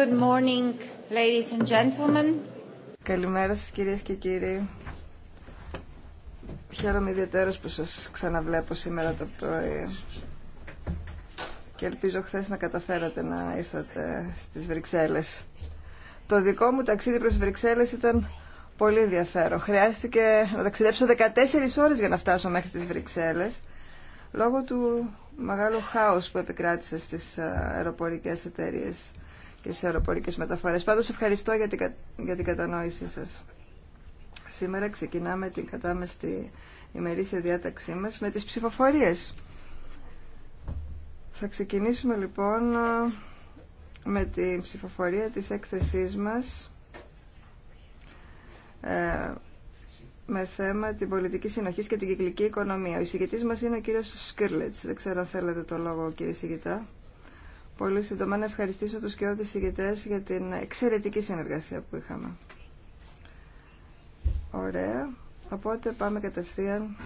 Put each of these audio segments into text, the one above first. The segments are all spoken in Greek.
Good morning, ladies and gentlemen. Καλημέρα σας κυρίες και κύριοι. Χαίρομαι ιδιαίτερως που σας ξαναβλέπω σήμερα το πρωί και ελπίζω χθε να καταφέρατε να ήρθατε στις Βρυξέλλες. Το δικό μου ταξίδι προς Βρυξέλλες ήταν πολύ ενδιαφέρον. Χρειάστηκε να ταξιδέψω 14 ώρες για να φτάσω μέχρι τις Βρυξέλλες λόγω του μεγάλου χάους που επικράτησε στις ε, αεροπορικές εταιρείες και σε αεροπορικές μεταφορές. Πάντως ευχαριστώ για την, για την κατανόησή σας. Σήμερα ξεκινάμε την κατάμεστη ημερήσια διάταξή μας με τις ψηφοφορίες. Θα ξεκινήσουμε λοιπόν με την ψηφοφορία της έκθεσής μας ε, με θέμα την πολιτική συνοχή και την κυκλική οικονομία. Ο εισηγητής μας είναι ο κύριος Σκύρλετς. Δεν ξέρω αν θέλετε το λόγο κύριε εισηγητά πολύ σύντομα να ευχαριστήσω τους και όλους για την εξαιρετική συνεργασία που είχαμε. Ωραία. Οπότε πάμε κατευθείαν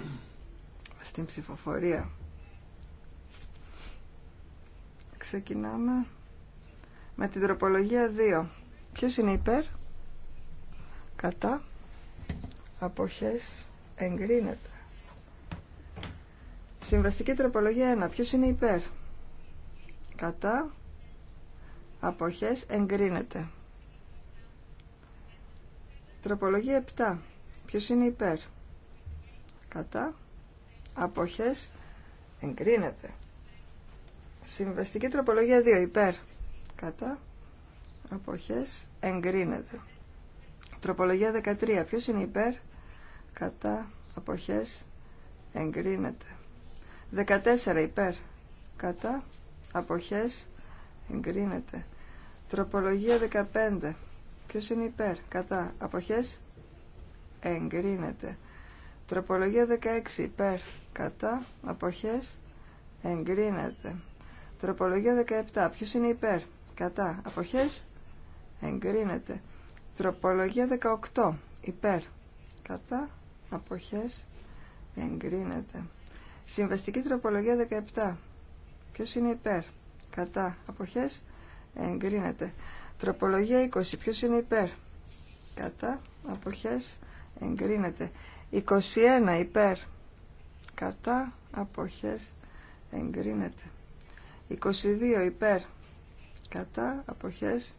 στην ψηφοφορία. Ξεκινάμε με την τροπολογία 2. Ποιος είναι υπέρ? Κατά. Αποχές. Εγκρίνεται. Συμβαστική τροπολογία 1. Ποιος είναι υπέρ? κατά αποχές εγκρίνεται τροπολογία 7 ποιος είναι υπέρ κατά αποχές εγκρίνεται συμβαστική τροπολογία 2 υπέρ κατά αποχές εγκρίνεται τροπολογία 13 ποιος είναι υπέρ κατά αποχές εγκρίνεται 14 υπέρ κατά αποχές εγκρίνεται τροπολογία 15 ποιος είναι υπέρ κατά αποχές εγκρίνεται τροπολογία 16 υπέρ κατά αποχές εγκρίνεται τροπολογία 17 ποιος είναι υπέρ κατά αποχές εγκρίνεται τροπολογία 18 υπέρ κατά αποχές εγκρίνεται συμβαστική τροπολογία 17 Ποιο είναι υπέρ. Κατά. Αποχές. Εγκρίνεται. Τροπολογία 20. Ποιο είναι υπέρ. Κατά. απόχέ. Εγκρίνεται. 21. Υπέρ. Κατά. απόχέ. Εγκρίνεται. 22. Υπέρ. Κατά. Αποχές.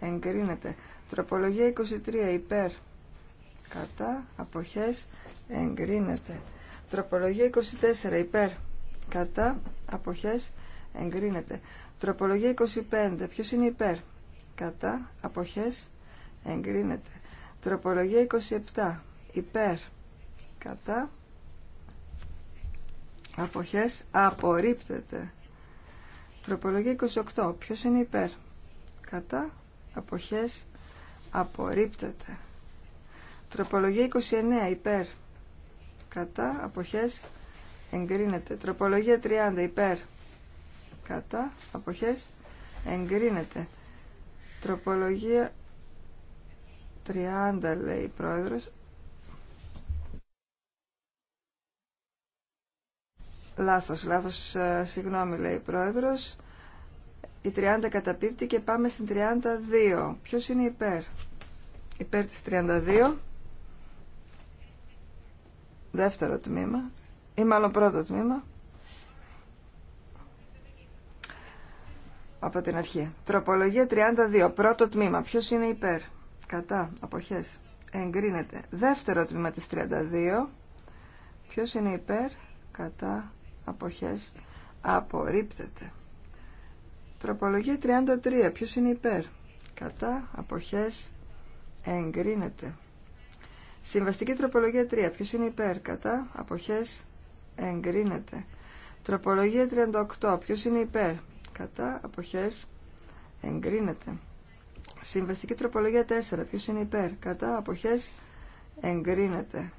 Εγκρίνεται. Τροπολογία 23. Υπέρ. Κατά. απόχέ. Εγκρίνεται. Τροπολογία 24. Υπέρ. Κατά. Αποχές εγκρίνεται. Τροπολογία 25. Ποιος είναι υπέρ. Κατά. Αποχές. Εγκρίνεται. Τροπολογία 27. Υπέρ. Κατά. Αποχές. Απορρίπτεται. Τροπολογία 28. Ποιος είναι υπέρ. Κατά. Αποχές. Απορρίπτεται. Τροπολογία 29. Υπέρ. Κατά. Αποχές. Εγκρίνεται. Τροπολογία 30. Υπέρ κατά αποχές εγκρίνεται τροπολογία 30 λέει η πρόεδρος λάθος, λάθος ε, συγγνώμη λέει η πρόεδρος η 30 καταπίπτει και πάμε στην 32 ποιος είναι υπέρ υπέρ της 32 δεύτερο τμήμα ή μάλλον πρώτο τμήμα από την αρχή. Τροπολογία 32, πρώτο τμήμα. Ποιος είναι υπέρ. Κατά, αποχές. Εγκρίνεται. Δεύτερο τμήμα της 32. Ποιος είναι υπέρ. Κατά, αποχές. Απορρίπτεται. Τροπολογία 33. Ποιος είναι υπέρ. Κατά, αποχές. Εγκρίνεται. Συμβαστική τροπολογία 3. Ποιος είναι υπέρ. Κατά, αποχές. Εγκρίνεται. Τροπολογία 38. Ποιος είναι υπέρ Κατά αποχές εγκρίνεται. Συμβαστική τροπολογία 4. Ποιος είναι υπέρ. Κατά αποχές εγκρίνεται.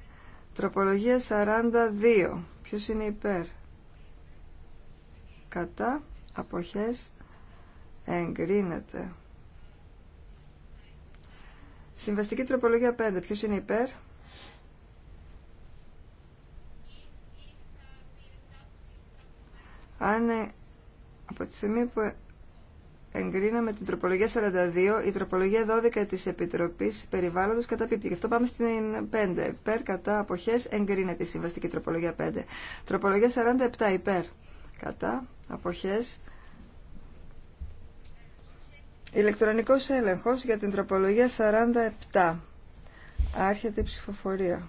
Τροπολογία 42. Ποιος είναι υπέρ. Κατά αποχές εγκρίνεται. Συμβαστική τροπολογία 5. Ποιος είναι υπέρ. Αν από τη στιγμή που εγκρίναμε την τροπολογία 42, η τροπολογία 12 της Επιτροπής Περιβάλλοντος καταπίπτει. Γι' αυτό πάμε στην 5. Περ κατά αποχές εγκρίνεται η συμβαστική τροπολογία 5. Τροπολογία 47 υπέρ κατά αποχές Ηλεκτρονικός έλεγχος για την τροπολογία 47. Άρχεται η ψηφοφορία.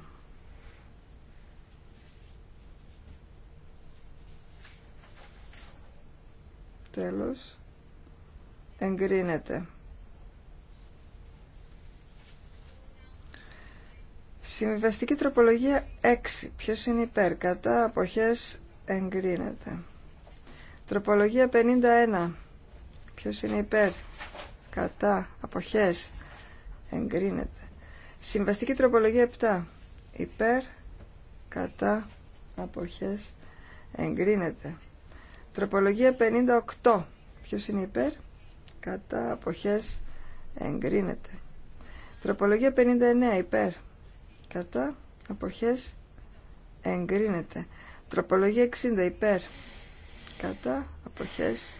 Τέλος. Εγκρίνεται. Συμβιβαστική τροπολογία 6. Ποιος είναι υπέρ. Κατά αποχές εγκρίνεται. Τροπολογία 51. Ποιος είναι υπέρ. Κατά αποχές εγκρίνεται. Συμβαστική τροπολογία 7. Υπέρ. Κατά αποχές εγκρίνεται. Τροπολογία 58. Ποιος είναι υπέρ? Κατά αποχές εγκρίνεται. Τροπολογία 59. Υπέρ. Κατά αποχές εγκρίνεται. Τροπολογία 60. Υπέρ. Κατά αποχές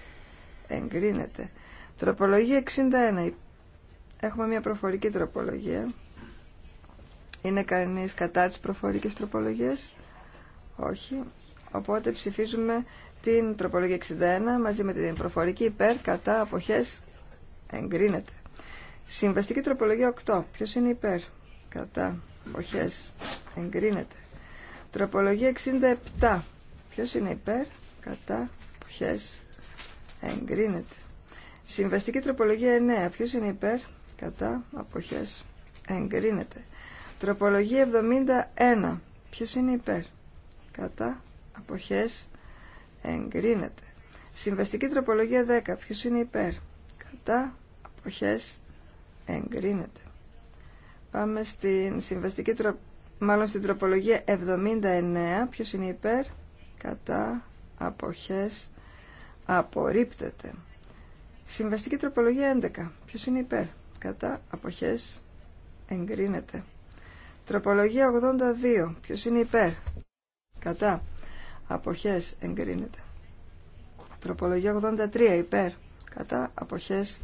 εγκρίνεται. Τροπολογία 61. Έχουμε μια προφορική τροπολογία. Είναι κανείς κατά τις προφορικές τροπολογίες. Όχι. Οπότε ψηφίζουμε την τροπολογία 61 μαζί με την προφορική υπέρ κατά αποχές εγκρίνεται. Συμβαστική τροπολογία 8. Ποιος είναι υπέρ κατά αποχές εγκρίνεται. Τροπολογία 67. Ποιος είναι υπέρ κατά αποχές εγκρίνεται. Συμβαστική τροπολογία 9. Ποιος είναι υπέρ κατά αποχές εγκρίνεται. Τροπολογία 71. Ποιος είναι υπέρ κατά αποχές εγκρίνεται εγκρίνεται. Συμβαστική τροπολογία 10. Ποιος είναι υπέρ. Κατά αποχές εγκρίνεται. Πάμε στην συμβαστική τρο... μάλλον στην τροπολογία 79. Ποιος είναι υπέρ. Κατά αποχές απορρίπτεται. Συμβαστική τροπολογία 11. Ποιος είναι υπέρ. Κατά αποχές εγκρίνεται. Τροπολογία 82. Ποιος είναι υπέρ. Κατά αποχές εγκρίνεται. Τροπολογία 83 υπέρ κατά αποχές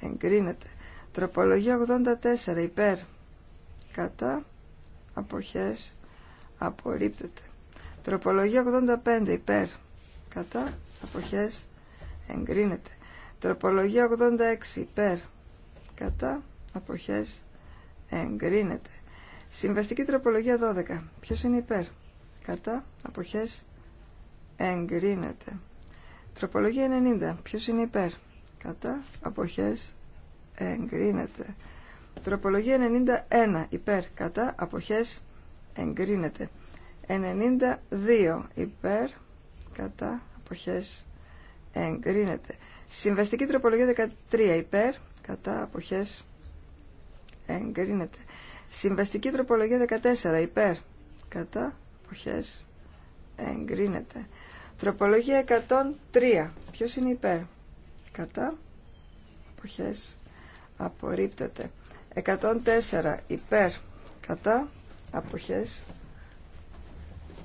εγκρίνεται. Τροπολογία 84 υπέρ κατά αποχές απορρίπτεται. Τροπολογία 85 υπέρ κατά αποχές εγκρίνεται. Τροπολογία 86 υπέρ κατά αποχές εγκρίνεται. Συμβαστική τροπολογία 12. Ποιος είναι υπέρ κατά αποχές εγκρίνεται. Τροπολογία 90. Ποιος είναι υπέρ. Κατά αποχές εγκρίνεται. Τροπολογία 91. Υπέρ. Κατά αποχές εγκρίνεται. 92. Υπέρ. Κατά αποχές εγκρίνεται. Συμβαστική τροπολογία 13. Υπέρ. Κατά αποχές εγκρίνεται. Συμβαστική τροπολογία 14. Υπέρ. Κατά εποχές εγκρίνεται. Τροπολογία 103. Ποιος είναι υπέρ. Κατά. Εποχές απορρίπτεται. 104. Υπέρ. Κατά. Εποχές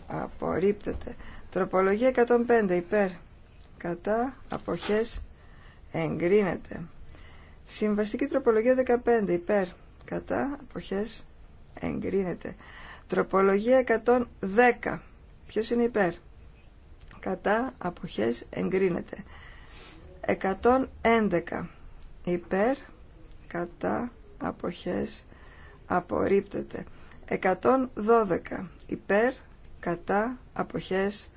απορρίπτεται. Τροπολογία 105. Υπέρ. Κατά. Αποχές εγκρίνεται. Συμβαστική τροπολογία 15. Υπέρ. Κατά. Αποχές εγκρίνεται. Τροπολογία 110. Ποιος είναι υπέρ. Κατά αποχές εγκρίνεται. 111. Υπέρ. Κατά αποχές απορρίπτεται. 112. Υπέρ. Κατά αποχές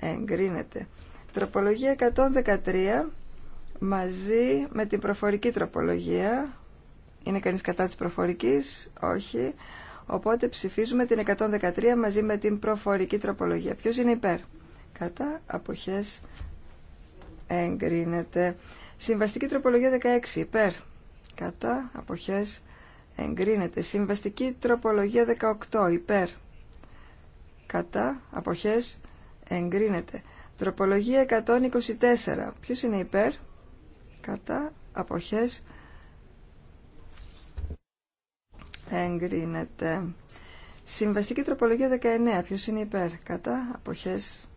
εγκρίνεται. Τροπολογία 113 μαζί με την προφορική τροπολογία. Είναι κανείς κατά της προφορικής. Όχι. Οπότε ψηφίζουμε την 113 μαζί με την προφορική τροπολογία. Ποιος είναι υπέρ. Κατά αποχές εγκρίνεται. Συμβαστική τροπολογία 16 υπέρ. Κατά αποχές εγκρίνεται. Συμβαστική τροπολογία 18 υπέρ. Κατά αποχές εγκρίνεται. Τροπολογία 124. Ποιος είναι υπέρ. Κατά αποχές εγκρίνεται. Συμβαστική τροπολογία 19. Ποιος είναι υπέρ. Κατά. Αποχές.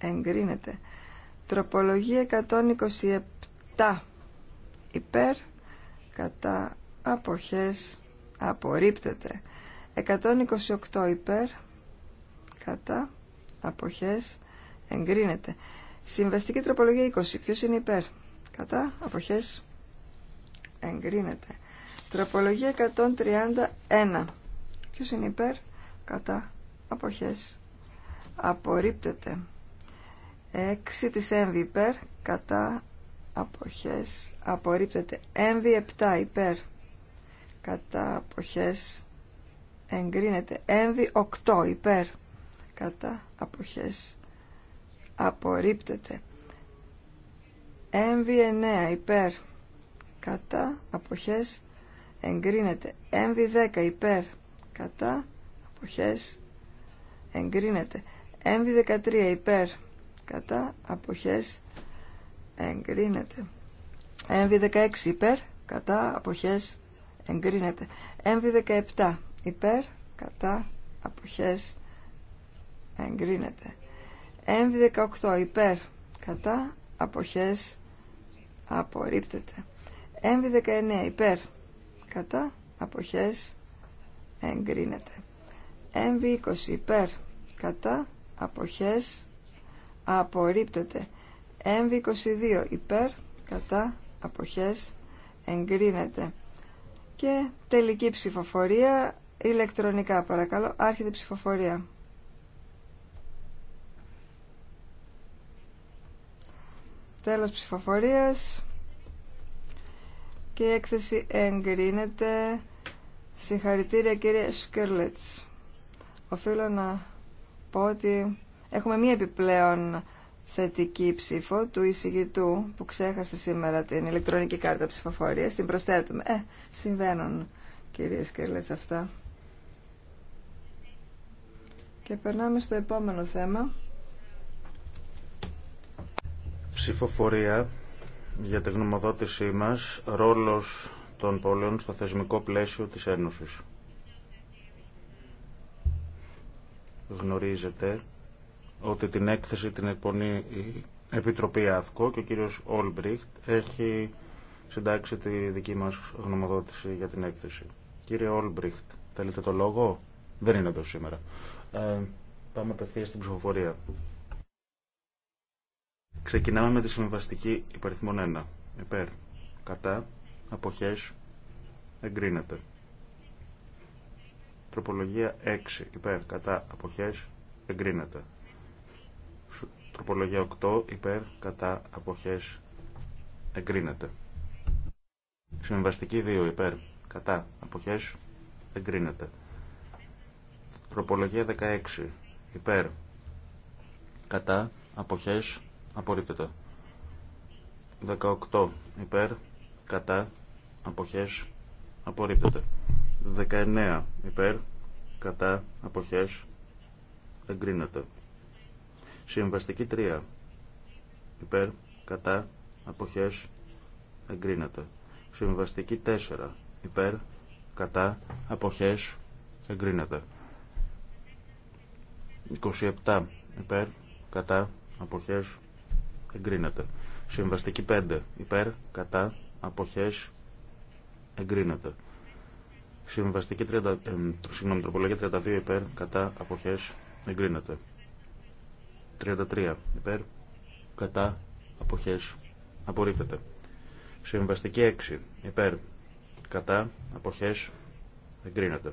Εγκρίνεται. Τροπολογία 127. Υπέρ. Κατά. Αποχές. Απορρίπτεται. 128 υπέρ. Κατά. Αποχές. Εγκρίνεται. Συμβαστική τροπολογία 20. Ποιος είναι υπέρ. Κατά. Αποχές. Εγκρίνεται. Τροπολογία 131. Ποιος είναι υπέρ, κατά, αποχές. Απορρίπτεται. 6 της έμβη υπέρ, κατά, αποχές. Απορρίπτεται. Έμβη 7 υπέρ, κατά, αποχές. Εγκρίνεται. Έμβη 8 υπέρ, κατά, αποχές. Απορρίπτεται. Έμβη 9 υπέρ, κατά, αποχές εγκρίνεται. MV10 υπέρ κατά αποχές εγκρίνεται. MV13 υπέρ κατά αποχές εγκρίνεται. MV16 υπέρ κατά αποχές εγκρίνεται. MV17 υπέρ κατά αποχές εγκρίνεται. MV18 υπέρ κατά αποχές απορρίπτεται. MV19 υπέρ κατά αποχές εγκρίνεται. MV20 υπέρ κατά αποχές απορρίπτεται. MV22 υπέρ κατά αποχές εγκρίνεται. Και τελική ψηφοφορία ηλεκτρονικά παρακαλώ. Άρχεται ψηφοφορία. Τέλος ψηφοφορίας και η έκθεση εγκρίνεται. Συγχαρητήρια κύριε Σκέρλετς. Οφείλω να πω ότι έχουμε μία επιπλέον θετική ψήφο του εισηγητού που ξέχασε σήμερα την ηλεκτρονική κάρτα ψηφοφορίας. Την προσθέτουμε. Ε, συμβαίνουν κύριε Σκέρλετς αυτά. Και περνάμε στο επόμενο θέμα. Ψηφοφορία για τη γνωμοδότησή μας «Ρόλος των πόλεων στο θεσμικό πλαίσιο της Ένωσης». Γνωρίζετε ότι την έκθεση την επονεί η Επιτροπή ΑΦΚΟ και ο κύριος Όλμπριχτ έχει συντάξει τη δική μας γνωμοδότηση για την έκθεση. Κύριε Όλμπριχτ, θέλετε το λόγο? Δεν είναι εδώ σήμερα. Ε, πάμε απευθείας στην ψηφοφορία. Ξεκινάμε με τη συμβαστική υπαριθμών 1. Υπέρ. Κατά. Αποχές. Εγκρίνεται. Τροπολογία 6. Υπέρ. Κατά. Αποχές. Εγκρίνεται. Τροπολογία 8. Υπέρ. Κατά. Αποχές. Εγκρίνεται. Συμβαστική 2. Υπέρ. Κατά. Αποχές. Εγκρίνεται. Τροπολογία 16. Υπέρ. Κατά. Αποχές Απορρίπτεται. 18 υπέρ, κατά, αποχές, απορρίπτεται. 19 υπέρ, κατά, αποχές, εγκρίνεται. Συμβαστική 3 υπέρ, κατά, αποχές, εγκρίνεται. Συμβαστική 4 υπέρ, κατά, αποχές, εγκρίνεται. 27 υπέρ, κατά, αποχές, εγκρίνεται. Συμβαστική 5 υπέρ, κατά, αποχές, εγκρίνεται. Συμβαστική 30, ε, συγγνώμη, τροπολογία 32 υπέρ, κατά, αποχές, εγκρίνεται. 33 υπέρ, κατά, αποχές, απορρίπτεται. Συμβαστική 6 υπέρ, κατά, αποχές, εγκρίνεται.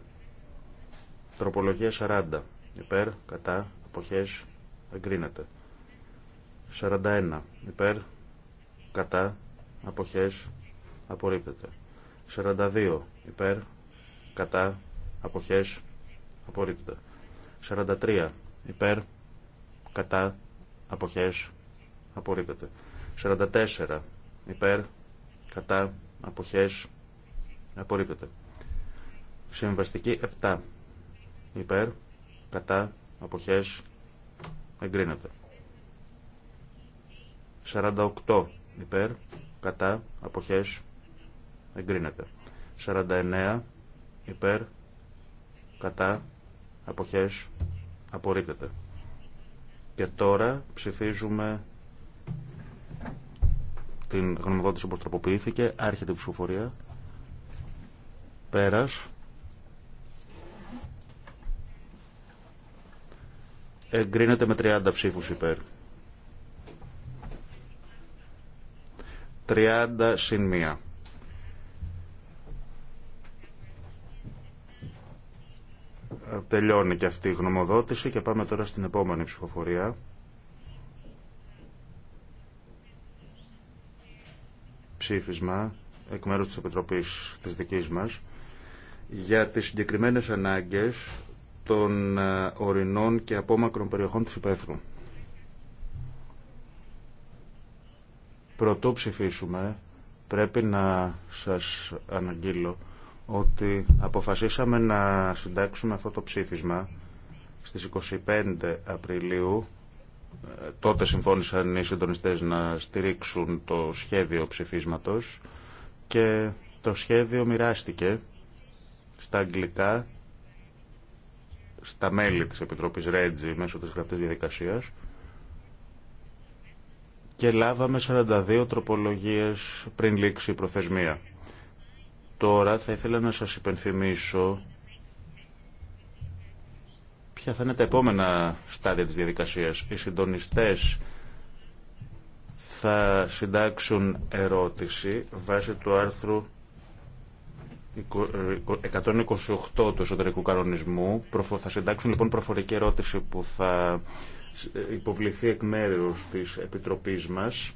Τροπολογία 40 υπέρ, κατά, αποχές, εγκρίνεται. 41 υπέρ κατά αποχές απορρίπτεται 42 υπέρ κατά αποχές απορρίπτεται 43 υπέρ κατά αποχές απορρίπτεται 44 υπέρ κατά αποχές απορρίπτεται συμβαστική 7 υπέρ κατά αποχές εγκρίνεται 48 υπέρ, κατά, αποχές, εγκρίνεται. 49 υπέρ, κατά, αποχές, απορρίπτεται. Και τώρα ψηφίζουμε την γνωμοδότηση όπως τροποποιήθηκε, άρχεται η ψηφοφορία, πέρας, εγκρίνεται με 30 ψήφους υπέρ. 30 συν 1. Ε, τελειώνει και αυτή η γνωμοδότηση και πάμε τώρα στην επόμενη ψηφοφορία. Ψήφισμα εκ μέρους της Επιτροπής της δικής μας για τις συγκεκριμένες ανάγκες των ε, ορεινών και απόμακρων περιοχών της υπαίθρου. Πρωτού ψηφίσουμε, πρέπει να σας αναγγείλω ότι αποφασίσαμε να συντάξουμε αυτό το ψήφισμα στις 25 Απριλίου. Ε, τότε συμφώνησαν οι συντονιστές να στηρίξουν το σχέδιο ψηφίσματος και το σχέδιο μοιράστηκε στα αγγλικά στα μέλη της Επιτροπής Ρέντζη μέσω της γραπτής διαδικασίας και λάβαμε 42 τροπολογίες πριν λήξει η προθεσμία. Τώρα θα ήθελα να σας υπενθυμίσω ποια θα είναι τα επόμενα στάδια της διαδικασίας. Οι συντονιστές θα συντάξουν ερώτηση βάσει του άρθρου 128 ε, του εσωτερικού κανονισμού. Θα συντάξουν λοιπόν προφορική ερώτηση που θα υποβληθεί εκ μέρους της Επιτροπής μας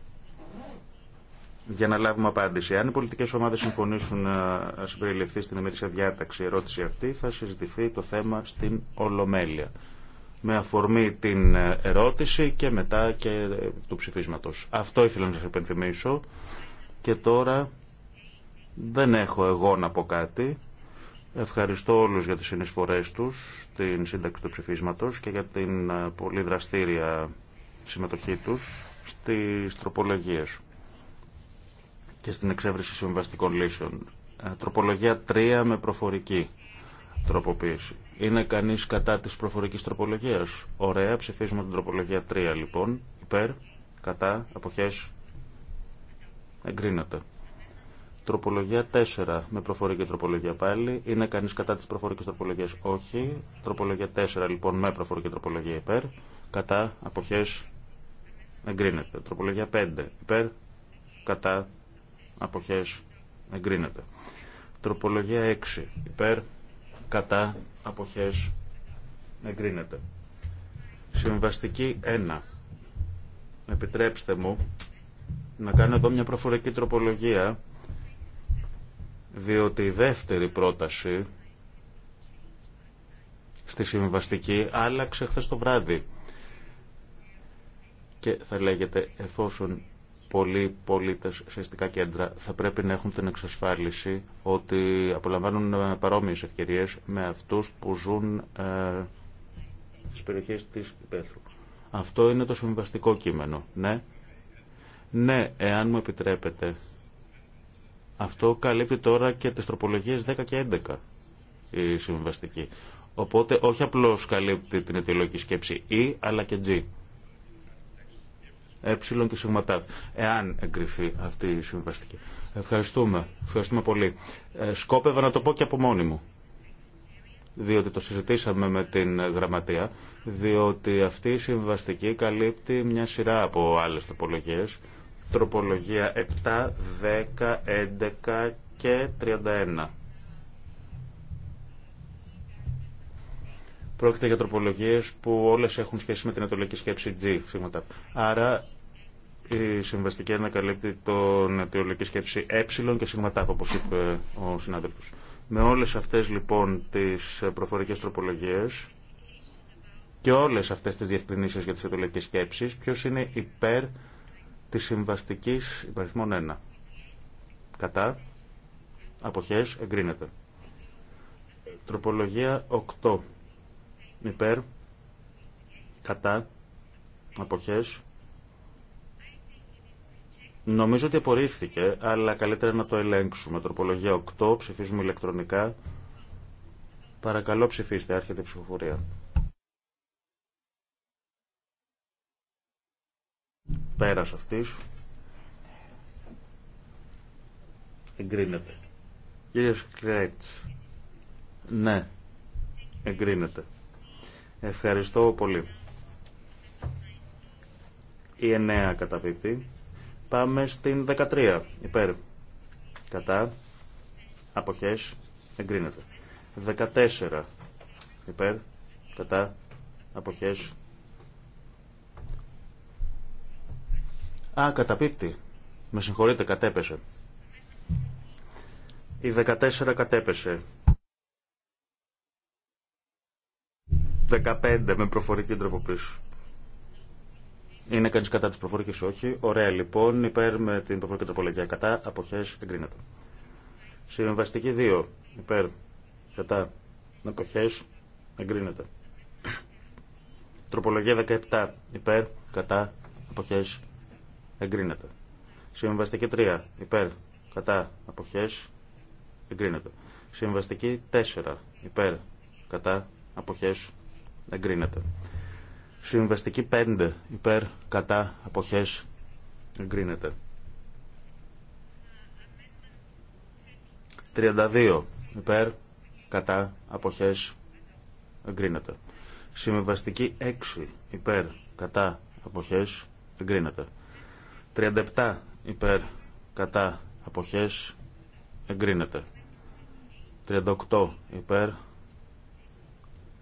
για να λάβουμε απάντηση. Αν οι πολιτικέ ομάδε συμφωνήσουν να συμπεριληφθεί στην ημερήσια διάταξη η ερώτηση αυτή, θα συζητηθεί το θέμα στην Ολομέλεια. Με αφορμή την ερώτηση και μετά και του ψηφίσματο. Αυτό ήθελα να σα υπενθυμίσω. Και τώρα δεν έχω εγώ να πω κάτι. Ευχαριστώ όλους για τις συνεισφορές τους την σύνταξη του ψηφίσματος και για την ε, πολύ δραστήρια συμμετοχή τους στι τροπολογίε και στην εξέβριση συμβαστικών λύσεων. Ε, τροπολογία 3 με προφορική τροποποίηση. Είναι κανείς κατά της προφορικής τροπολογίας. Ωραία, ψηφίζουμε την τροπολογία 3 λοιπόν. Υπέρ, κατά, αποχές, εγκρίνεται. Τροπολογία 4 με προφορική τροπολογία πάλι. Είναι κανεί κατά τη προφορική τροπολογία, όχι. Τροπολογία 4 λοιπόν με προφορική τροπολογία υπέρ. Κατά αποχέ εγκρίνεται. Τροπολογία 5 υπέρ. Κατά αποχέ εγκρίνεται. Τροπολογία 6 υπέρ. Κατά αποχέ εγκρίνεται. Συμβαστική 1. Επιτρέψτε μου να κάνω εδώ μια προφορική τροπολογία διότι η δεύτερη πρόταση στη συμβαστική άλλαξε χθε το βράδυ και θα λέγεται εφόσον πολλοί πολίτε σε αστικά κέντρα θα πρέπει να έχουν την εξασφάλιση ότι απολαμβάνουν ε, παρόμοιες ευκαιρίες με αυτούς που ζουν ε, στις περιοχές της Πέθρου. Αυτό είναι το συμβαστικό κείμενο. Ναι, ναι εάν μου επιτρέπετε αυτό καλύπτει τώρα και τις τροπολογίες 10 και 11 η συμβαστική. Οπότε όχι απλώς καλύπτει την αιτιολογική σκέψη Ή e, αλλά και G. Ε και Εάν εγκριθεί αυτή η συμβαστική. Ευχαριστούμε. Ευχαριστούμε πολύ. Ε, σκόπευα να το πω και από μόνη μου. Διότι το συζητήσαμε με την γραμματεία. Διότι αυτή η συμβαστική καλύπτει μια σειρά από άλλες τοπολογίες Τροπολογία 7, 10, 11 και 31. Πρόκειται για τροπολογίες που όλες έχουν σχέση με την ατολική σκέψη G. Άρα η συμβαστική ανακαλύπτει τον αιτιολογική σκέψη ε και σ, όπως είπε ο συνάδελφος. Με όλες αυτές λοιπόν τις προφορικές τροπολογίες και όλες αυτές τις διευκρινήσεις για τις αιτιολογικές σκέψεις, ποιος είναι υπέρ της συμβαστικής υπαριθμών 1. Κατά. Αποχές εγκρίνεται. Τροπολογία 8. Υπέρ. Κατά. Αποχές. Νομίζω ότι απορρίφθηκε, αλλά καλύτερα να το ελέγξουμε. Τροπολογία 8. Ψηφίζουμε ηλεκτρονικά. Παρακαλώ ψηφίστε. Άρχεται η ψηφοφορία. Πέρας αυτής. Εγκρίνεται. Κύριε Σκρέτς. Ναι. Εγκρίνεται. Ευχαριστώ πολύ. Η 9 καταπίπτει. Πάμε στην 13. Υπέρ. Κατά. Αποχές. Εγκρίνεται. 14. Υπέρ. Κατά. Αποχές. Α, καταπίπτει. Με συγχωρείτε, κατέπεσε. Η 14 κατέπεσε. 15 με προφορική τροποποίηση. Είναι κανεί κατά τη προφορική, όχι. Ωραία, λοιπόν, υπέρ με την προφορική τροπολογία. Κατά, αποχέ, εγκρίνεται. Συμβαστική 2. Υπέρ, κατά, αποχέ, εγκρίνεται. Τροπολογία 17. Υπέρ, κατά, αποχέ, εγκρίνεται. Συμβαστική 3 υπέρ κατά αποχές εγκρίνεται. Συμβαστική 4 υπέρ κατά αποχές εγκρίνεται. Συμβαστική 5 υπέρ κατά αποχές εγκρίνεται. 32 υπέρ κατά αποχές εγκρίνεται. Συμβαστική 6 υπέρ κατά αποχές εγκρίνεται. 37 υπέρ κατά αποχές εγκρίνεται. 38 υπέρ.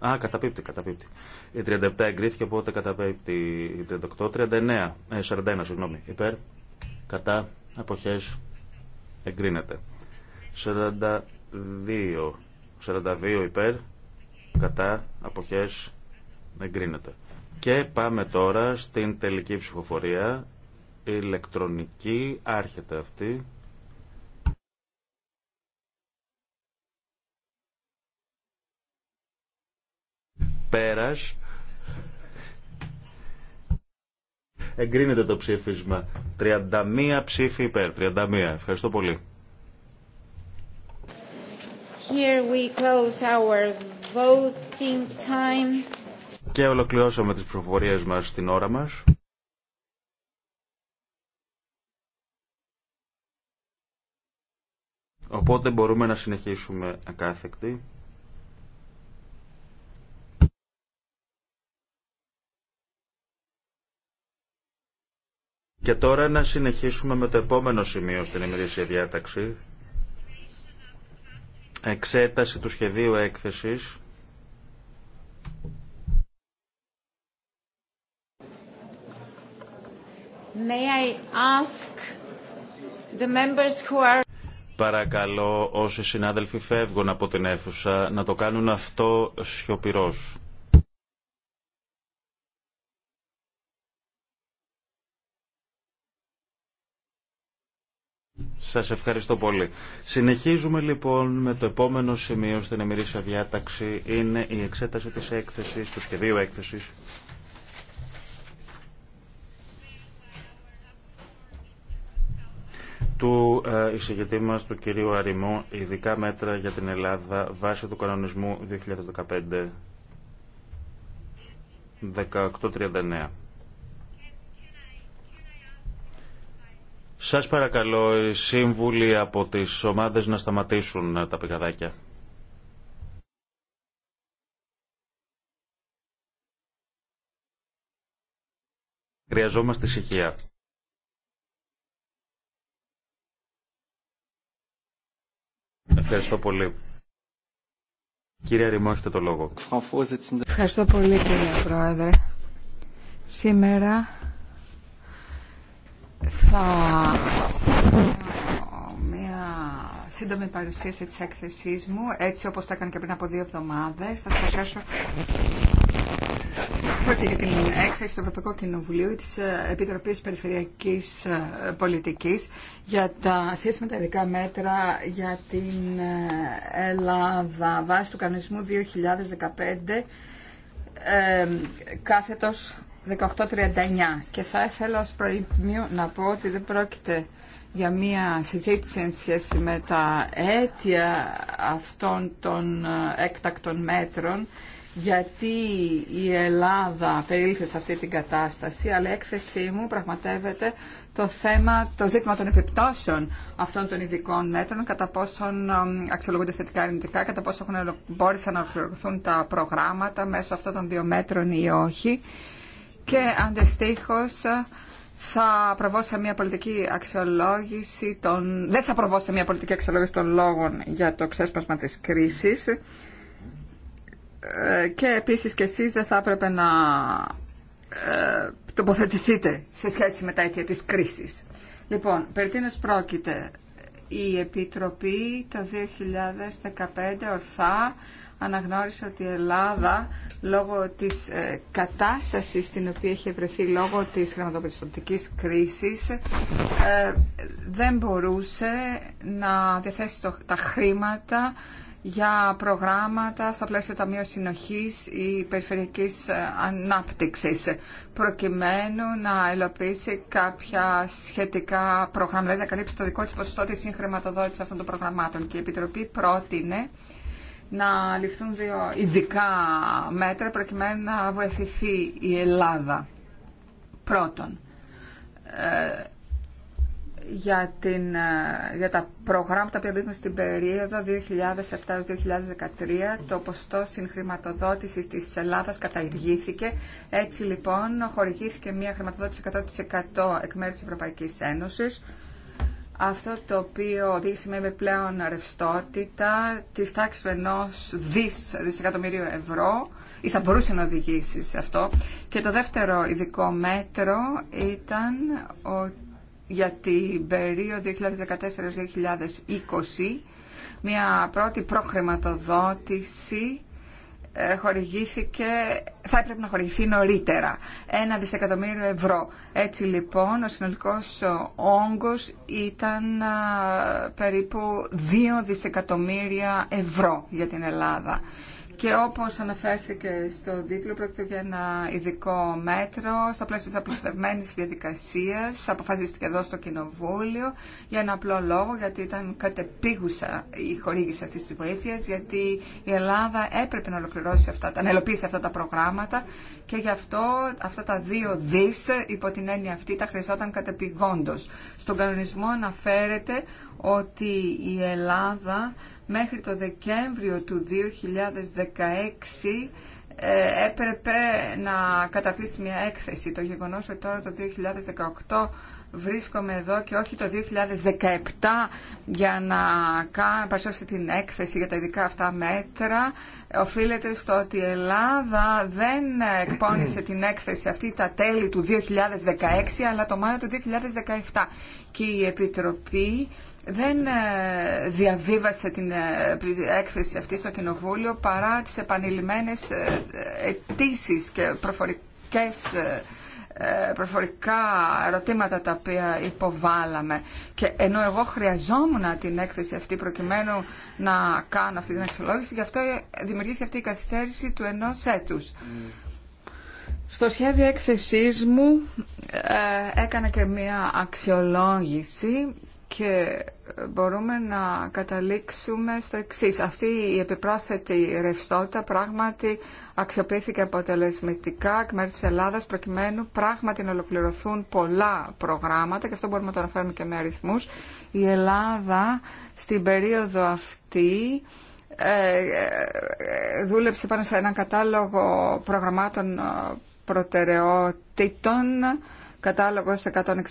Α, καταπίπτει, καταπίπτει. Η 37 εγκρίθηκε, οπότε καταπίπτει η 38. 39, ε, 41, συγγνώμη, υπέρ. Κατά αποχές εγκρίνεται. 42, 42 υπέρ. Κατά αποχές εγκρίνεται. Και πάμε τώρα στην τελική ψηφοφορία ηλεκτρονική, άρχεται αυτή. Πέρας. Εγκρίνεται το ψήφισμα. 31 ψήφι υπέρ. 31. Ευχαριστώ πολύ. Here we close our voting time. Και ολοκληρώσαμε τις προφορίες μας στην ώρα μας. Οπότε μπορούμε να συνεχίσουμε ακάθεκτη. Και τώρα να συνεχίσουμε με το επόμενο σημείο στην ημερήσια διάταξη. Εξέταση του σχεδίου έκθεσης. May I ask the members who are... Παρακαλώ όσοι συνάδελφοι φεύγουν από την αίθουσα να το κάνουν αυτό σιωπηρός. Σας ευχαριστώ πολύ. Συνεχίζουμε λοιπόν με το επόμενο σημείο στην εμμυρίσια διάταξη. Είναι η εξέταση της έκθεσης, του σχεδίου έκθεσης. του ε, εισηγητή μας, του κυρίου Αριμού, ειδικά μέτρα για την Ελλάδα βάσει του κανονισμού 2015-1839. Σας παρακαλώ οι σύμβουλοι από τις ομάδες να σταματήσουν ε, τα πηγαδάκια. Χρειαζόμαστε ησυχία. Ευχαριστώ πολύ. Κύριε Ρημό, έχετε το λόγο. Ευχαριστώ πολύ κύριε Πρόεδρε. Σήμερα θα μια σύντομη παρουσίαση της έκθεσής μου, έτσι όπως το έκανα και πριν από δύο εβδομάδες. Θα σας Πρόκειται για την έκθεση του Ευρωπαϊκού Κοινοβουλίου της ε, Επιτροπής Περιφερειακής ε, Πολιτικής για τα σχέση ειδικά μέτρα για την ε, Ελλάδα βάσει του κανονισμού 2015 κάθετο κάθετος 1839 και θα ήθελα ως προημίου να πω ότι δεν πρόκειται για μία συζήτηση εν σχέση με τα αίτια αυτών των έκτακτων μέτρων γιατί η Ελλάδα απέλθε σε αυτή την κατάσταση, αλλά η έκθεσή μου πραγματεύεται το θέμα, το ζήτημα των επιπτώσεων αυτών των ειδικών μέτρων, κατά πόσον αξιολογούνται θετικά αρνητικά, κατά πόσο έχουν, μπόρεσαν να ολοκληρωθούν τα προγράμματα μέσω αυτών των δύο μέτρων ή όχι. Και αντιστοίχω, ε, θα προβώ μια πολιτική αξιολόγηση των... Δεν θα προβώ μια πολιτική αξιολόγηση των λόγων για το ξέσπασμα της κρίσης ε, και επίσης και εσείς δεν θα έπρεπε να ε, τοποθετηθείτε σε σχέση με τα αίτια της κρίσης. Λοιπόν, περί τίνος πρόκειται. Η Επιτροπή το 2015 ορθά αναγνώρισε ότι η Ελλάδα λόγω της ε, κατάστασης στην οποία είχε βρεθεί λόγω της χρηματοπιστωτικής κρίσης δεν μπορούσε να διαθέσει τα χρήματα για προγράμματα στο πλαίσιο Ταμείου Συνοχής ή Περιφερειακής ε, Ανάπτυξης προκειμένου να ελοπίσει κάποια σχετικά προγράμματα, δηλαδή να καλύψει το δικό της ποσοστό της συγχρηματοδότησης αυτών των προγραμμάτων. Και η Επιτροπή πρότεινε να ληφθούν δύο ειδικά μέτρα προκειμένου να βοηθηθεί η Ελλάδα. Πρώτον, ε, για, την, ε, για τα προγράμματα που μπήκαν στην περίοδο 2007-2013 το ποστό συγχρηματοδότηση τη Ελλάδα καταργήθηκε. Έτσι λοιπόν χορηγήθηκε μια χρηματοδότηση 100% εκ μέρου τη Ευρωπαϊκής Ένωσης. Αυτό το οποίο οδήγησε με πλέον ρευστότητα τη τάξη του ενό δις δισεκατομμυρίου ευρώ ή θα μπορούσε να οδηγήσει σε αυτό. Και το δεύτερο ειδικό μέτρο ήταν ότι για την περίοδο 2014-2020 μια πρώτη προχρηματοδότηση ε, χορηγήθηκε, θα έπρεπε να χορηγηθεί νωρίτερα, ένα δισεκατομμύριο ευρώ. Έτσι λοιπόν ο συνολικός όγκος ήταν περίπου δύο δισεκατομμύρια ευρώ για την Ελλάδα. Και όπω αναφέρθηκε στον τίτλο, πρόκειται για ένα ειδικό μέτρο στο πλαίσιο τη απλουστευμένη διαδικασία. Αποφασίστηκε εδώ στο Κοινοβούλιο για ένα απλό λόγο, γιατί ήταν κατεπίγουσα η χορήγηση αυτή τη βοήθεια, γιατί η Ελλάδα έπρεπε να ολοκληρώσει αυτά, να ελοπίσει αυτά τα προγράμματα και γι' αυτό αυτά τα δύο δι, υπό την έννοια αυτή τα χρειαζόταν κατεπηγόντως. Στον κανονισμό αναφέρεται ότι η Ελλάδα μέχρι το Δεκέμβριο του 2016 ε, έπρεπε να καταθέσει μια έκθεση. Το γεγονός ότι τώρα το 2018 βρίσκομαι εδώ και όχι το 2017 για να κάνω την έκθεση για τα ειδικά αυτά μέτρα οφείλεται στο ότι η Ελλάδα δεν εκπώνησε την έκθεση αυτή τα τέλη του 2016 αλλά το Μάιο του 2017 και η Επιτροπή δεν ε, διαβίβασε την ε, έκθεση αυτή στο Κοινοβούλιο παρά τις επανειλημμένες ε, αιτήσει και προφορικές προφορικά ερωτήματα τα οποία υποβάλαμε και ενώ εγώ χρειαζόμουν την έκθεση αυτή προκειμένου να κάνω αυτή την αξιολόγηση γι' αυτό δημιουργήθηκε αυτή η καθυστέρηση του ενός έτους. Στο σχέδιο έκθεσής μου ε, έκανα και μία αξιολόγηση και μπορούμε να καταλήξουμε στο εξή. Αυτή η επιπρόσθετη ρευστότητα πράγματι αξιοποιήθηκε αποτελεσματικά εκ μέρου τη Ελλάδα προκειμένου πράγματι να ολοκληρωθούν πολλά προγράμματα και αυτό μπορούμε να το αναφέρουμε και με αριθμού. Η Ελλάδα στην περίοδο αυτή ε, ε, δούλεψε πάνω σε έναν κατάλογο προγραμμάτων ε, προτεραιότητων, κατάλογος 161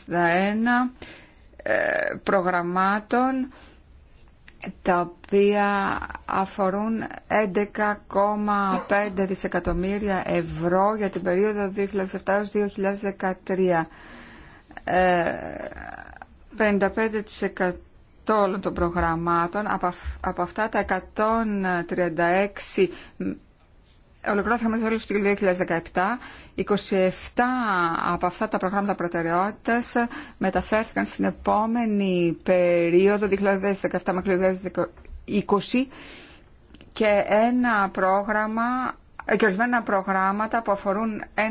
προγραμμάτων τα οποία αφορούν 11,5 δισεκατομμύρια ευρώ για την περίοδο 2007-2013. 55% ε, όλων των προγραμμάτων από αυτά τα 136 ολοκληρώθηκαμε το τέλο του 2017. 27 από αυτά τα προγράμματα προτεραιότητας μεταφέρθηκαν στην επόμενη περίοδο 2017 με 2020 και ένα πρόγραμμα ε, και ορισμένα προγράμματα που αφορούν 1,1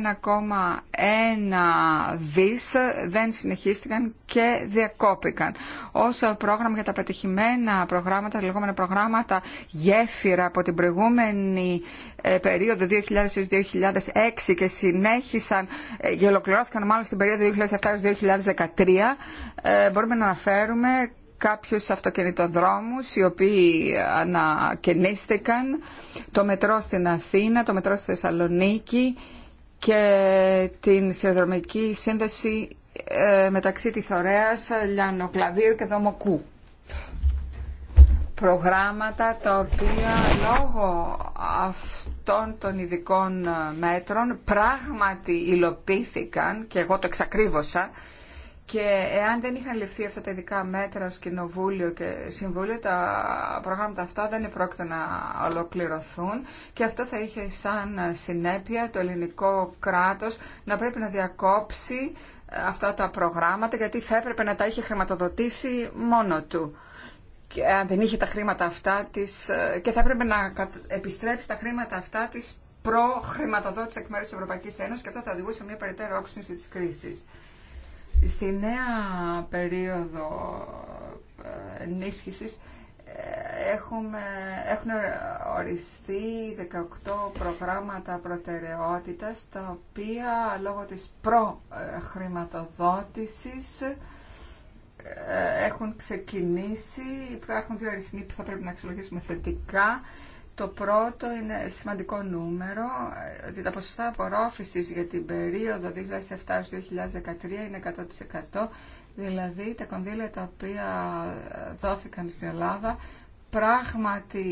δις δεν συνεχίστηκαν και διακόπηκαν. Όσο πρόγραμμα για τα πετυχημένα προγράμματα, τα λεγόμενα προγράμματα γέφυρα από την προηγούμενη ε, περίοδο 2000-2006 και συνέχισαν ε, και ολοκληρώθηκαν μάλλον στην περίοδο 2007-2013, μπορούμε να αναφέρουμε κάποιους αυτοκινητοδρόμους οι οποίοι ανακαινίστηκαν, το μετρό στην Αθήνα, το μετρό στη Θεσσαλονίκη και την σιδηροδρομική σύνδεση ε, μεταξύ τη Θωρέας, Λιανοκλαδίου και Δομοκού. Προγράμματα τα οποία λόγω αυτών των ειδικών μέτρων πράγματι υλοποιήθηκαν και εγώ το εξακρίβωσα και εάν δεν είχαν ληφθεί αυτά τα ειδικά μέτρα ως Κοινοβούλιο και Συμβούλιο, τα προγράμματα αυτά δεν πρόκειται να ολοκληρωθούν και αυτό θα είχε σαν συνέπεια το ελληνικό κράτος να πρέπει να διακόψει ε, αυτά τα προγράμματα γιατί θα έπρεπε να τα είχε χρηματοδοτήσει μόνο του. Και αν δεν είχε τα χρήματα αυτά της, ε, και θα έπρεπε να επιστρέψει τα χρήματα αυτά της προ-χρηματοδότηση εκ μέρους της Ευρωπαϊκής Ένωσης και αυτό θα οδηγούσε μια περαιτέρω όξυνση της κρίσης. Στη νέα περίοδο ε, ενίσχυσης ε, έχουμε, έχουν οριστεί 18 προγράμματα προτεραιότητας τα οποία λόγω της προχρηματοδότησης ε, έχουν ξεκινήσει, υπάρχουν δύο αριθμοί που θα πρέπει να αξιολογήσουμε θετικά το πρώτο είναι σημαντικό νούμερο, ότι τα ποσοστά απορρόφησης για την περίοδο 2007-2013 είναι 100%, δηλαδή τα κονδύλια τα οποία δόθηκαν στην Ελλάδα πράγματι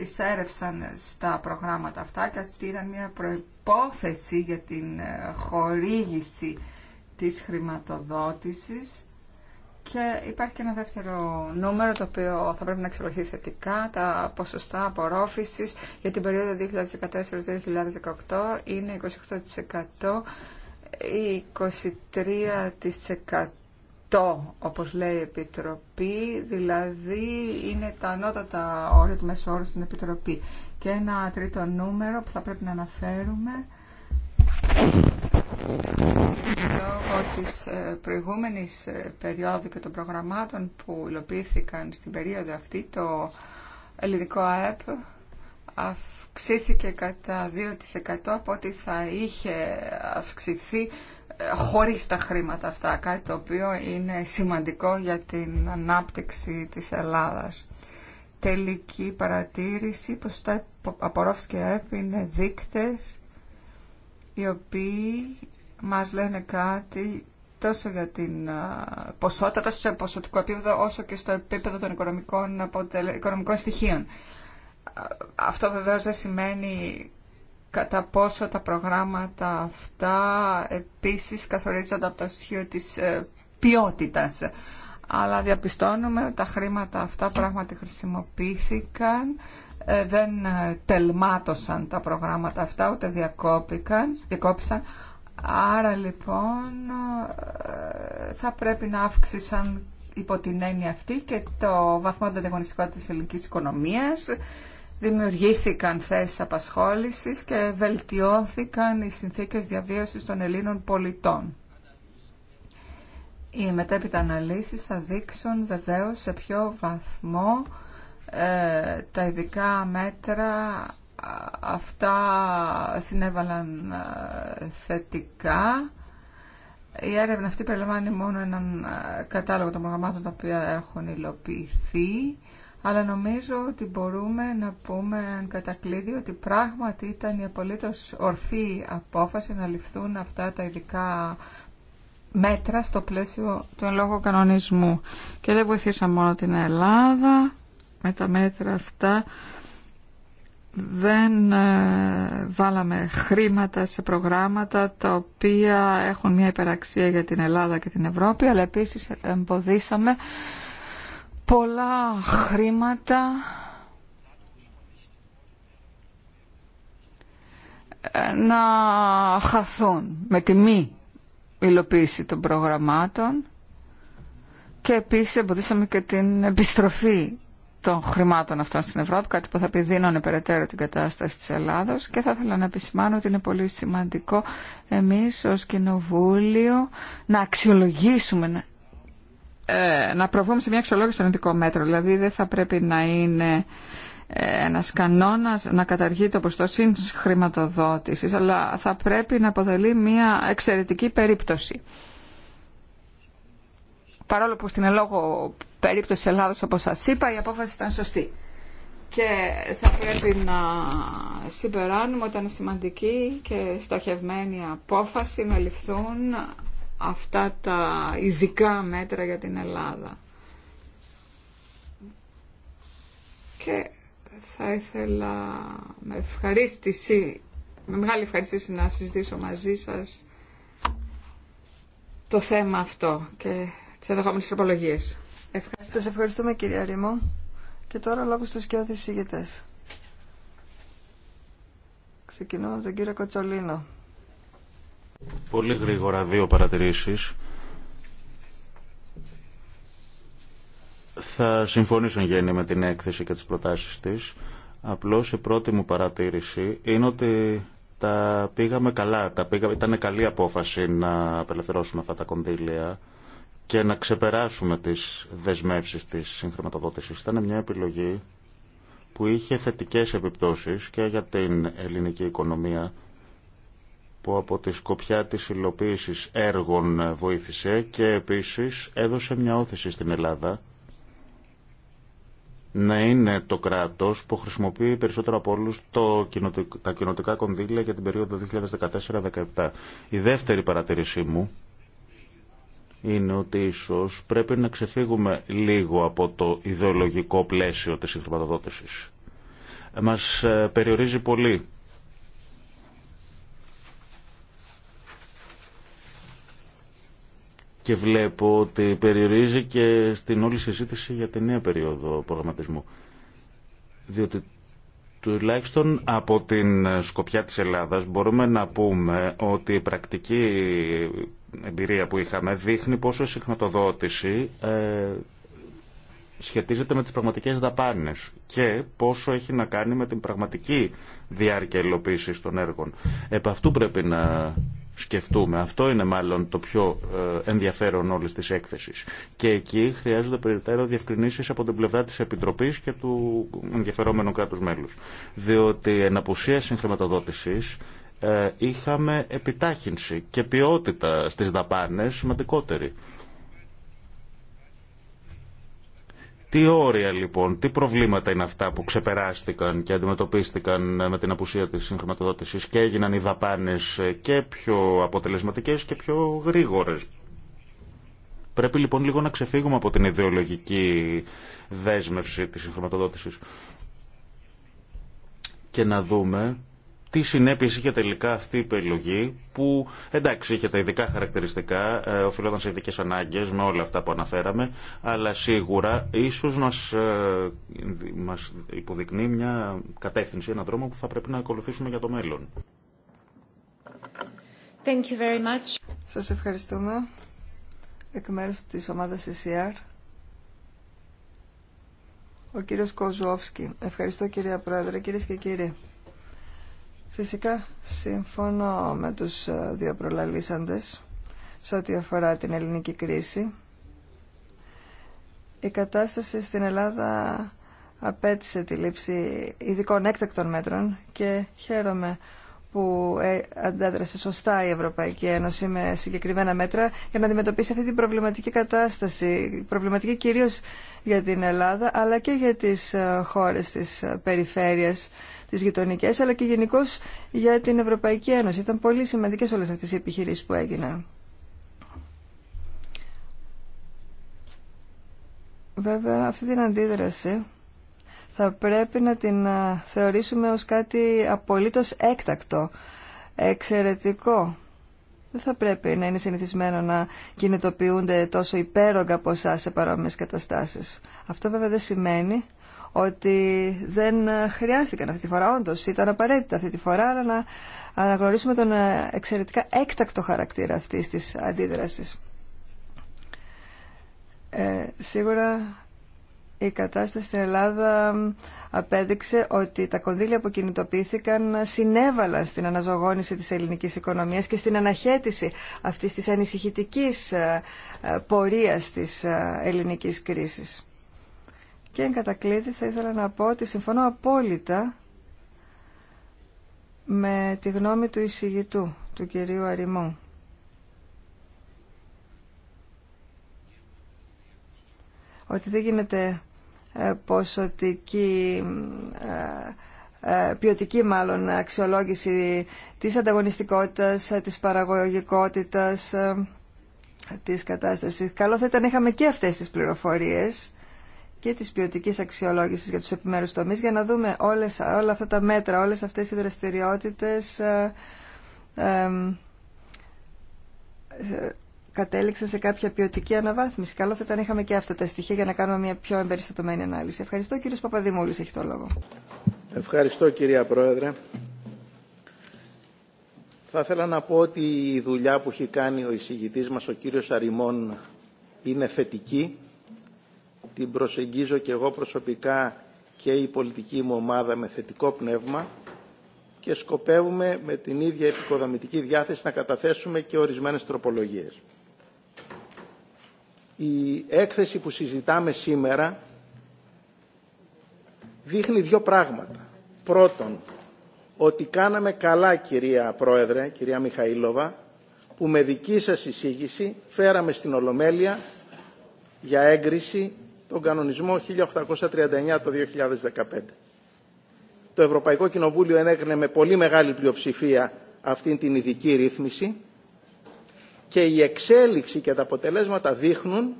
εισέρευσαν στα προγράμματα αυτά και αυτή ήταν μια προϋπόθεση για την χορήγηση της χρηματοδότησης και υπάρχει και ένα δεύτερο νούμερο το οποίο θα πρέπει να αξιολογηθεί θετικά. Τα ποσοστά απορρόφησης για την περίοδο 2014-2018 είναι 28% ή 23% όπως λέει η Επιτροπή, δηλαδή είναι τα ανώτατα όρια του μέσου στην Επιτροπή. Και ένα τρίτο νούμερο που θα πρέπει να αναφέρουμε Λόγω της ε, προηγούμενης ε, περίοδου και των προγραμμάτων που υλοποιήθηκαν στην περίοδο αυτή, το ελληνικό ΑΕΠ αυξήθηκε κατά 2% από ό,τι θα είχε αυξηθεί ε, χωρίς τα χρήματα αυτά, κάτι το οποίο είναι σημαντικό για την ανάπτυξη της Ελλάδας. Τελική παρατήρηση, πως τα απορρόφηση και ΑΕΠ είναι δείκτες οι οποίοι μας λένε κάτι τόσο για την ποσότητα, σε ποσοτικό επίπεδο, όσο και στο επίπεδο των οικονομικών, αποτελε... οικονομικών στοιχείων. Αυτό βεβαίως δεν σημαίνει κατά πόσο τα προγράμματα αυτά επίσης καθορίζονται από το στοιχείο της ε, ποιότητας. Αλλά διαπιστώνουμε ότι τα χρήματα αυτά πράγματι χρησιμοποιήθηκαν ε, δεν ε, τελμάτωσαν τα προγράμματα αυτά, ούτε διακόπηκαν, διακόπησαν. Άρα λοιπόν ε, θα πρέπει να αύξησαν υπό την έννοια αυτή και το βαθμό ανταγωνιστικότητα της ελληνικής οικονομίας. Δημιουργήθηκαν θέσεις απασχόλησης και βελτιώθηκαν οι συνθήκες διαβίωσης των Ελλήνων πολιτών. Οι μετέπειτα αναλύσεις θα δείξουν βεβαίως σε ποιο βαθμό ε, τα ειδικά μέτρα αυτά συνέβαλαν ε, θετικά. Η έρευνα αυτή περιλαμβάνει μόνο έναν ε, κατάλογο των προγραμμάτων τα οποία έχουν υλοποιηθεί, αλλά νομίζω ότι μπορούμε να πούμε αν κατακλείδη ότι πράγματι ήταν η απολύτως ορθή απόφαση να ληφθούν αυτά τα ειδικά μέτρα στο πλαίσιο του εν κανονισμού. Και δεν βοηθήσαμε μόνο την Ελλάδα, με τα μέτρα αυτά δεν ε, βάλαμε χρήματα σε προγράμματα τα οποία έχουν μια υπεραξία για την Ελλάδα και την Ευρώπη αλλά επίσης εμποδίσαμε πολλά χρήματα ε, να χαθούν με τη μη υλοποίηση των προγραμμάτων και επίσης εμποδίσαμε και την επιστροφή των χρημάτων αυτών στην Ευρώπη, κάτι που θα επιδίνωνε περαιτέρω την κατάσταση της Ελλάδος και θα ήθελα να επισημάνω ότι είναι πολύ σημαντικό εμείς ως Κοινοβούλιο να αξιολογήσουμε, ε, να προβούμε σε μια αξιολόγηση των ειδικών μέτρων. Δηλαδή δεν θα πρέπει να είναι ε, ένα κανόνα, να καταργεί το συν χρηματοδότηση, αλλά θα πρέπει να αποτελεί μια εξαιρετική περίπτωση παρόλο που στην ελόγω περίπτωση της Ελλάδος, όπως σας είπα, η απόφαση ήταν σωστή. Και θα πρέπει να συμπεράνουμε ότι είναι σημαντική και στοχευμένη απόφαση να ληφθούν αυτά τα ειδικά μέτρα για την Ελλάδα. Και θα ήθελα με ευχαρίστηση, με μεγάλη ευχαρίστηση να συζητήσω μαζί σας το θέμα αυτό και τις Ευχαριστώ. Σας ευχαριστούμε κυρία Ρήμο. Και τώρα λόγω στους και ηγητέ. Ξεκινούμε με τον κύριο Κοτσολίνο. Πολύ γρήγορα δύο παρατηρήσεις. Θα συμφωνήσω γέννη με την έκθεση και τις προτάσεις της. Απλώς η πρώτη μου παρατήρηση είναι ότι τα πήγαμε καλά. Τα Ήταν καλή απόφαση να απελευθερώσουμε αυτά τα κονδύλια και να ξεπεράσουμε τις δεσμεύσεις της συγχρηματοδότησης. Ήταν μια επιλογή που είχε θετικές επιπτώσεις και για την ελληνική οικονομία που από τη σκοπιά της υλοποίηση έργων βοήθησε και επίσης έδωσε μια όθηση στην Ελλάδα να είναι το κράτος που χρησιμοποιεί περισσότερο από όλους το, τα κοινοτικά κονδύλια για την περίοδο 2014-2017. Η δεύτερη παρατηρήσή μου είναι ότι ίσως πρέπει να ξεφύγουμε λίγο από το ιδεολογικό πλαίσιο της συγχρηματοδότησης. Μας ε, περιορίζει πολύ και βλέπω ότι περιορίζει και στην όλη συζήτηση για την νέα περίοδο προγραμματισμού. Διότι τουλάχιστον από την σκοπιά της Ελλάδας μπορούμε να πούμε ότι η πρακτική εμπειρία που είχαμε δείχνει πόσο η συγχρηματοδότηση ε, σχετίζεται με τις πραγματικές δαπάνες και πόσο έχει να κάνει με την πραγματική διάρκεια υλοποίηση των έργων. Επ' αυτού πρέπει να σκεφτούμε. Αυτό είναι μάλλον το πιο ε, ενδιαφέρον όλης της έκθεσης. Και εκεί χρειάζονται περιττέρω διευκρινήσεις από την πλευρά της Επιτροπής και του ενδιαφερόμενου κράτους μέλους. Διότι εν απουσία ε, είχαμε επιτάχυνση και ποιότητα στις δαπάνες σημαντικότερη. Τι όρια λοιπόν, τι προβλήματα είναι αυτά που ξεπεράστηκαν και αντιμετωπίστηκαν με την απουσία της συγχρηματοδότησης και έγιναν οι δαπάνες ε, και πιο αποτελεσματικές και πιο γρήγορες. Πρέπει λοιπόν λίγο να ξεφύγουμε από την ιδεολογική δέσμευση της συγχρηματοδότησης και να δούμε τι συνέπειες είχε τελικά αυτή η επιλογή που εντάξει είχε τα ειδικά χαρακτηριστικά, ε, οφειλόταν σε ειδικέ ανάγκες με όλα αυτά που αναφέραμε, αλλά σίγουρα ίσως μας, ε, μας υποδεικνύει μια κατεύθυνση, ένα δρόμο που θα πρέπει να ακολουθήσουμε για το μέλλον. Thank Σας ευχαριστούμε εκ μέρους της ομάδα CCR. Ο κύριος Κοζουόφσκι. Ευχαριστώ κυρία Πρόεδρε, κυρίες και κύριοι. Φυσικά συμφωνώ με τους ε, δύο προλαλήσαντες σε ό,τι αφορά την ελληνική κρίση. Η κατάσταση στην Ελλάδα απέτησε τη λήψη ειδικών έκτακτων μέτρων και χαίρομαι που ε, αντέδρασε σωστά η Ευρωπαϊκή Ένωση με συγκεκριμένα μέτρα για να αντιμετωπίσει αυτή την προβληματική κατάσταση. Προβληματική κυρίως για την Ελλάδα αλλά και για τις ε, χώρες της περιφέρειας τις γειτονικές, αλλά και γενικώ για την Ευρωπαϊκή Ένωση. Ήταν πολύ σημαντικές όλες αυτές οι επιχειρήσεις που έγιναν. Βέβαια, αυτή την αντίδραση θα πρέπει να την θεωρήσουμε ως κάτι απολύτως έκτακτο, εξαιρετικό. Δεν θα πρέπει να είναι συνηθισμένο να κινητοποιούνται τόσο υπέρογκα ποσά σε παρόμοιες καταστάσεις. Αυτό βέβαια δεν σημαίνει ότι δεν χρειάστηκαν αυτή τη φορά. Όντω ήταν απαραίτητα αυτή τη φορά, αλλά να αναγνωρίσουμε τον ε, εξαιρετικά έκτακτο χαρακτήρα αυτή τη αντίδραση. Ε, σίγουρα η κατάσταση στην Ελλάδα απέδειξε ότι τα κονδύλια που κινητοποιήθηκαν συνέβαλαν στην αναζωγόνηση της ελληνικής οικονομίας και στην αναχέτηση αυτής της ανησυχητικής ε, ε, πορείας της ελληνικής κρίσης. Και εν κατακλείδη θα ήθελα να πω ότι συμφωνώ απόλυτα με τη γνώμη του εισηγητού, του κυρίου Αριμού. Ότι δεν γίνεται ε, ποσοτική, ε, ε, ποιοτική μάλλον αξιολόγηση της ανταγωνιστικότητας, της παραγωγικότητας, της κατάστασης. Καλό θα ήταν να είχαμε και αυτές τις πληροφορίες και τη ποιοτική αξιολόγηση για τους επιμέρου τομείς για να δούμε όλες, όλα αυτά τα μέτρα, όλε αυτές οι δραστηριότητε ε, ε, κατέληξαν σε κάποια ποιοτική αναβάθμιση. Καλό θα ήταν είχαμε και αυτά τα στοιχεία για να κάνουμε μια πιο εμπεριστατωμένη ανάλυση. Ευχαριστώ κύριος Παπαδημούλης, έχει το λόγο. Ευχαριστώ κυρία Πρόεδρε. Θα ήθελα να πω ότι η δουλειά που έχει κάνει ο εισηγητής μας, ο κύριος Αριμών, είναι θετική την προσεγγίζω και εγώ προσωπικά και η πολιτική μου ομάδα με θετικό πνεύμα και σκοπεύουμε με την ίδια επικοδομητική διάθεση να καταθέσουμε και ορισμένες τροπολογίες. Η έκθεση που συζητάμε σήμερα δείχνει δύο πράγματα. Πρώτον, ότι κάναμε καλά κυρία Πρόεδρε, κυρία Μιχαήλοβα, που με δική σας εισήγηση φέραμε στην Ολομέλεια για έγκριση τον κανονισμό 1839 το 2015. Το Ευρωπαϊκό Κοινοβούλιο ενέκρινε με πολύ μεγάλη πλειοψηφία αυτήν την ειδική ρύθμιση και η εξέλιξη και τα αποτελέσματα δείχνουν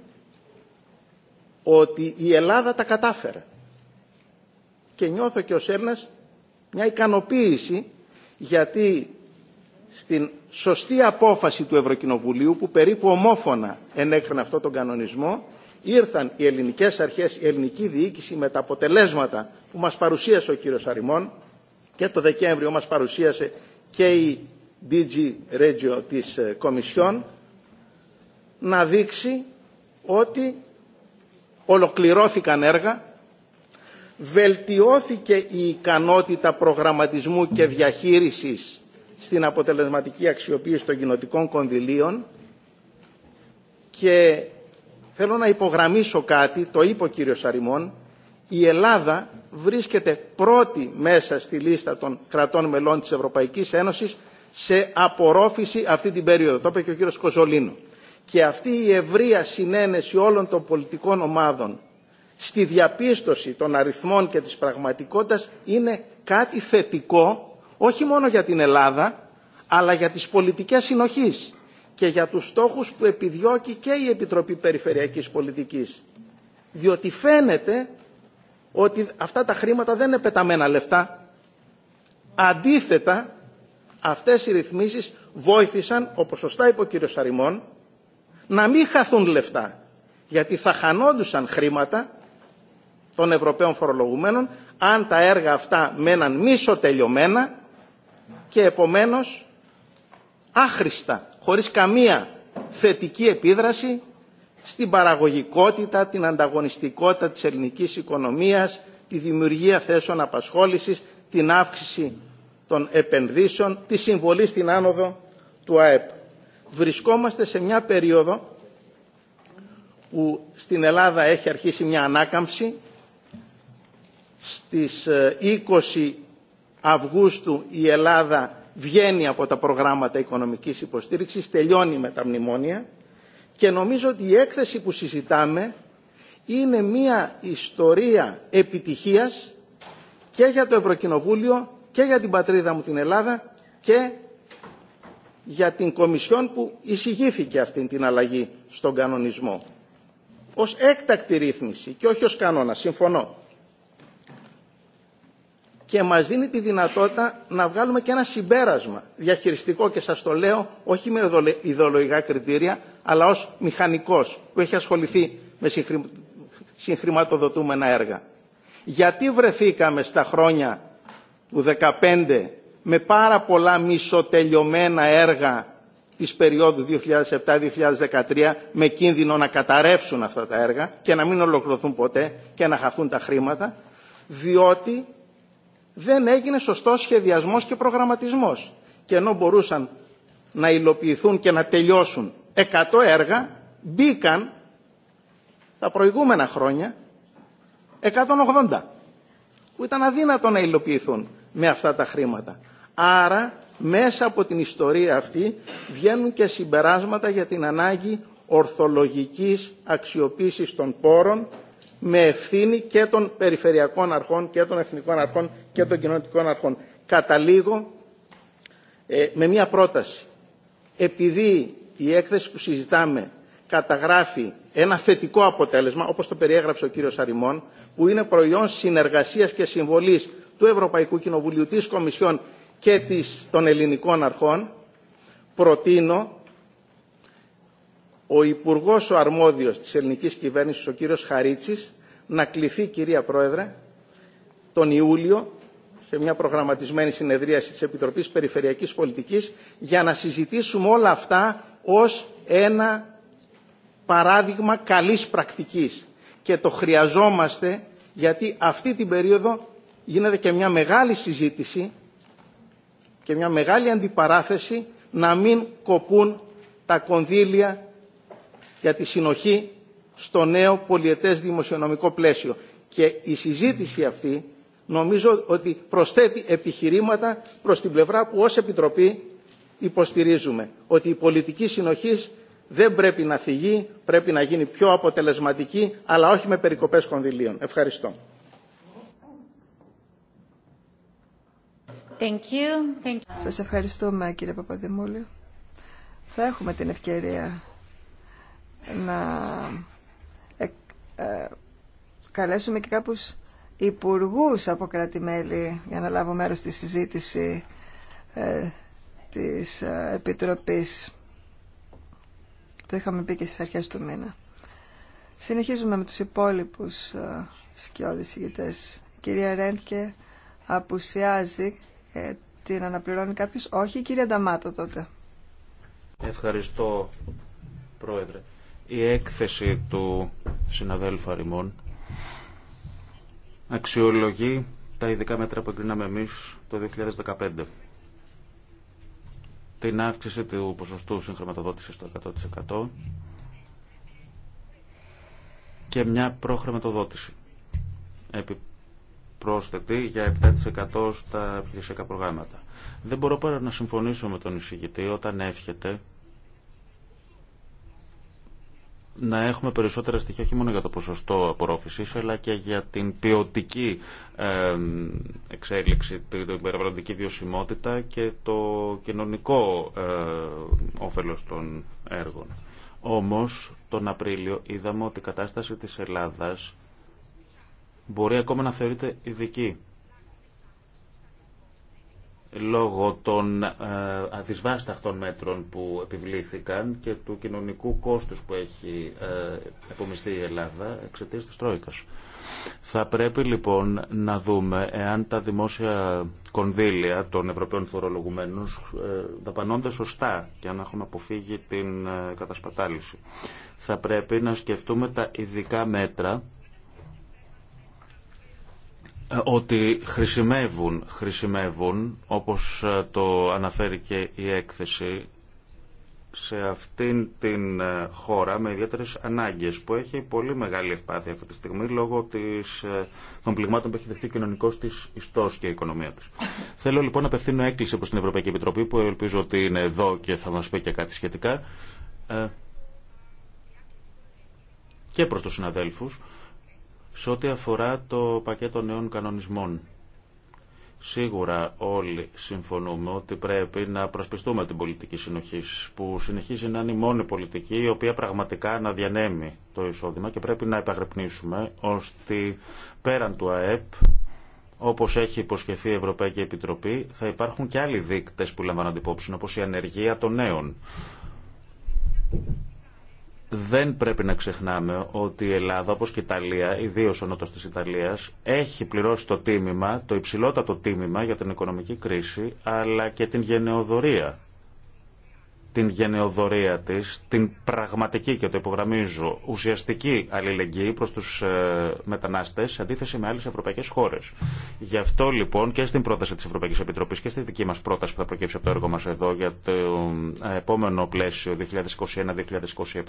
ότι η Ελλάδα τα κατάφερε. Και νιώθω και ως Έλληνας μια ικανοποίηση γιατί στην σωστή απόφαση του Ευρωκοινοβουλίου που περίπου ομόφωνα ενέκρινε αυτό τον κανονισμό ήρθαν οι ελληνικές αρχές, η ελληνική διοίκηση με τα αποτελέσματα που μας παρουσίασε ο κύριος Αριμών και το Δεκέμβριο μας παρουσίασε και η DG Regio της ε, Κομισιόν να δείξει ότι ολοκληρώθηκαν έργα, βελτιώθηκε η ικανότητα προγραμματισμού και διαχείρισης στην αποτελεσματική αξιοποίηση των κοινοτικών κονδυλίων και Θέλω να υπογραμμίσω κάτι, το είπε ο κύριος Σαριμών, η Ελλάδα βρίσκεται πρώτη μέσα στη λίστα των κρατών μελών της Ευρωπαϊκής Ένωσης σε απορρόφηση αυτή την περίοδο. Το είπε και ο κύριος Κοζολίνο. Και αυτή η ευρεία συνένεση όλων των πολιτικών ομάδων στη διαπίστωση των αριθμών και της πραγματικότητας είναι κάτι θετικό όχι μόνο για την Ελλάδα αλλά για τις πολιτικές συνοχής και για τους στόχους που επιδιώκει και η Επιτροπή Περιφερειακής Πολιτικής. Διότι φαίνεται ότι αυτά τα χρήματα δεν είναι πεταμένα λεφτά. Αντίθετα, αυτές οι ρυθμίσεις βόηθησαν, όπως σωστά είπε ο κύριος Σαριμών, να μην χαθούν λεφτά. Γιατί θα χανόντουσαν χρήματα των Ευρωπαίων φορολογουμένων αν τα έργα αυτά μέναν μισοτελειωμένα και επομένως άχρηστα, χωρίς καμία θετική επίδραση στην παραγωγικότητα, την ανταγωνιστικότητα της ελληνικής οικονομίας, τη δημιουργία θέσεων απασχόλησης, την αύξηση των επενδύσεων, τη συμβολή στην άνοδο του ΑΕΠ. Βρισκόμαστε σε μια περίοδο που στην Ελλάδα έχει αρχίσει μια ανάκαμψη. Στις 20 ε, Αυγούστου η Ελλάδα βγαίνει από τα προγράμματα οικονομικής υποστήριξης, τελειώνει με τα μνημόνια και νομίζω ότι η έκθεση που συζητάμε είναι μια ιστορία επιτυχίας και για το Ευρωκοινοβούλιο και για την πατρίδα μου την Ελλάδα και για την Κομισιόν που εισηγήθηκε αυτή την αλλαγή στον κανονισμό. Ως έκτακτη ρύθμιση και όχι ως κανόνα, συμφωνώ και μας δίνει τη δυνατότητα να βγάλουμε και ένα συμπέρασμα διαχειριστικό και σας το λέω όχι με ιδεολογικά κριτήρια αλλά ως μηχανικός που έχει ασχοληθεί με συγχρηματοδοτούμενα έργα. Γιατί βρεθήκαμε στα χρόνια του 2015 με πάρα πολλά μισοτελειωμένα έργα της περίοδου 2007-2013 με κίνδυνο να καταρρεύσουν αυτά τα έργα και να μην ολοκληρωθούν ποτέ και να χαθούν τα χρήματα διότι δεν έγινε σωστός σχεδιασμός και προγραμματισμός. Και ενώ μπορούσαν να υλοποιηθούν και να τελειώσουν 100 έργα, μπήκαν τα προηγούμενα χρόνια 180 που ήταν αδύνατο να υλοποιηθούν με αυτά τα χρήματα. Άρα μέσα από την ιστορία αυτή βγαίνουν και συμπεράσματα για την ανάγκη ορθολογικής αξιοποίησης των πόρων με ευθύνη και των περιφερειακών αρχών και των εθνικών αρχών και των κοινωνικών αρχών. Καταλήγω ε, με μια πρόταση. Επειδή η έκθεση που συζητάμε καταγράφει ένα θετικό αποτέλεσμα, όπως το περιέγραψε ο κύριος Αριμών, που είναι προϊόν συνεργασίας και συμβολής του Ευρωπαϊκού Κοινοβουλίου, της Κομισιόν και της, των ελληνικών αρχών, προτείνω ο Υπουργός ο Αρμόδιος της ελληνικής κυβέρνησης, ο κύριος Χαρίτσης, να κληθεί, κυρία Πρόεδρε, τον Ιούλιο σε μια προγραμματισμένη συνεδρίαση της Επιτροπής Περιφερειακής Πολιτικής για να συζητήσουμε όλα αυτά ως ένα παράδειγμα καλής πρακτικής. Και το χρειαζόμαστε γιατί αυτή την περίοδο γίνεται και μια μεγάλη συζήτηση και μια μεγάλη αντιπαράθεση να μην κοπούν τα κονδύλια για τη συνοχή στο νέο πολιετές δημοσιονομικό πλαίσιο. Και η συζήτηση αυτή νομίζω ότι προσθέτει επιχειρήματα προς την πλευρά που ως Επιτροπή υποστηρίζουμε. Ότι η πολιτική συνοχής δεν πρέπει να θυγεί, πρέπει να γίνει πιο αποτελεσματική, αλλά όχι με περικοπές κονδυλίων. Ευχαριστώ. Thank you. Thank you. Σας ευχαριστούμε κύριε Παπαδημούλη. Θα έχουμε την ευκαιρία να ε, ε καλέσουμε και κάπως υπουργού από κράτη-μέλη για να λάβω μέρος στη συζήτηση ε, της ε, Επιτροπής. Το είχαμε πει και στις αρχές του μήνα. Συνεχίζουμε με τους υπόλοιπους ε, σκιώδης Η κυρία Ρέντκε απουσιάζει, ε, την αναπληρώνει κάποιος. Όχι, η κυρία Νταμάτο τότε. Ευχαριστώ, Πρόεδρε. Η έκθεση του συναδέλφου Αριμών αξιολογεί τα ειδικά μέτρα που εγκρίναμε εμείς το 2015. Την αύξηση του ποσοστού συγχρηματοδότησης στο 100% και μια προχρηματοδότηση επιπρόσθετη για 7% στα επιχειρησιακά προγράμματα. Δεν μπορώ παρά να συμφωνήσω με τον εισηγητή όταν εύχεται να έχουμε περισσότερα στοιχεία όχι μόνο για το ποσοστό απορρόφησης αλλά και για την ποιοτική εξέλιξη, την περιβαλλοντική βιωσιμότητα και το κοινωνικό ε, όφελος των έργων. Όμως τον Απρίλιο είδαμε ότι η κατάσταση της Ελλάδας μπορεί ακόμα να θεωρείται ειδική λόγω των ε, αδυσβάσταχτων μέτρων που επιβλήθηκαν και του κοινωνικού κόστους που έχει ε, επομιστεί η Ελλάδα εξαιτία της Τρόικας. Θα πρέπει λοιπόν να δούμε εάν τα δημόσια κονδύλια των Ευρωπαίων φορολογουμένων ε, δαπανώνται σωστά και αν έχουν αποφύγει την κατασπατάληση. Θα πρέπει να σκεφτούμε τα ειδικά μέτρα ε, ότι χρησιμεύουν, χρησιμεύουν, όπως ε, το αναφέρει και η έκθεση, σε αυτήν την ε, χώρα με ιδιαίτερες ανάγκες που έχει πολύ μεγάλη ευπάθεια αυτή τη στιγμή λόγω της, των πληγμάτων που έχει δεχτεί ο κοινωνικός της ιστός και η οικονομία της. Θέλω λοιπόν να απευθύνω έκκληση προς την Ευρωπαϊκή Επιτροπή που ελπίζω ότι είναι εδώ και θα μας πει και κάτι σχετικά και προς τους συναδέλφους σε ό,τι αφορά το πακέτο νέων κανονισμών. Σίγουρα όλοι συμφωνούμε ότι πρέπει να προσπιστούμε την πολιτική συνοχή που συνεχίζει να είναι η μόνη πολιτική η οποία πραγματικά να διανέμει το εισόδημα και πρέπει να επαγρυπνήσουμε ώστε πέραν του ΑΕΠ όπως έχει υποσχεθεί η Ευρωπαϊκή Επιτροπή θα υπάρχουν και άλλοι δείκτες που λαμβάνονται υπόψη όπως η ανεργία των νέων δεν πρέπει να ξεχνάμε ότι η Ελλάδα, όπως και η Ιταλία, ιδίω ο νότος της Ιταλίας, έχει πληρώσει το τίμημα, το υψηλότατο τίμημα για την οικονομική κρίση, αλλά και την γενεοδορία την γενεοδορία της, την πραγματική και το υπογραμμίζω, ουσιαστική αλληλεγγύη προς τους ε, μετανάστες σε αντίθεση με άλλες ευρωπαϊκές χώρες. Γι' αυτό λοιπόν και στην πρόταση της Ευρωπαϊκής Επιτροπής και στη δική μας πρόταση που θα προκύψει από το έργο μας εδώ για το ε, επόμενο πλαίσιο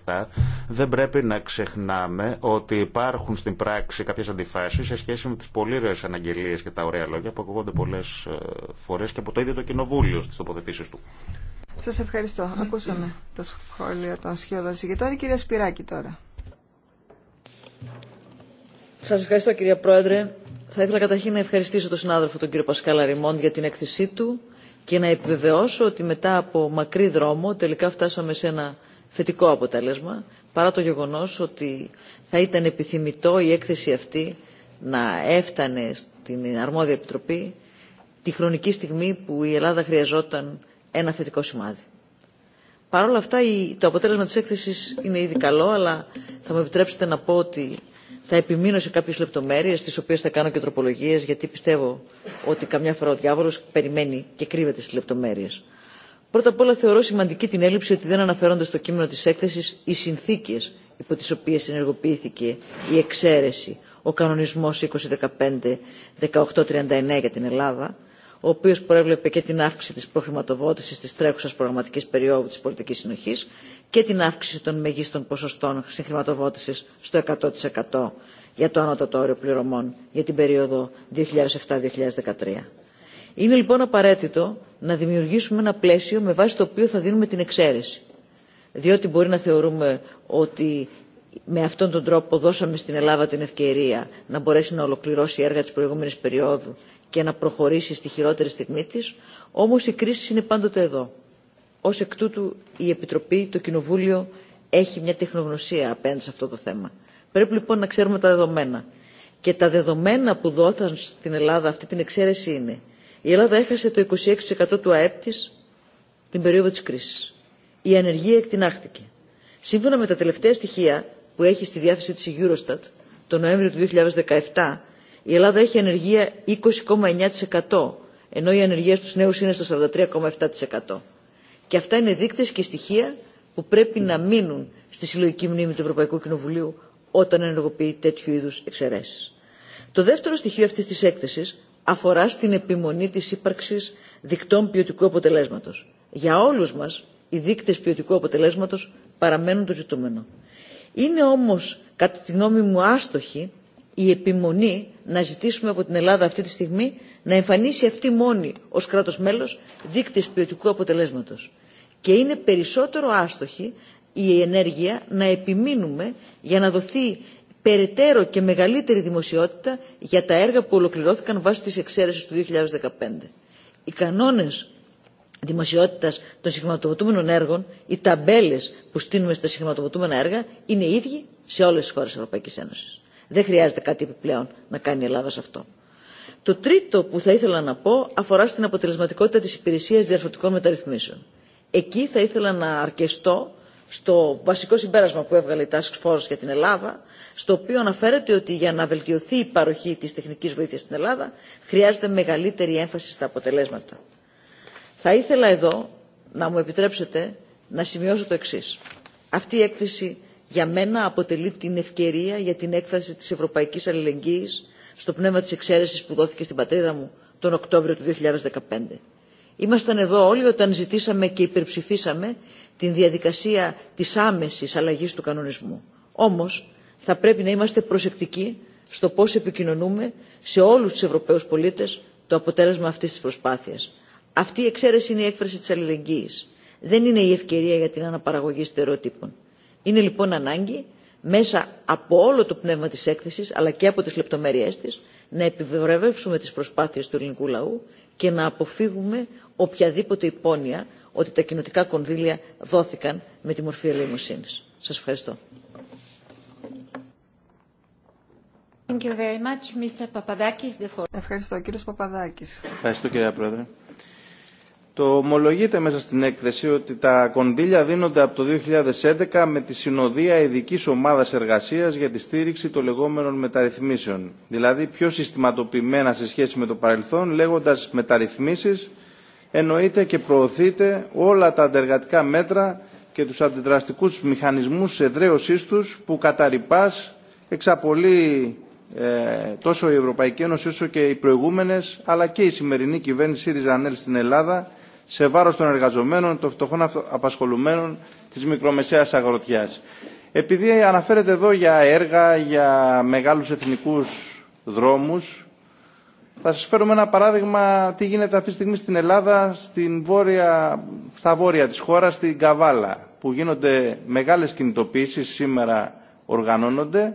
2021-2027 δεν πρέπει να ξεχνάμε ότι υπάρχουν στην πράξη κάποιες αντιφάσεις σε σχέση με τις πολύρες αναγγελίες και τα ωραία λόγια που ακουγόνται πολλές ε, φορές και από το ίδιο το Κοινοβούλιο στις τοποθετήσει του. Σας ευχαριστώ. Ακούσαμε τα σχόλια των σχεδόν συγκεκριτών. Η κυρία Σπυράκη τώρα. Σας ευχαριστώ κυρία Πρόεδρε. Θα ήθελα καταρχήν να ευχαριστήσω τον συνάδελφο τον κύριο Πασκάλα Ριμόντ για την έκθεσή του και να επιβεβαιώσω ότι μετά από μακρύ δρόμο τελικά φτάσαμε σε ένα θετικό αποτέλεσμα παρά το γεγονός ότι θα ήταν επιθυμητό η έκθεση αυτή να έφτανε στην αρμόδια επιτροπή τη χρονική στιγμή που η Ελλάδα χρειαζόταν ένα θετικό σημάδι. Παρ' όλα αυτά το αποτέλεσμα της έκθεσης είναι ήδη καλό, αλλά θα μου επιτρέψετε να πω ότι θα επιμείνω σε κάποιες λεπτομέρειες, τις οποίες θα κάνω και τροπολογίες, γιατί πιστεύω ότι καμιά φορά ο διάβολος περιμένει και κρύβεται στις λεπτομέρειες. Πρώτα απ' όλα θεωρώ σημαντική την έλλειψη ότι δεν αναφέρονται στο κείμενο της έκθεσης οι συνθήκες υπό τις οποίες ενεργοποιήθηκε η εξαίρεση, ο κανονισμός 2015-1839 για την Ελλάδα, ο οποίο προέβλεπε και την αύξηση τη προχρηματοδότηση τη τρέχουσα προγραμματική περίοδου τη πολιτική συνοχή και την αύξηση των μεγίστων ποσοστών συγχρηματοδότηση στο 100% για το ανώτατο όριο πληρωμών για την περίοδο 2007-2013. Είναι λοιπόν απαραίτητο να δημιουργήσουμε ένα πλαίσιο με βάση το οποίο θα δίνουμε την εξαίρεση. Διότι μπορεί να θεωρούμε ότι με αυτόν τον τρόπο δώσαμε στην Ελλάδα την ευκαιρία να μπορέσει να ολοκληρώσει έργα της προηγούμενης περίοδου και να προχωρήσει στη χειρότερη στιγμή τη, όμως η κρίση είναι πάντοτε εδώ. Ως εκ τούτου η Επιτροπή, το Κοινοβούλιο έχει μια τεχνογνωσία απέναντι σε αυτό το θέμα. Πρέπει λοιπόν να ξέρουμε τα δεδομένα. Και τα δεδομένα που δόθηκαν στην Ελλάδα αυτή την εξαίρεση είναι η Ελλάδα έχασε το 26% του ΑΕΠ της την περίοδο της κρίσης. Η ανεργία εκτινάχτηκε. Σύμφωνα με τα τελευταία στοιχεία που έχει στη διάθεση της Eurostat το Νοέμβριο του 2017 η Ελλάδα έχει ανεργία 20,9% ενώ η ανεργία στους νέους είναι στο 43,7%. Και αυτά είναι δείκτες και στοιχεία που πρέπει να μείνουν στη συλλογική μνήμη του Ευρωπαϊκού Κοινοβουλίου όταν ενεργοποιεί τέτοιου είδους εξαιρέσεις. Το δεύτερο στοιχείο αυτής της έκθεσης αφορά στην επιμονή της ύπαρξης δικτών ποιοτικού αποτελέσματος. Για όλους μας οι δείκτες ποιοτικού αποτελέσματος παραμένουν το ζητούμενο. Είναι όμως κατά τη γνώμη μου άστοχη η επιμονή να ζητήσουμε από την Ελλάδα αυτή τη στιγμή να εμφανίσει αυτή μόνη ως κράτος μέλος δείκτης ποιοτικού αποτελέσματος. Και είναι περισσότερο άστοχη η ενέργεια να επιμείνουμε για να δοθεί περαιτέρω και μεγαλύτερη δημοσιότητα για τα έργα που ολοκληρώθηκαν βάσει της εξαίρεσης του 2015. Οι κανόνες δημοσιότητας των συγχρηματοδοτούμενων έργων, οι ταμπέλες που στείλουμε στα συγχρηματοδοτούμενα έργα είναι οι ίδιοι σε όλες τις χώρες της Ευρωπαϊκής Ένωσης. Δεν χρειάζεται κάτι επιπλέον να κάνει η Ελλάδα σε αυτό. Το τρίτο που θα ήθελα να πω αφορά στην αποτελεσματικότητα της υπηρεσίας διαρθρωτικών μεταρρυθμίσεων. Εκεί θα ήθελα να αρκεστώ στο βασικό συμπέρασμα που έβγαλε η Task Force για την Ελλάδα, στο οποίο αναφέρεται ότι για να βελτιωθεί η παροχή της τεχνικής βοήθειας στην Ελλάδα χρειάζεται μεγαλύτερη έμφαση στα αποτελέσματα. Θα ήθελα εδώ να μου επιτρέψετε να σημειώσω το εξής. Αυτή η έκθεση για μένα αποτελεί την ευκαιρία για την έκφραση της ευρωπαϊκής αλληλεγγύης στο πνεύμα της εξαίρεσης που δόθηκε στην πατρίδα μου τον Οκτώβριο του 2015. Ήμασταν εδώ όλοι όταν ζητήσαμε και υπερψηφίσαμε την διαδικασία της άμεσης αλλαγής του κανονισμού. Όμως θα πρέπει να είμαστε προσεκτικοί στο πώς επικοινωνούμε σε όλους τους Ευρωπαίους πολίτες το αποτέλεσμα αυτής της προσπάθειας. Αυτή η εξαίρεση είναι η έκφραση της αλληλεγγύης. Δεν είναι η ευκαιρία για την αναπαραγωγή στερεοτύπων. Είναι λοιπόν ανάγκη μέσα από όλο το πνεύμα της έκθεσης αλλά και από τις λεπτομέρειές της να επιβεβαιώσουμε τις προσπάθειες του ελληνικού λαού και να αποφύγουμε οποιαδήποτε υπόνοια ότι τα κοινοτικά κονδύλια δόθηκαν με τη μορφή ελεημοσύνης. Σας ευχαριστώ. Thank you very much, Mr. Papadakis. Ευχαριστώ κύριε Παπαδάκης. Ευχαριστώ Πρόεδρε. Το ομολογείται μέσα στην έκθεση ότι τα κονδύλια δίνονται από το 2011 με τη συνοδεία ειδική ομάδα εργασία για τη στήριξη των λεγόμενων μεταρρυθμίσεων. Δηλαδή πιο συστηματοποιημένα σε σχέση με το παρελθόν, λέγοντα μεταρρυθμίσει, εννοείται και προωθείται όλα τα αντεργατικά μέτρα και τους αντιδραστικούς μηχανισμούς εδραίωσής του που καταρρυπά εξαπολύει ε, τόσο η Ευρωπαϊκή Ένωση όσο και οι προηγούμενες αλλά και η σημερινή κυβέρνηση Ριζανέλ στην Ελλάδα σε βάρος των εργαζομένων, των φτωχών απασχολουμένων της μικρομεσαίας αγροτιάς. Επειδή αναφέρεται εδώ για έργα, για μεγάλους εθνικούς δρόμους, θα σας φέρουμε ένα παράδειγμα τι γίνεται αυτή τη στιγμή στην Ελλάδα, στην βόρεια, στα βόρεια της χώρας, στην Καβάλα, που γίνονται μεγάλες κινητοποίησεις σήμερα οργανώνονται,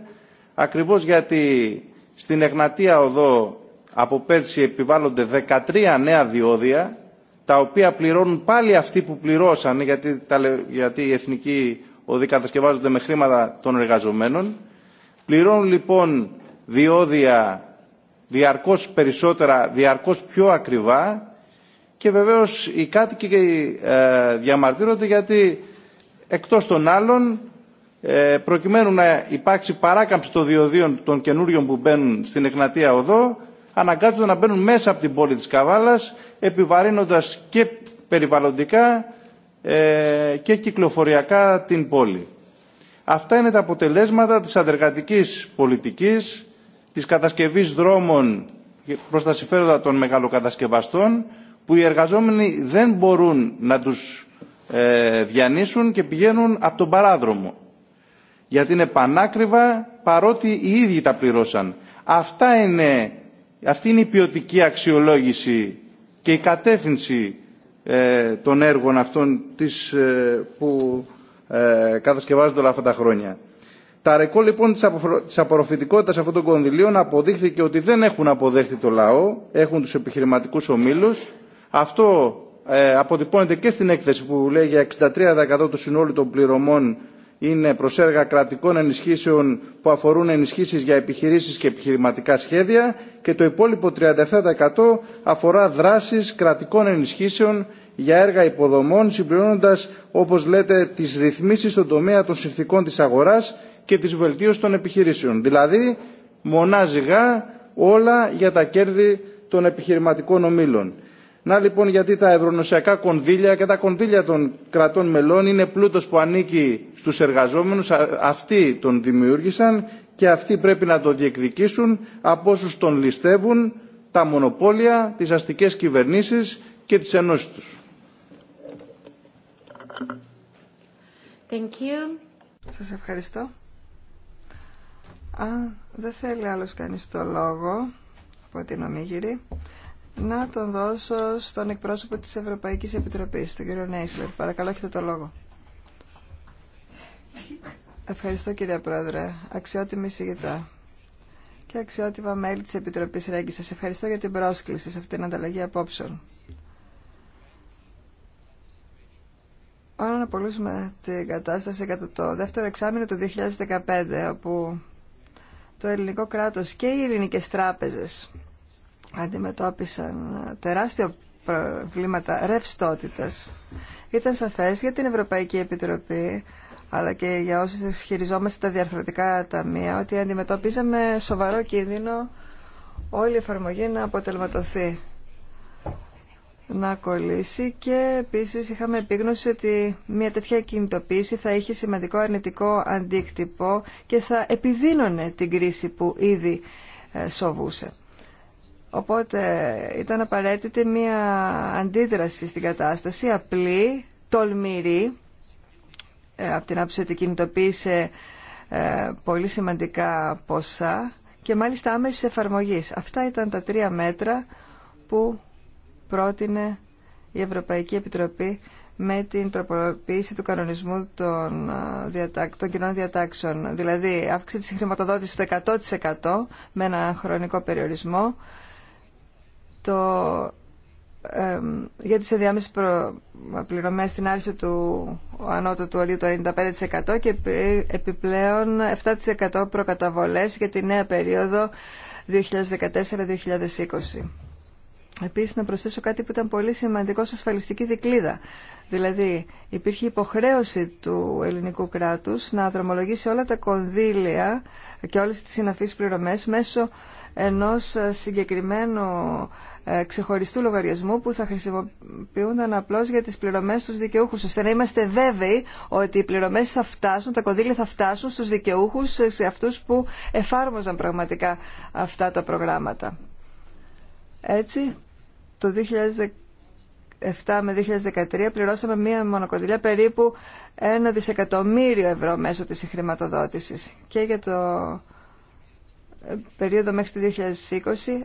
ακριβώς γιατί στην Εγνατία Οδό από πέρσι επιβάλλονται 13 νέα διόδια τα οποία πληρώνουν πάλι αυτοί που πληρώσαν, γιατί, τα, γιατί οι εθνικοί οδοί κατασκευάζονται με χρήματα των εργαζομένων. Πληρώνουν λοιπόν διόδια διαρκώς περισσότερα, διαρκώς πιο ακριβά και βεβαίως οι κάτοικοι ε, διαμαρτύρονται γιατί εκτός των άλλων ε, προκειμένου να υπάρξει παράκαμψη των διοδίων των καινούριων που μπαίνουν στην Εκνατία Οδό αναγκάζονται να μπαίνουν μέσα από την πόλη της Καβάλας επιβαρύνοντας και περιβαλλοντικά ε, και κυκλοφοριακά την πόλη. Αυτά είναι τα αποτελέσματα της αντεργατικής πολιτικής, της κατασκευής δρόμων προς τα συμφέροντα των μεγαλοκατασκευαστών που οι εργαζόμενοι δεν μπορούν να τους ε, διανύσουν και πηγαίνουν από τον παράδρομο. Γιατί είναι πανάκριβα παρότι οι ίδιοι τα πληρώσαν. Αυτά είναι αυτή είναι η ποιοτική αξιολόγηση και η κατεύθυνση ε, των έργων αυτών της, ε, που ε, κατασκευάζονται όλα αυτά τα χρόνια. Τα ρεκό λοιπόν της, απορο... της απορροφητικότητας αυτών των κονδυλίων αποδείχθηκε ότι δεν έχουν αποδέχτη το λαό, έχουν τους επιχειρηματικούς ομίλους. Αυτό ε, αποτυπώνεται και στην έκθεση που λέει για 63% του συνόλου των πληρωμών είναι προσέργα κρατικών ενισχύσεων που αφορούν ενισχύσεις για επιχειρήσεις και επιχειρηματικά σχέδια και το υπόλοιπο 37% αφορά δράσεις κρατικών ενισχύσεων για έργα υποδομών συμπληρώνοντας όπως λέτε τις ρυθμίσεις στον τομέα των συνθηκών της αγοράς και της βελτίωσης των επιχειρήσεων. Δηλαδή μονάζιγα όλα για τα κέρδη των επιχειρηματικών ομίλων. Να λοιπόν γιατί τα ευρωνοσιακά κονδύλια και τα κονδύλια των κρατών μελών είναι πλούτος που ανήκει στους εργαζόμενους, αυτοί τον δημιούργησαν και αυτοί πρέπει να τον διεκδικήσουν από όσου τον ληστεύουν τα μονοπόλια, τις αστικές κυβερνήσεις και τις ενώσεις τους. Thank you. Σας ευχαριστώ. δεν θέλει άλλος κανείς το λόγο από την ομίγυρη, να τον δώσω στον εκπρόσωπο της Ευρωπαϊκής Επιτροπής, τον κύριο Νέισλερ. Παρακαλώ, έχετε το λόγο. Ευχαριστώ κύριε Πρόεδρε, αξιότιμη συγγετά και αξιότιμα μέλη της Επιτροπής Ρέγκη. Σας ευχαριστώ για την πρόσκληση σε αυτήν την ανταλλαγή απόψεων. να απολύσουμε την κατάσταση κατά το δεύτερο εξάμεινο του 2015, όπου το ελληνικό κράτος και οι ελληνικές τράπεζες αντιμετώπισαν τεράστια προβλήματα ρευστότητας. Ήταν σαφές για την Ευρωπαϊκή Επιτροπή αλλά και για όσους χειριζόμαστε τα διαρθρωτικά ταμεία ότι αντιμετώπιζαμε σοβαρό κίνδυνο όλη η εφαρμογή να αποτελματωθεί να κολλήσει και επίσης είχαμε επίγνωση ότι μια τέτοια κινητοποίηση θα είχε σημαντικό αρνητικό αντίκτυπο και θα επιδίνωνε την κρίση που ήδη ε, σοβούσε. Οπότε ήταν απαραίτητη μια αντίδραση στην κατάσταση, απλή, τολμηρή. Ε, από την άποψη ότι κινητοποίησε ε, πολύ σημαντικά ποσά και μάλιστα άμεση εφαρμογή. Αυτά ήταν τα τρία μέτρα που πρότεινε η Ευρωπαϊκή Επιτροπή με την τροποποίηση του κανονισμού των, ε, των κοινών διατάξεων. Δηλαδή, αύξηση τη χρηματοδότηση στο 100% με ένα χρονικό περιορισμό το, ε, για τις ενδιάμεσες πληρωμές στην άρση του ανώτου του ορίου το 95% και επιπλέον 7% προκαταβολές για τη νέα περίοδο 2014-2020. Επίσης να προσθέσω κάτι που ήταν πολύ σημαντικό σε ασφαλιστική δικλίδα. Δηλαδή υπήρχε υποχρέωση του ελληνικού κράτους να δρομολογήσει όλα τα κονδύλια και όλες τις συναφείς πληρωμές μέσω ενός συγκεκριμένου ε, ξεχωριστού λογαριασμού που θα χρησιμοποιούνταν απλώ για τι πληρωμές στους δικαιούχου. ώστε να είμαστε βέβαιοι ότι οι πληρωμές θα φτάσουν, τα κονδύλια θα φτάσουν στου δικαιούχου σε αυτού που εφάρμοζαν πραγματικά αυτά τα προγράμματα. Έτσι, το 2017 με 2013 πληρώσαμε μία μονοκοντιλιά περίπου ένα δισεκατομμύριο ευρώ μέσω της χρηματοδότησης και για το ε, περίοδο μέχρι το 2020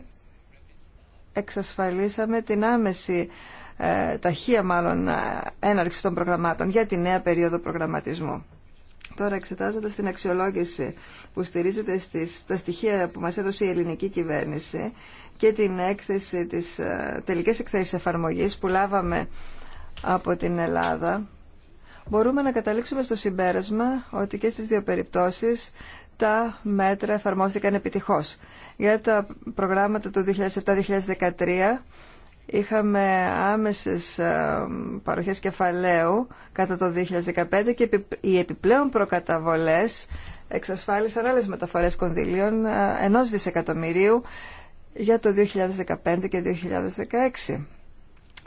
εξασφαλίσαμε την άμεση ε, ταχεία μάλλον ε, έναρξη των προγραμμάτων για τη νέα περίοδο προγραμματισμού. Τώρα εξετάζοντας την αξιολόγηση που στηρίζεται στις, στα στοιχεία που μας έδωσε η ελληνική κυβέρνηση και την έκθεση της ε, τελικές εκθέσεις εφαρμογής που λάβαμε από την Ελλάδα μπορούμε να καταλήξουμε στο συμπέρασμα ότι και στις δύο περιπτώσεις τα μέτρα εφαρμόστηκαν επιτυχώς. Για τα προγράμματα του 2007-2013 είχαμε άμεσες ε, παροχές κεφαλαίου κατά το 2015 και οι επιπλέον προκαταβολές εξασφάλισαν άλλες μεταφορές κονδυλίων ε, ενός δισεκατομμυρίου για το 2015 και 2016.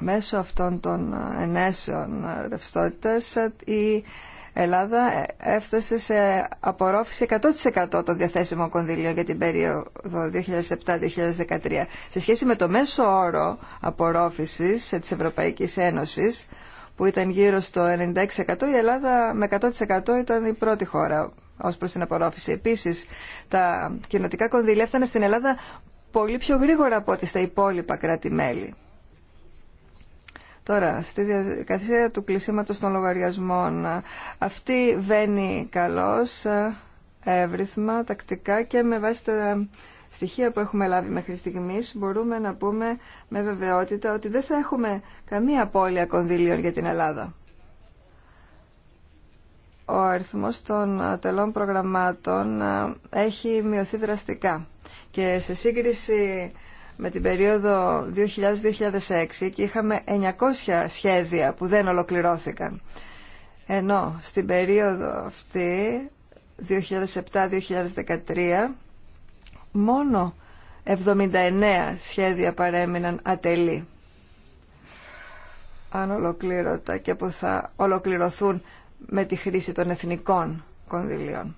Μέσω αυτών των ε, ενέσεων ρευστότητας η Ελλάδα ε, έφτασε σε απορρόφηση 100% των διαθέσιμων κονδυλίων για την περίοδο 2007-2013. Σε σχέση με το μέσο όρο απορρόφησης της Ευρωπαϊκής Ένωσης, που ήταν γύρω στο 96%, η Ελλάδα με 100% ήταν η πρώτη χώρα ως προς την απορρόφηση. Επίσης, τα κοινοτικά κονδύλια έφταναν στην Ελλάδα πολύ πιο γρήγορα από ό,τι στα υπόλοιπα κράτη-μέλη. Τώρα, στη διαδικασία του κλεισίματος των λογαριασμών, αυτή βαίνει καλώς, εύρυθμα, τακτικά και με βάση τα στοιχεία που έχουμε λάβει μέχρι στιγμή, μπορούμε να πούμε με βεβαιότητα ότι δεν θα έχουμε καμία απώλεια κονδύλιων για την Ελλάδα. Ο αριθμός των τελών προγραμμάτων έχει μειωθεί δραστικά και σε σύγκριση με την περίοδο 2000-2006 και είχαμε 900 σχέδια που δεν ολοκληρώθηκαν. Ενώ στην περίοδο αυτή, 2007-2013, μόνο 79 σχέδια παρέμειναν ατελή. Αν ολοκλήρωτα και που θα ολοκληρωθούν με τη χρήση των εθνικών κονδυλίων.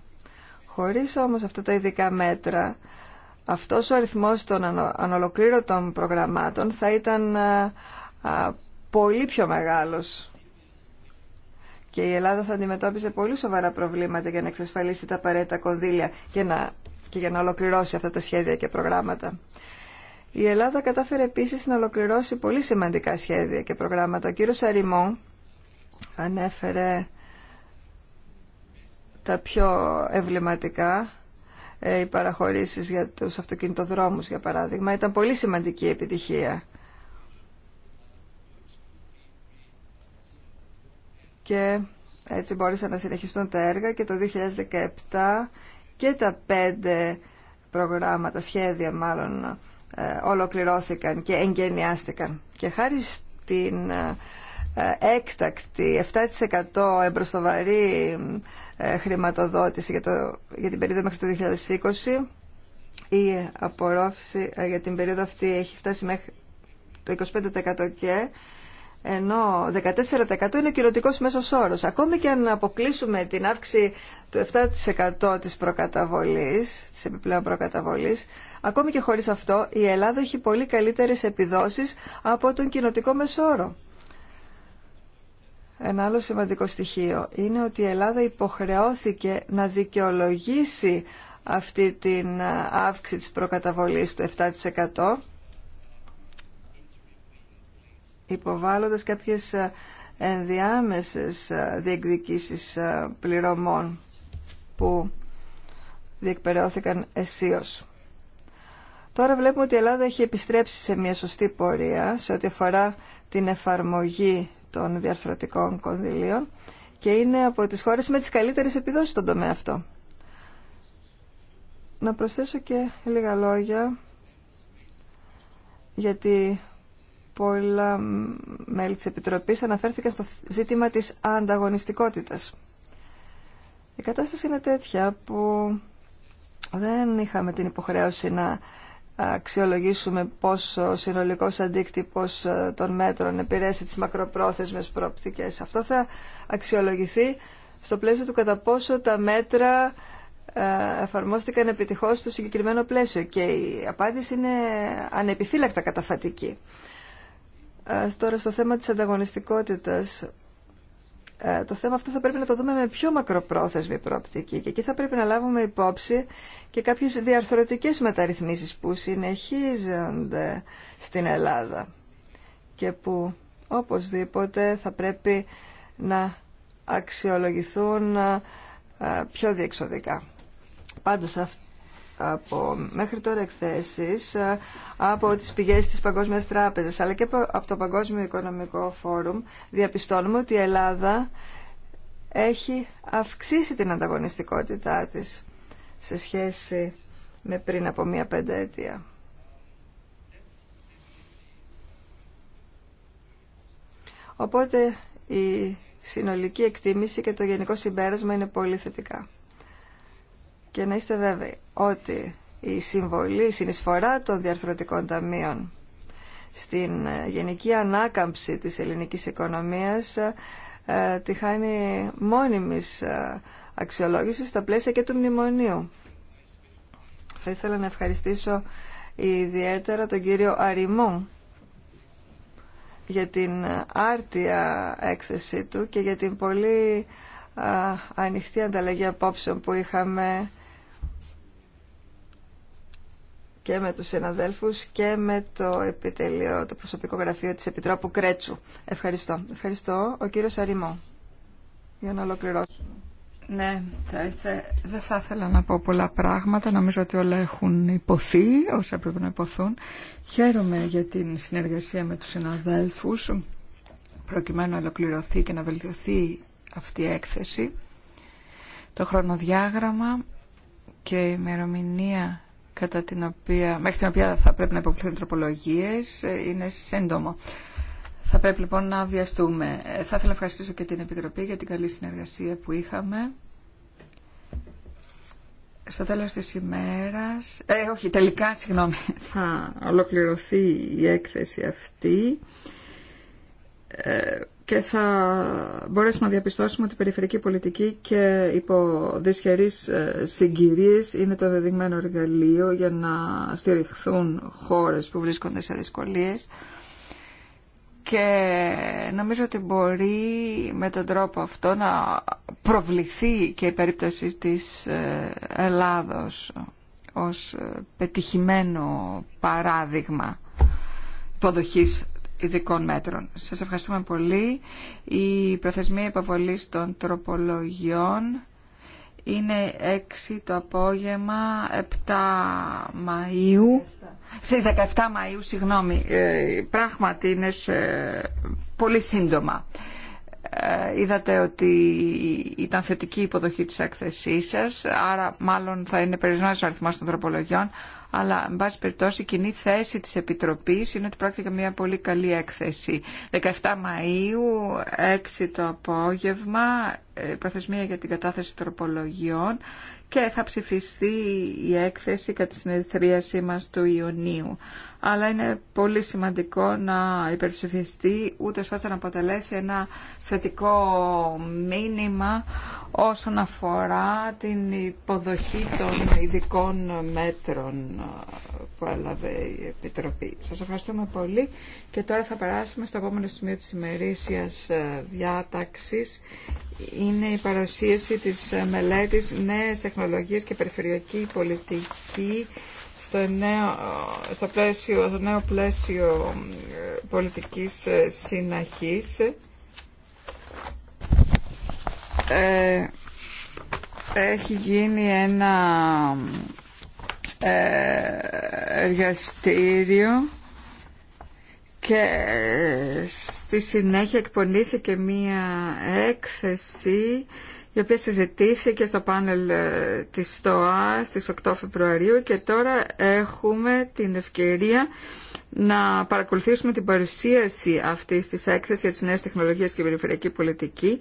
Χωρίς όμως αυτά τα ειδικά μέτρα αυτός ο αριθμός των ανολοκλήρωτων προγραμμάτων θα ήταν ε, πολύ πιο μεγάλος και η Ελλάδα θα αντιμετώπιζε πολύ σοβαρά προβλήματα για να εξασφαλίσει τα απαραίτητα κονδύλια και, να, και για να ολοκληρώσει αυτά τα σχέδια και προγράμματα. Η Ελλάδα κατάφερε επίσης να ολοκληρώσει πολύ σημαντικά σχέδια και προγράμματα. Ο κύριος Αριμόν ανέφερε τα πιο εμβληματικά ε, οι παραχωρήσεις για τους αυτοκινητοδρόμους, για παράδειγμα. Ήταν πολύ σημαντική επιτυχία. Και έτσι μπόρεσαν να συνεχιστούν τα έργα και το 2017 και τα πέντε προγράμματα, σχέδια μάλλον, ε, ολοκληρώθηκαν και εγγενιάστηκαν. Και χάρη στην ε, έκτακτη 7% εμπροστοβαρή ε, χρηματοδότηση για, το, για την περίοδο μέχρι το 2020. Η απορρόφηση ε, για την περίοδο αυτή έχει φτάσει μέχρι το 25% και ενώ 14% είναι ο κυρωτικό μέσο όρο. Ακόμη και αν αποκλείσουμε την αύξηση του 7% τη προκαταβολή, τη επιπλέον προκαταβολή, ακόμη και χωρί αυτό, η Ελλάδα έχει πολύ καλύτερε επιδόσει από τον κοινοτικό όρο ένα άλλο σημαντικό στοιχείο είναι ότι η Ελλάδα υποχρεώθηκε να δικαιολογήσει αυτή την ε, αύξηση της προκαταβολής του 7% υποβάλλοντας κάποιες ε, ενδιάμεσες ε, διεκδικήσεις πληρωμών που διεκπαιρεώθηκαν αισίως. Τώρα βλέπουμε ότι η Ελλάδα έχει επιστρέψει σε μια σωστή πορεία σε ό,τι αφορά την εφαρμογή των διαρθρωτικών κονδυλίων και είναι από τις χώρες με τις καλύτερες επιδόσεις στον τομέα αυτό. Να προσθέσω και λίγα λόγια γιατί πολλά μέλη της Επιτροπής αναφέρθηκαν στο ζήτημα της ανταγωνιστικότητας. Η κατάσταση είναι τέτοια που δεν είχαμε την υποχρέωση να αξιολογήσουμε πόσο ο συνολικός αντίκτυπος ε, των μέτρων επηρέασε τις μακροπρόθεσμες προοπτικές. Αυτό θα αξιολογηθεί στο πλαίσιο του κατά πόσο τα μέτρα ε, εφαρμόστηκαν επιτυχώς στο συγκεκριμένο πλαίσιο και η απάντηση είναι ανεπιφύλακτα καταφατική. Ε, τώρα στο θέμα της ανταγωνιστικότητας ε, το θέμα αυτό θα πρέπει να το δούμε με πιο μακροπρόθεσμη προοπτική και εκεί θα πρέπει να λάβουμε υπόψη και κάποιες διαρθρωτικές μεταρρυθμίσεις που συνεχίζονται στην Ελλάδα και που οπωσδήποτε θα πρέπει να αξιολογηθούν ε, πιο διεξοδικά. Πάντως από μέχρι τώρα εκθέσεις ε, από τις πηγές της Παγκόσμιας Τράπεζας αλλά και από το Παγκόσμιο Οικονομικό Φόρουμ διαπιστώνουμε ότι η Ελλάδα έχει αυξήσει την ανταγωνιστικότητά της σε σχέση με πριν από μία πενταετία. Οπότε η συνολική εκτίμηση και το γενικό συμπέρασμα είναι πολύ θετικά. Και να είστε βέβαιοι ότι η συμβολή, η συνεισφορά των διαρθρωτικών ταμείων στην ε, γενική ανάκαμψη της ελληνικής οικονομίας ε, ε, τη χάνει μόνιμης αξιολόγησης στα πλαίσια και του μνημονίου. Θα ήθελα να ευχαριστήσω ιδιαίτερα τον κύριο Αριμό για την άρτια έκθεσή του και για την πολύ ανοιχτή ανταλλαγή απόψεων που είχαμε και με τους συναδέλφους και με το επιτελείο, το προσωπικό γραφείο της Επιτρόπου Κρέτσου. Ευχαριστώ. Ευχαριστώ. Ο κύριος Αρημό, Για να ολοκληρώσουμε. Ναι, δεν θα ήθελα να πω πολλά πράγματα. Νομίζω ότι όλα έχουν υποθεί όσα πρέπει να υποθούν. Χαίρομαι για την συνεργασία με τους συναδέλφους προκειμένου να ολοκληρωθεί και να βελτιωθεί αυτή η έκθεση. Το χρονοδιάγραμμα και η ημερομηνία κατά την οποία, μέχρι την οποία θα πρέπει να υποβληθούν τροπολογίες ε, είναι σύντομο. Θα πρέπει λοιπόν να βιαστούμε. Ε, θα ήθελα να ευχαριστήσω και την Επιτροπή για την καλή συνεργασία που είχαμε. Στο τέλος της ημέρας, ε, όχι τελικά, συγγνώμη, θα ολοκληρωθεί η έκθεση αυτή. Ε, και θα μπορέσουμε να διαπιστώσουμε ότι η περιφερική πολιτική και υπό δυσχερείς ε, συγκυρίες είναι το δεδειγμένο εργαλείο για να στηριχθούν χώρες που βρίσκονται σε δυσκολίες και νομίζω ότι μπορεί με τον τρόπο αυτό να προβληθεί και η περίπτωση της ε, Ελλάδος ως ε, πετυχημένο παράδειγμα υποδοχής ειδικών μέτρων. Σας ευχαριστούμε πολύ. Η προθεσμία υποβολής των τροπολογιών είναι 6 το απόγευμα, 7 Μαΐου, στις 17 Μαΐου, συγγνώμη, ε, πράγματι είναι σε... πολύ σύντομα. Ε, είδατε ότι ήταν θετική η υποδοχή της έκθεσής σας, άρα μάλλον θα είναι περισσότερο ο αριθμός των τροπολογιών, αλλά εν πάση περιπτώσει η κοινή θέση της Επιτροπής είναι ότι πρόκειται για μια πολύ καλή έκθεση. 17 Μαΐου, 6 το απόγευμα, ε, προθεσμία για την κατάθεση τροπολογιών και θα ψηφιστεί η έκθεση κατά τη συνεδρίασή μας του Ιουνίου αλλά είναι πολύ σημαντικό να υπερψηφιστεί ούτε ώστε να αποτελέσει ένα θετικό μήνυμα όσον αφορά την υποδοχή των ειδικών μέτρων που έλαβε η Επιτροπή. Σας ευχαριστούμε πολύ και τώρα θα περάσουμε στο επόμενο σημείο της ημερήσιας ε, διάταξης. Είναι η παρουσίαση της μελέτης νέες τεχνολογίες και περιφερειακή πολιτική στο, νέο, στο, πλαίσιο, στο νέο πλαίσιο ε, πολιτικής ε, συναχής ε, έχει γίνει ένα εργαστήριο και στη συνέχεια εκπονήθηκε μία έκθεση η οποία συζητήθηκε στο πάνελ ε, της ΣΤΟΑ στις 8 Φεβρουαρίου και τώρα έχουμε την ευκαιρία να παρακολουθήσουμε την παρουσίαση αυτής της έκθεσης για τις νέες τεχνολογίες και περιφερειακή πολιτική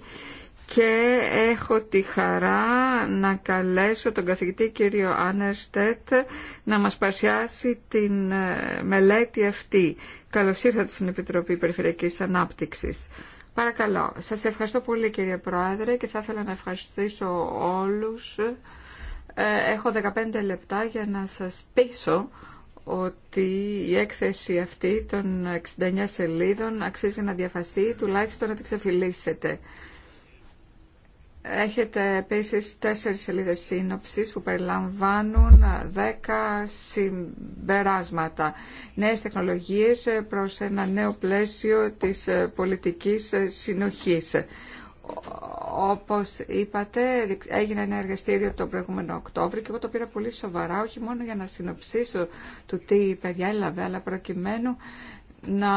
και έχω τη χαρά να καλέσω τον καθηγητή κύριο Άνερστετ να μας παρουσιάσει την ε, μελέτη αυτή. Καλώς ήρθατε στην Επιτροπή Περιφερειακής Ανάπτυξης. Παρακαλώ. Σας ευχαριστώ πολύ κύριε Πρόεδρε και θα ήθελα να ευχαριστήσω όλους. Ε, έχω 15 λεπτά για να σας πείσω ότι η έκθεση αυτή των 69 σελίδων αξίζει να διαφαστεί, τουλάχιστον να την ξεφυλίσετε. Έχετε επίσης τέσσερις σελίδες σύνοψης που περιλαμβάνουν δέκα συμπεράσματα. Νέες τεχνολογίες προς ένα νέο πλαίσιο της πολιτικής συνοχής. Όπως είπατε, έγινε ένα εργαστήριο τον προηγούμενο Οκτώβριο και εγώ το πήρα πολύ σοβαρά, όχι μόνο για να συνοψίσω το τι περιέλαβε, αλλά προκειμένου να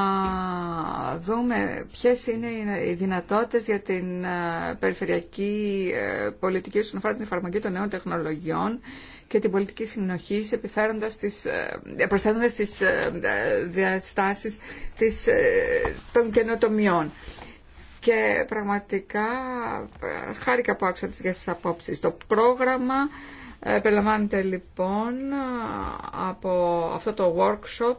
δούμε ποιες είναι οι δυνατότητες για την ε, περιφερειακή ε, πολιτική όσον αφορά την εφαρμογή των νέων τεχνολογιών και την πολιτική συνοχή επιφέροντας τις, ε, προσθέτοντας τις διαστάσεις της, των καινοτομιών. Και πραγματικά χάρηκα που άκουσα τις δικές απόψεις. Το πρόγραμμα περιλαμβάνεται λοιπόν από αυτό το workshop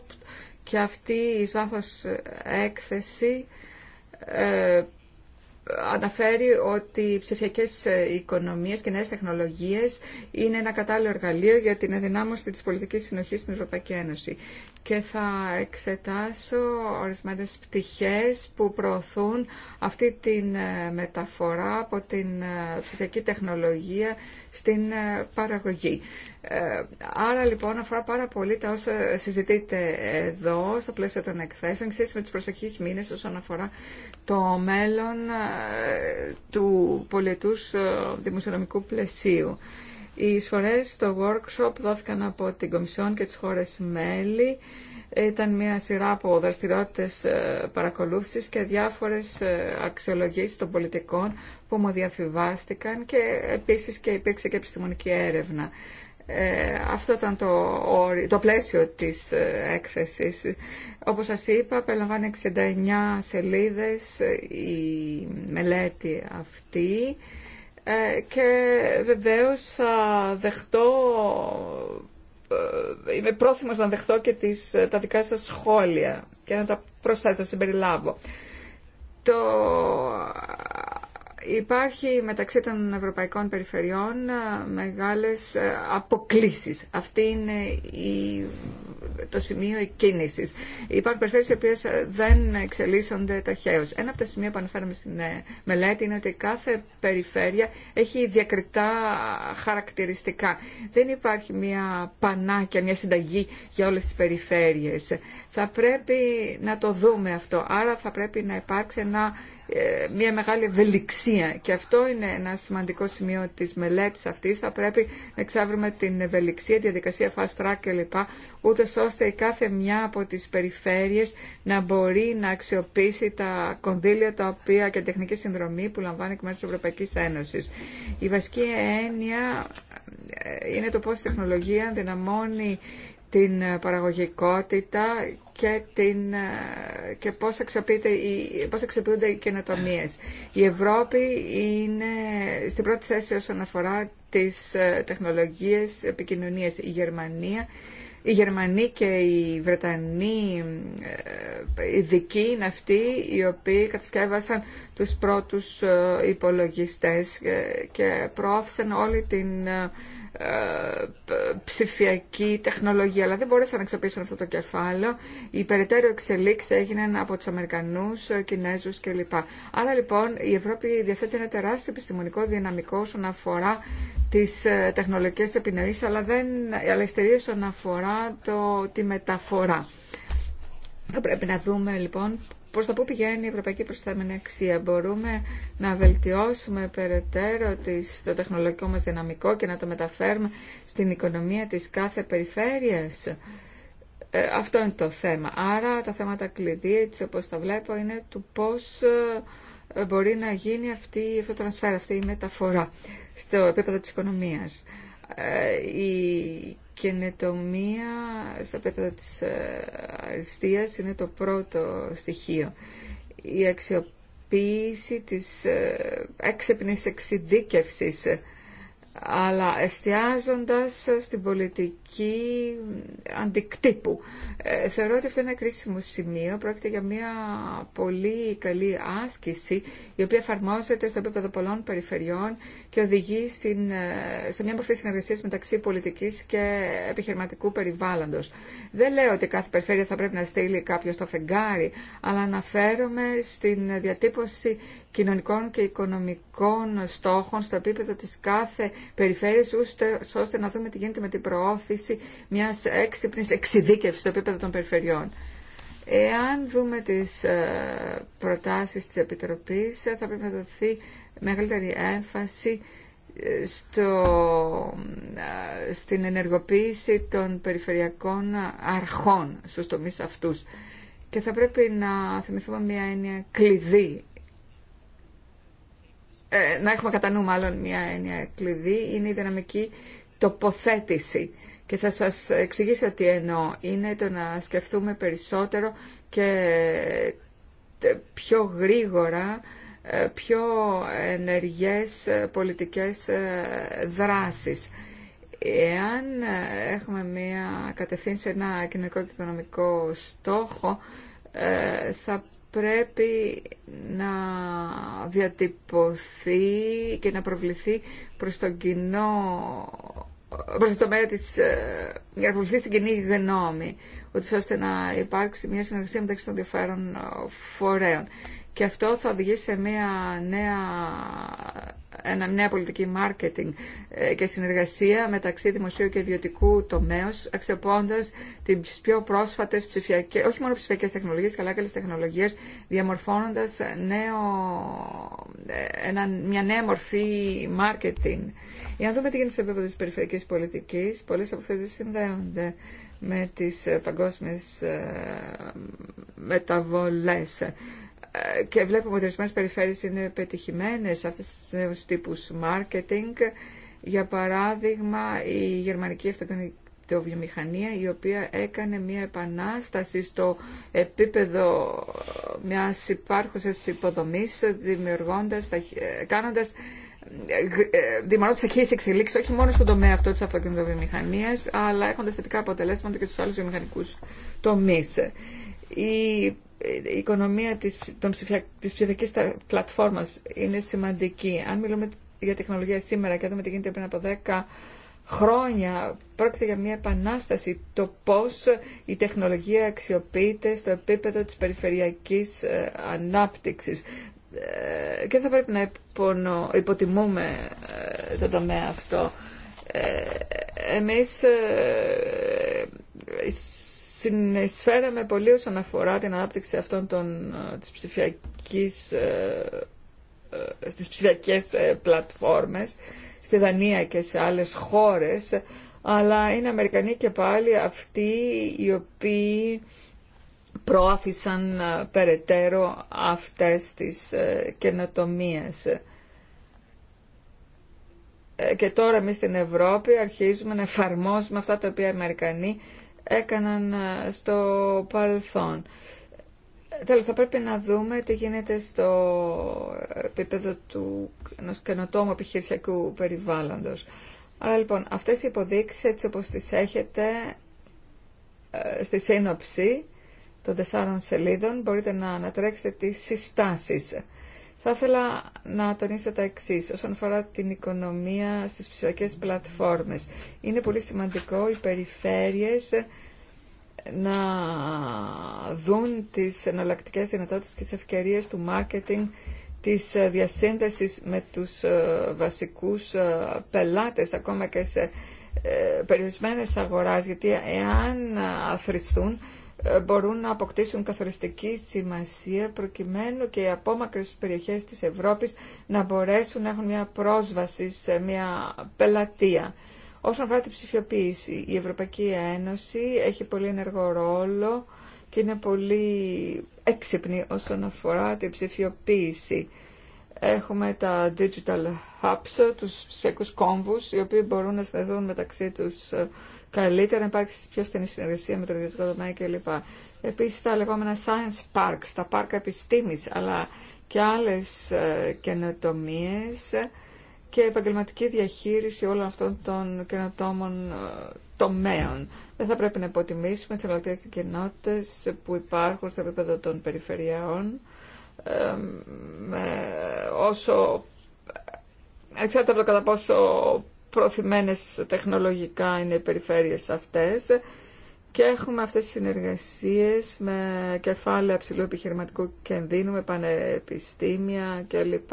και αυτή η σάθος έκθεση ε, αναφέρει ότι οι ψηφιακές οικονομίες και νέες τεχνολογίες είναι ένα κατάλληλο εργαλείο για την ενδυνάμωση της πολιτικής συνοχής στην Ευρωπαϊκή Ένωση και θα εξετάσω ορισμένες πτυχές που προωθούν αυτή την ε, μεταφορά από την ε, ψηφιακή τεχνολογία στην ε, παραγωγή. Άρα λοιπόν αφορά πάρα πολύ τα όσα συζητείτε εδώ στο πλαίσιο των εκθέσεων και με τις προσεχείς μήνες όσον αφορά το μέλλον του πολιτούς δημοσιονομικού πλαισίου. Οι εισφορές στο workshop δόθηκαν από την Κομισιόν και τις χώρες μέλη. Ήταν μια σειρά από δραστηριότητες ε, παρακολούθησης και διάφορες ε, αξιολογήσεις των πολιτικών που μου διαφυβάστηκαν και επίσης και υπήρξε και επιστημονική έρευνα. Ε, αυτό ήταν το, το πλαίσιο της έκθεσης. Όπως σας είπα, περιλαμβάνει 69 σελίδες η μελέτη αυτή ε, και βεβαίως θα δεχτώ, ε, είμαι πρόθυμος να δεχτώ και τις, ε, τα δικά σας σχόλια και να τα προσθέσω, να συμπεριλάβω. Το... Υπάρχει μεταξύ των ευρωπαϊκών περιφερειών μεγάλες αποκλίσεις. Αυτή είναι η το σημείο εκκίνησης. Υπάρχουν περιφέρειες οι οποίε δεν εξελίσσονται ταχαίω. Ένα από τα σημεία που αναφέραμε στην ε, μελέτη είναι ότι κάθε περιφέρεια έχει διακριτά χαρακτηριστικά. Δεν υπάρχει μια πανάκια, μια συνταγή για όλες τις περιφέρειες. Θα πρέπει να το δούμε αυτό. Άρα θα πρέπει να υπάρξει ένα ε, μια μεγάλη ευελιξία και αυτό είναι ένα σημαντικό σημείο της μελέτης αυτής. Θα πρέπει να εξάβρουμε την ευελιξία, τη διαδικασία fast track κλπ. ούτε ώστε η κάθε μια από τις περιφέρειες να μπορεί να αξιοποιήσει τα κονδύλια τα οποία και τεχνική συνδρομή που λαμβάνει εκ μέρους της Ευρωπαϊκής Ένωσης. Η βασική έννοια ε, είναι το πώς η τεχνολογία δυναμώνει την παραγωγικότητα και, την, ε, και πώς, οι, πώς αξιοποιούνται οι καινοτομίε. Η Ευρώπη είναι στην πρώτη θέση όσον αφορά τις ε, τεχνολογίες επικοινωνίες. Η Γερμανία οι Γερμανοί και οι Βρετανοί ε, ειδικοί είναι αυτοί οι οποίοι κατασκεύασαν τους πρώτους υπολογιστές και προώθησαν όλη την ε, ψηφιακή τεχνολογία, αλλά δεν μπορέσαν να εξοπλίσουν αυτό το κεφάλαιο. Η περαιτέρω εξελίξη έγιναν από τους Αμερικανούς, Κινέζους κλπ. Άρα λοιπόν η Ευρώπη διαθέτει ένα τεράστιο επιστημονικό δυναμικό όσον αφορά τι ε, τεχνολογικέ επινοήσει, αλλά, δεν, αλλά όσον αφορά το, τη μεταφορά. Θα πρέπει να δούμε λοιπόν προς τα πού πηγαίνει η ευρωπαϊκή προστάμενη αξία. Μπορούμε να βελτιώσουμε περαιτέρω το τεχνολογικό μας δυναμικό και να το μεταφέρουμε στην οικονομία της κάθε περιφέρειας. Ε, αυτό είναι το θέμα. Άρα τα θέματα κλειδί, έτσι όπως τα βλέπω, είναι του πώς ε, μπορεί να γίνει αυτή, αυτό το transfer, αυτή η μεταφορά στο επίπεδο της οικονομίας. Ε, η καινοτομία στα πέτα της ε, αριστείας είναι το πρώτο στοιχείο. Η αξιοποίηση της ε, έξυπνης εξειδίκευσης αλλά εστιάζοντας στην πολιτική αντικτύπου. Ε, θεωρώ ότι αυτό είναι ένα κρίσιμο σημείο. Πρόκειται για μια πολύ καλή άσκηση, η οποία εφαρμόζεται στο επίπεδο πολλών περιφερειών και οδηγεί στην, ε, σε μια μορφή συνεργασίας μεταξύ πολιτικής και επιχειρηματικού περιβάλλοντος. Δεν λέω ότι κάθε περιφέρεια θα πρέπει να στείλει κάποιο στο φεγγάρι, αλλά αναφέρομαι στην διατύπωση κοινωνικών και οικονομικών στόχων στο επίπεδο της κάθε περιφέρειας, ώστε να δούμε τι γίνεται με την προώθηση μιας έξυπνης εξειδίκευσης στο επίπεδο των περιφερειών. Εάν δούμε τις ε, προτάσεις της Επιτροπής, ε, θα πρέπει να δοθεί μεγαλύτερη έμφαση ε, στο, στην ενεργοποίηση των περιφερειακών αρχών στους τομείς αυτούς. Και θα πρέπει να θυμηθούμε μια έννοια κλειδί ε, να έχουμε κατά νου μάλλον μια έννοια κλειδί, είναι η δυναμική τοποθέτηση. Και θα σας εξηγήσω τι εννοώ. Είναι το να σκεφτούμε περισσότερο και πιο γρήγορα, ε, πιο ενεργές ε, πολιτικές δράσεις. Εάν έχουμε μια κατευθύνση σε ένα κοινωνικό και οικονομικό στόχο, θα πρέπει να διατυπωθεί και να προβληθεί προς τον κοινό προς το τομέα της, ε, για να προβληθεί στην κοινή γνώμη, ώστε να υπάρξει μια συνεργασία μεταξύ των διαφέρων ε, φορέων και αυτό θα οδηγήσει σε μια νέα, ένα, πολιτική marketing ε, και συνεργασία μεταξύ δημοσίου και ιδιωτικού τομέα, αξιοποιώντα τι πιο πρόσφατε ψηφιακέ, όχι μόνο ψηφιακέ τεχνολογίε, αλλά και άλλε τεχνολογίε, διαμορφώνοντα ε, μια νέα μορφή marketing. Για να δούμε τι γίνεται σε επίπεδο τη περιφερειακή πολιτική, πολλέ από αυτέ δεν συνδέονται με τις ε, παγκόσμιες μεταβολές και βλέπουμε ότι ορισμένε περιφέρειες είναι πετυχημένες αυτές του νέου τύπου marketing. Για παράδειγμα, η γερμανική αυτοκινητοβιομηχανία η οποία έκανε μια επανάσταση στο επίπεδο μιας υπάρχουσας υποδομής δημιουργώντας, κάνοντας ε, δημιουργώντα ταχύε εξελίξει όχι μόνο στον τομέα αυτό τη αυτοκινητοβιομηχανία, αλλά έχοντα θετικά αποτελέσματα και στου άλλου βιομηχανικού τομεί. Η η οικονομία της, των ψηφια, της ψηφιακής πλατφόρμας είναι σημαντική. Αν μιλούμε για τεχνολογία σήμερα και δούμε τι γίνεται πριν από 10 χρόνια, πρόκειται για μια επανάσταση το πώς η τεχνολογία αξιοποιείται στο επίπεδο της περιφερειακής ε, ανάπτυξης. Ε, και θα πρέπει να υποτιμούμε ε, το τομέα αυτό. Εμείς συνεισφέραμε πολύ όσον αφορά την ανάπτυξη αυτών των, ε, της ψηφιακής, ε, ε, στις ψηφιακές πλατφόρμες στη Δανία και σε άλλες χώρες αλλά είναι Αμερικανοί και πάλι αυτοί οι οποίοι προώθησαν περαιτέρω αυτές τις καινοτομίες. Και τώρα εμείς στην Ευρώπη αρχίζουμε να εφαρμόζουμε αυτά τα οποία οι Αμερικανοί έκαναν ε, στο παρελθόν. Τέλος, θα πρέπει να δούμε τι γίνεται στο επίπεδο του ενός καινοτόμου επιχειρησιακού περιβάλλοντος. Άρα λοιπόν, αυτές οι υποδείξεις έτσι όπως τις έχετε ε, στη σύνοψη των τεσσάρων σελίδων μπορείτε να ανατρέξετε τις συστάσεις. Θα ήθελα να τονίσω τα εξή όσον αφορά την οικονομία στις ψηφιακές πλατφόρμες. Είναι πολύ σημαντικό οι περιφέρειες να δουν τις εναλλακτικέ δυνατότητες και τις ευκαιρίες του μάρκετινγκ της διασύνδεσης με τους ε, βασικούς ε, πελάτες ακόμα και σε ε, περιορισμένες αγοράς γιατί εάν αθρηστούν ε, μπορούν να αποκτήσουν καθοριστική σημασία προκειμένου και οι απόμακρες περιοχές της Ευρώπης να μπορέσουν να έχουν μια πρόσβαση σε μια πελατεία. Όσον αφορά την ψηφιοποίηση, η Ευρωπαϊκή Ένωση έχει πολύ ενεργό ρόλο και είναι πολύ έξυπνη όσον αφορά την ψηφιοποίηση. Έχουμε τα digital hubs, τους ψηφιακούς κόμβους, οι οποίοι μπορούν να συνδεθούν μεταξύ τους ε, καλύτερα, να υπάρξει πιο στενή συνεργασία με το ιδιωτικό τομέα κλπ. Επίσης τα λεγόμενα science parks, τα πάρκα επιστήμης, αλλά και άλλες ε, καινοτομίες και επαγγελματική διαχείριση όλων αυτών των καινοτόμων ε, τομέων. Δεν θα πρέπει να υποτιμήσουμε τις αλλαγές κοινότητε που υπάρχουν στο επίπεδο των περιφερειών όσο εξάρτητα από το κατά πόσο προθυμένες τεχνολογικά είναι οι περιφέρειες αυτές και έχουμε αυτές τις συνεργασίες με κεφάλαια ψηλού επιχειρηματικού κενδύνου, με πανεπιστήμια κλπ.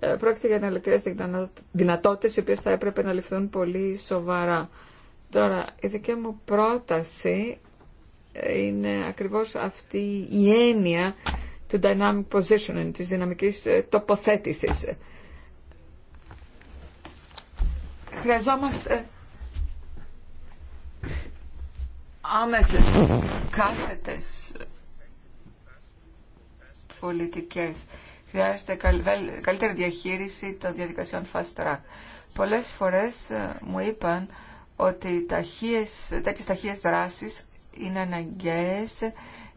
Ε, πρόκειται για αναλυτικέ δυνατότητες οι οποίες θα έπρεπε να ληφθούν πολύ σοβαρά. Τώρα, η δική μου πρόταση ε, είναι ακριβώς αυτή η έννοια του dynamic positioning, της δυναμικής τοποθέτησης. Χρειαζόμαστε άμεσες κάθετες πολιτικές. Χρειάζεται καλύτερη διαχείριση των διαδικασιών fast track. Πολλές φορές ε, μου είπαν ότι τέτοιες ταχείες δράσεις είναι αναγκαίες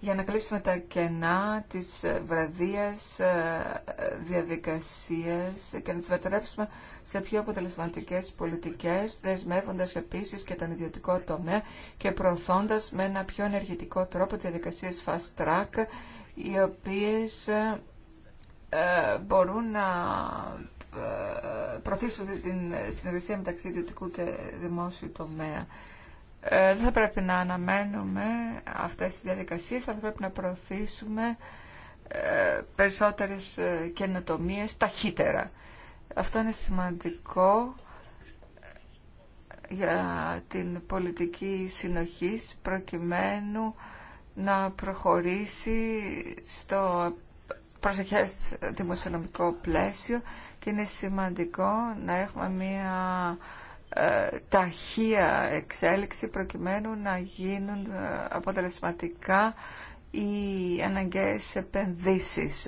για να καλύψουμε τα κενά της ε, βραδίας ε, διαδικασίας και να τις μετατρέψουμε σε πιο αποτελεσματικές πολιτικές, δεσμεύοντας επίσης και τον ιδιωτικό τομέα και προωθώντας με ένα πιο ενεργητικό τρόπο τις διαδικασίες fast track, οι οποίες ε, μπορούν να προωθήσουν την συνεργασία μεταξύ ιδιωτικού και δημόσιου τομέα. Ε, δεν θα πρέπει να αναμένουμε αυτές τις διαδικασίες, αλλά θα πρέπει να προωθήσουμε ε, περισσότερες ε, καινοτομίες ταχύτερα. Αυτό είναι σημαντικό για την πολιτική συνοχής προκειμένου να προχωρήσει στο προσεχές δημοσιονομικό πλαίσιο και είναι σημαντικό να έχουμε μία ε, ταχεία εξέλιξη προκειμένου να γίνουν ε, αποτελεσματικά οι αναγκαίες επενδύσεις.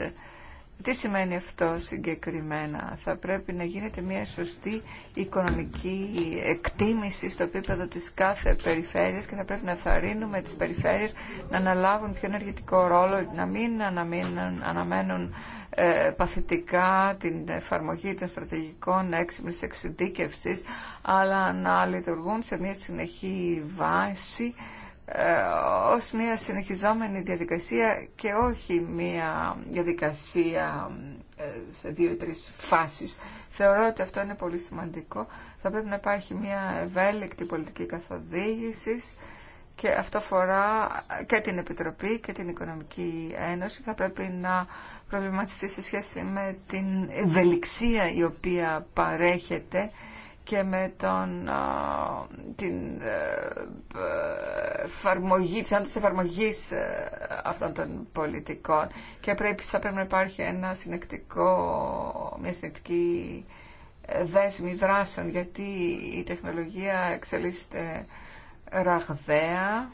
Τι σημαίνει αυτό συγκεκριμένα. Θα πρέπει να γίνεται μια σωστή οικονομική εκτίμηση στο επίπεδο της κάθε περιφέρειας και να πρέπει να θαρρύνουμε τις περιφέρειες να αναλάβουν πιο ενεργητικό ρόλο, να μην αναμένουν, ε, παθητικά την εφαρμογή των στρατηγικών έξυπνης εξειδίκευσης, αλλά να λειτουργούν σε μια συνεχή βάση ε, ως μια συνεχιζόμενη διαδικασία και όχι μια διαδικασία ε, σε δύο ή τρεις φάσεις. Θεωρώ ότι αυτό είναι πολύ σημαντικό. Θα πρέπει να υπάρχει μια ευέλικτη πολιτική καθοδήγηση και αυτό φορά και την Επιτροπή και την Οικονομική Ένωση. Θα πρέπει να προβληματιστεί σε σχέση με την ευελιξία η οποία παρέχεται και με τον, την ε, ε, εφαρμογή, τη ε, αυτών των πολιτικών και πρέπει, θα πρέπει να υπάρχει ένα συνεκτικό, μια συνεκτική δέσμη δράσεων γιατί η τεχνολογία εξελίσσεται ραγδαία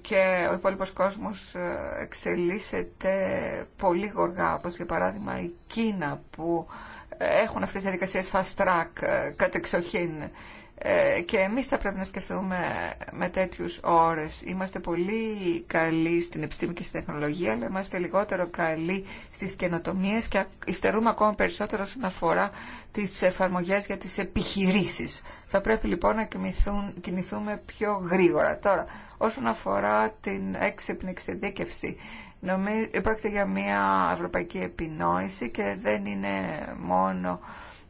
και ο υπόλοιπος κόσμος εξελίσσεται πολύ γοργά όπως για παράδειγμα η Κίνα που έχουν αυτές τις διαδικασίες fast track, ε, κατεξοχήν. Ε, και εμείς θα πρέπει να σκεφτούμε με τέτοιους ώρες. Είμαστε πολύ καλοί στην επιστήμη και στην τεχνολογία, αλλά είμαστε λιγότερο καλοί στις καινοτομίες και υστερούμε ακόμα περισσότερο όσον αφορά τις εφαρμογές για τις επιχειρήσεις. Θα πρέπει λοιπόν να κινηθούμε πιο γρήγορα. Τώρα, όσον αφορά την έξυπνη εξεδίκευση, Νομίζω, για μια ευρωπαϊκή επινόηση και δεν είναι μόνο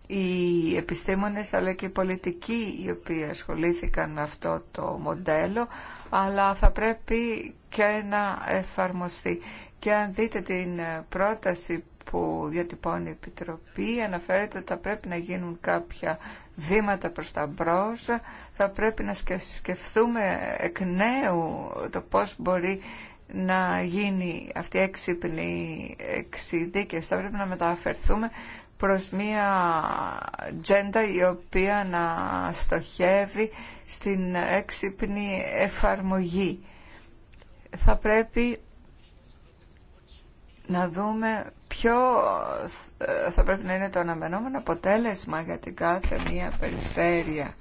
οι επιστήμονες αλλά και οι πολιτικοί οι οποίοι ασχολήθηκαν με αυτό το μοντέλο αλλά θα πρέπει και να εφαρμοστεί. Και αν δείτε την πρόταση που διατυπώνει η Επιτροπή αναφέρεται ότι θα πρέπει να γίνουν κάποια βήματα προς τα μπρος, θα πρέπει να σκεφτούμε εκ νέου το πώς μπορεί να γίνει αυτή η έξυπνη εξειδίκευση. Θα πρέπει να μεταφερθούμε προς μία τζέντα η οποία να στοχεύει στην έξυπνη εφαρμογή. Θα πρέπει να δούμε ποιο ε, θα πρέπει να είναι το αναμενόμενο αποτέλεσμα για την κάθε μία περιφέρεια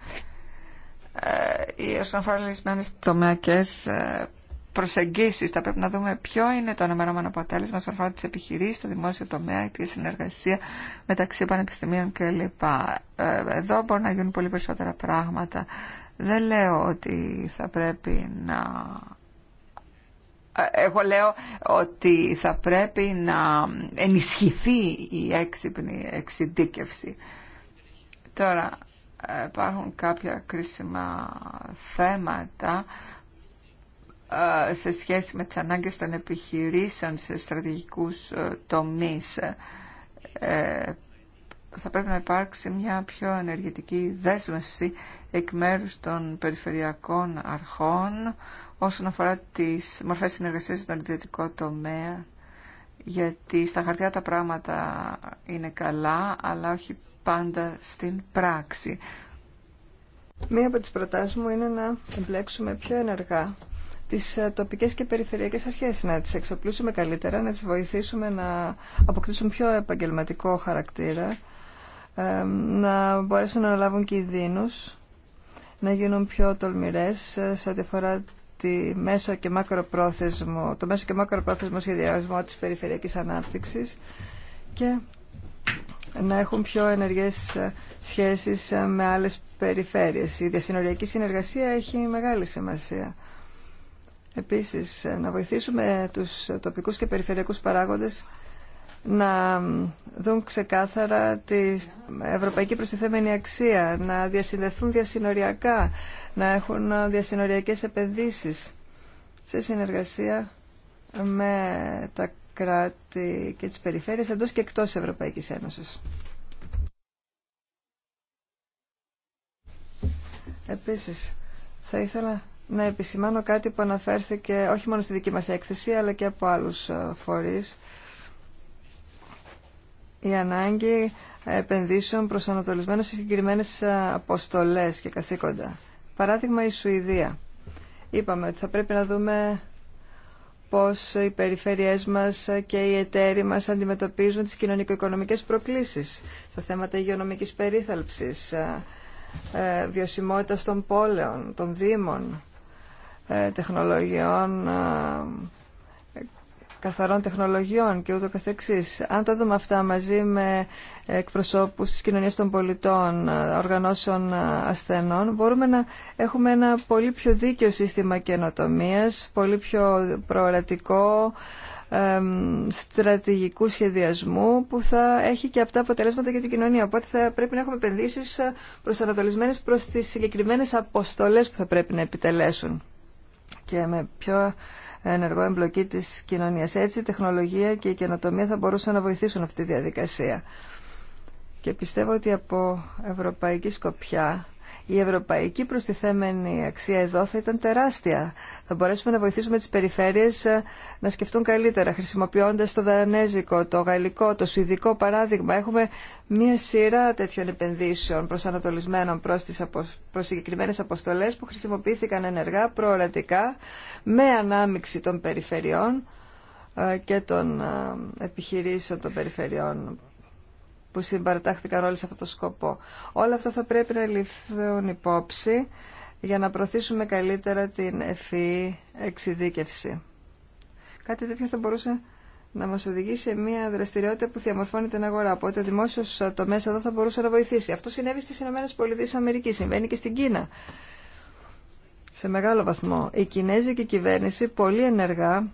ε, οι όσον αφορά λυσμένες ε, προσεγγίσεις. Θα πρέπει να δούμε ποιο είναι το αναμενόμενο αποτέλεσμα σε αφορά τις επιχειρήσεις, το δημόσιο τομέα, τη συνεργασία μεταξύ πανεπιστημίων κλπ. Ε, εδώ μπορεί να γίνουν πολύ περισσότερα πράγματα. Δεν λέω ότι θα πρέπει να... Ε, εγώ λέω ότι θα πρέπει να ενισχυθεί η έξυπνη εξειδίκευση. Τώρα, ε, υπάρχουν κάποια κρίσιμα θέματα ε, σε σχέση με τις ανάγκες των επιχειρήσεων σε στρατηγικούς ε, τομείς. Ε, θα πρέπει να υπάρξει μια πιο ενεργητική δέσμευση εκ μέρους των περιφερειακών αρχών όσον αφορά τις μορφές συνεργασίας στον ιδιωτικό τομέα γιατί στα χαρτιά τα πράγματα είναι καλά αλλά όχι πάντα στην πράξη. Μία από τις προτάσεις μου είναι να εμπλέξουμε πιο ενεργά τις ε, τοπικές και περιφερειακές αρχές, να τις εξοπλίσουμε καλύτερα, να τις βοηθήσουμε να αποκτήσουν πιο επαγγελματικό χαρακτήρα, να μπορέσουν να λάβουν κινδύνους, να γίνουν πιο τολμηρές ε, σε ό,τι αφορά τη μέσο και μακροπρόθεσμο, το μέσο και μακροπρόθεσμο σχεδιασμό της περιφερειακής ανάπτυξης και να έχουν πιο ενεργές ε, σχέσεις με άλλες περιφέρειες. Η διασυνοριακή συνεργασία έχει μεγάλη σημασία Επίσης, να βοηθήσουμε τους τοπικούς και περιφερειακούς παράγοντες να δουν ξεκάθαρα τη ευρωπαϊκή προστιθέμενη αξία, να διασυνδεθούν διασυνοριακά, να έχουν διασυνοριακές επενδύσεις σε συνεργασία με τα κράτη και τις περιφέρειες εντός και εκτός Ευρωπαϊκής Ένωσης. Επίσης, θα ήθελα να επισημάνω κάτι που αναφέρθηκε όχι μόνο στη δική μας έκθεση αλλά και από άλλους ε, φορείς η ανάγκη επενδύσεων προσανατολισμένων ανατολισμένες συγκεκριμένες ε, αποστολές και καθήκοντα. Παράδειγμα η Σουηδία. Είπαμε ότι θα πρέπει να δούμε πώς οι περιφέρειές μας και οι εταίροι μας αντιμετωπίζουν τις κοινωνικο-οικονομικές προκλήσεις στα θέματα υγειονομικής περίθαλψης, ε, βιωσιμότητας των πόλεων, των δήμων ε, τεχνολογιών, ε, καθαρών τεχνολογιών και ούτω καθεξής. Αν τα δούμε αυτά μαζί με εκπροσώπους της κοινωνίας των πολιτών, ε, οργανώσεων ασθενών, μπορούμε να έχουμε ένα πολύ πιο δίκαιο σύστημα καινοτομίας πολύ πιο προορατικό, στρατηγικού σχεδιασμού που θα έχει και αυτά αποτελέσματα για την κοινωνία. Οπότε θα πρέπει να έχουμε επενδύσεις προσανατολισμένες προς τις συγκεκριμένες αποστολές που θα πρέπει να επιτελέσουν και με πιο ενεργό εμπλοκή της κοινωνίας. Έτσι η τεχνολογία και η καινοτομία θα μπορούσαν να βοηθήσουν αυτή τη διαδικασία. Και πιστεύω ότι από ευρωπαϊκή σκοπιά η ευρωπαϊκή προστιθέμενη αξία εδώ θα ήταν τεράστια. Θα μπορέσουμε να βοηθήσουμε τις περιφέρειες ε, να σκεφτούν καλύτερα, χρησιμοποιώντας το δανέζικο, το γαλλικό, το σουηδικό παράδειγμα. Έχουμε μία σειρά τέτοιων επενδύσεων προσανατολισμένων προς, τις απο... προς συγκεκριμένες αποστολές που χρησιμοποιήθηκαν ενεργά, προορατικά, με ανάμειξη των περιφερειών ε, και των ε, επιχειρήσεων των περιφερειών που συμπαρατάχθηκαν όλοι σε αυτό το σκοπό. Όλα αυτά θα πρέπει να ληφθούν υπόψη για να προωθήσουμε καλύτερα την ευφυή εξειδίκευση. Κάτι τέτοιο θα μπορούσε να μας οδηγήσει σε μια δραστηριότητα που διαμορφώνει την αγορά. Οπότε ο δημόσιος τομέας εδώ θα μπορούσε να βοηθήσει. Αυτό συνέβη στις ΗΠΑ, συμβαίνει και στην Κίνα. Σε μεγάλο βαθμό. Η Κινέζικη κυβέρνηση πολύ ενεργά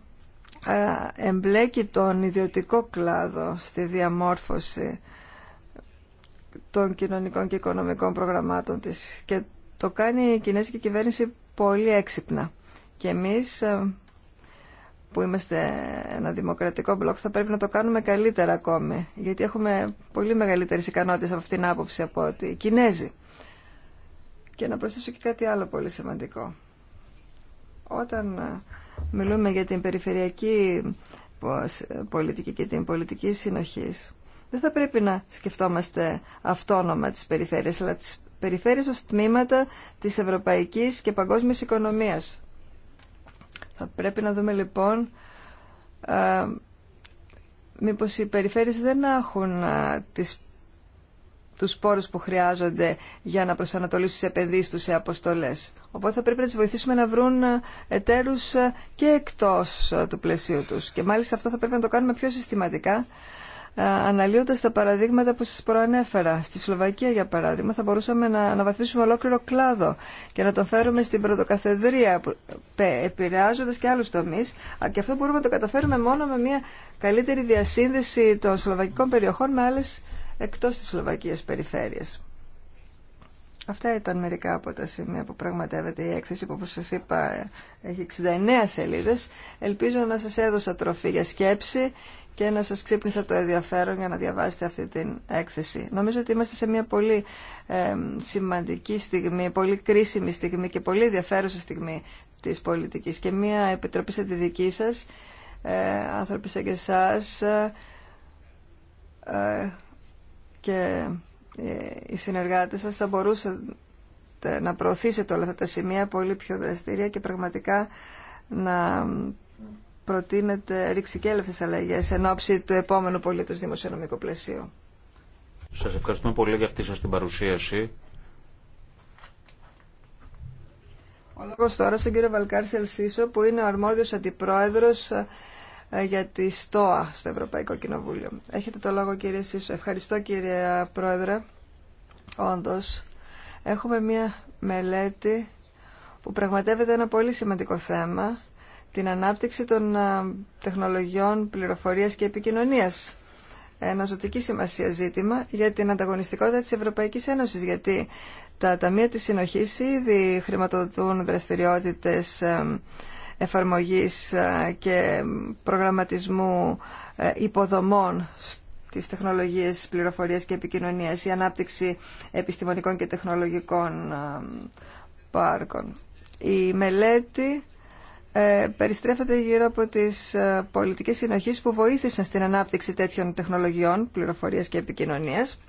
ε, εμπλέκει τον ιδιωτικό κλάδο στη διαμόρφωση των κοινωνικών και οικονομικών προγραμμάτων της και το κάνει η κινέζικη κυβέρνηση πολύ έξυπνα. Και εμείς ε, που είμαστε ένα δημοκρατικό μπλοκ θα πρέπει να το κάνουμε καλύτερα ακόμη γιατί έχουμε πολύ μεγαλύτερες ικανότητες από αυτήν την άποψη από ότι οι Κινέζοι. Και να προσθέσω και κάτι άλλο πολύ σημαντικό. Όταν ε, μιλούμε για την περιφερειακή ε, πολιτική και την πολιτική συνοχής δεν θα πρέπει να σκεφτόμαστε αυτόνομα τις περιφέρειες, αλλά τις περιφέρειες ως τμήματα της ευρωπαϊκής και παγκόσμιας οικονομίας. Θα πρέπει να δούμε λοιπόν μήπω μήπως οι περιφέρειες δεν έχουν τις, τους πόρους που χρειάζονται για να προσανατολίσουν σε επενδύσεις τους σε αποστολές. Οπότε θα πρέπει να τις βοηθήσουμε να βρουν εταίρους και εκτός του πλαισίου τους. Και μάλιστα αυτό θα πρέπει να το κάνουμε πιο συστηματικά ε, αναλύοντας τα παραδείγματα που σας προανέφερα. Στη Σλοβακία, για παράδειγμα, θα μπορούσαμε να αναβαθμίσουμε ολόκληρο κλάδο και να τον φέρουμε στην πρωτοκαθεδρία, επηρεάζοντας και άλλους τομείς. Και αυτό μπορούμε να το καταφέρουμε μόνο με μια καλύτερη διασύνδεση των σλοβακικών περιοχών με άλλες εκτός της Σλοβακίας περιφέρειες. Αυτά ήταν μερικά από τα σημεία που πραγματεύεται η έκθεση που όπως σας είπα έχει 69 σελίδες. Ελπίζω να σας έδωσα τροφή για σκέψη και να σας ξύπνησα το ενδιαφέρον για να διαβάσετε αυτή την έκθεση. Νομίζω ότι είμαστε σε μια πολύ ε, σημαντική στιγμή, πολύ κρίσιμη στιγμή και πολύ ενδιαφέρουσα στιγμή της πολιτικής και μια επιτροπή σε τη δική σας, ε, άνθρωποι σαν και εσάς, ε, και ε, οι συνεργάτες σας θα μπορούσατε να προωθήσετε όλα αυτά τα σημεία πολύ πιο δραστηρία και πραγματικά να προτείνετε έλευθες αλλαγές εν ώψη του επόμενου πολίτου δημοσιονομικού πλαισίου. Σας ευχαριστούμε πολύ για αυτή σας την παρουσίαση. Ο λόγο τώρα στον κύριο Βαλκάρσελ Σίσο που είναι ο αρμόδιος αντιπρόεδρος ε, για τη ΣΤΟΑ στο Ευρωπαϊκό Κοινοβούλιο. Έχετε το λόγο κύριε Σίσο. Ευχαριστώ κύριε Πρόεδρε. Όντως, έχουμε μία μελέτη που πραγματεύεται ένα πολύ σημαντικό θέμα την ανάπτυξη των ε, τεχνολογιών πληροφορίας και επικοινωνίας. Ένα ζωτική σημασία ζήτημα για την ανταγωνιστικότητα της Ευρωπαϊκής Ένωσης, γιατί τα ταμεία της συνοχής ήδη χρηματοδοτούν δραστηριότητες ε, εφαρμογής ε, και προγραμματισμού υποδομών τις τεχνολογίες πληροφορίας και επικοινωνίας, η ανάπτυξη επιστημονικών και τεχνολογικών πάρκων. Η μελέτη ε, περιστρέφεται γύρω από τις ε, πολιτικές συνοχές που βοήθησαν στην ανάπτυξη τέτοιων τεχνολογιών, πληροφορίας και επικοινωνίας,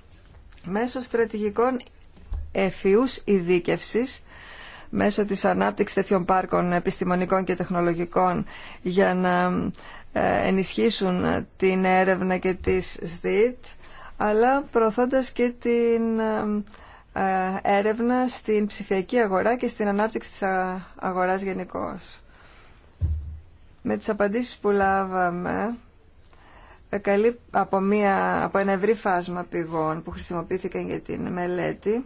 μέσω στρατηγικών εφιούς ειδίκευσης, μέσω της ανάπτυξης τέτοιων πάρκων επιστημονικών και τεχνολογικών για να ε, ενισχύσουν την έρευνα και τις ΣΔΙΤ, αλλά προωθώντας και την έρευνα στην ψηφιακή αγορά και στην ανάπτυξη της αγοράς γενικώς. Με τις απαντήσεις που λάβαμε ε, από, μια, από ένα ευρύ φάσμα πηγών που χρησιμοποιήθηκαν για την μελέτη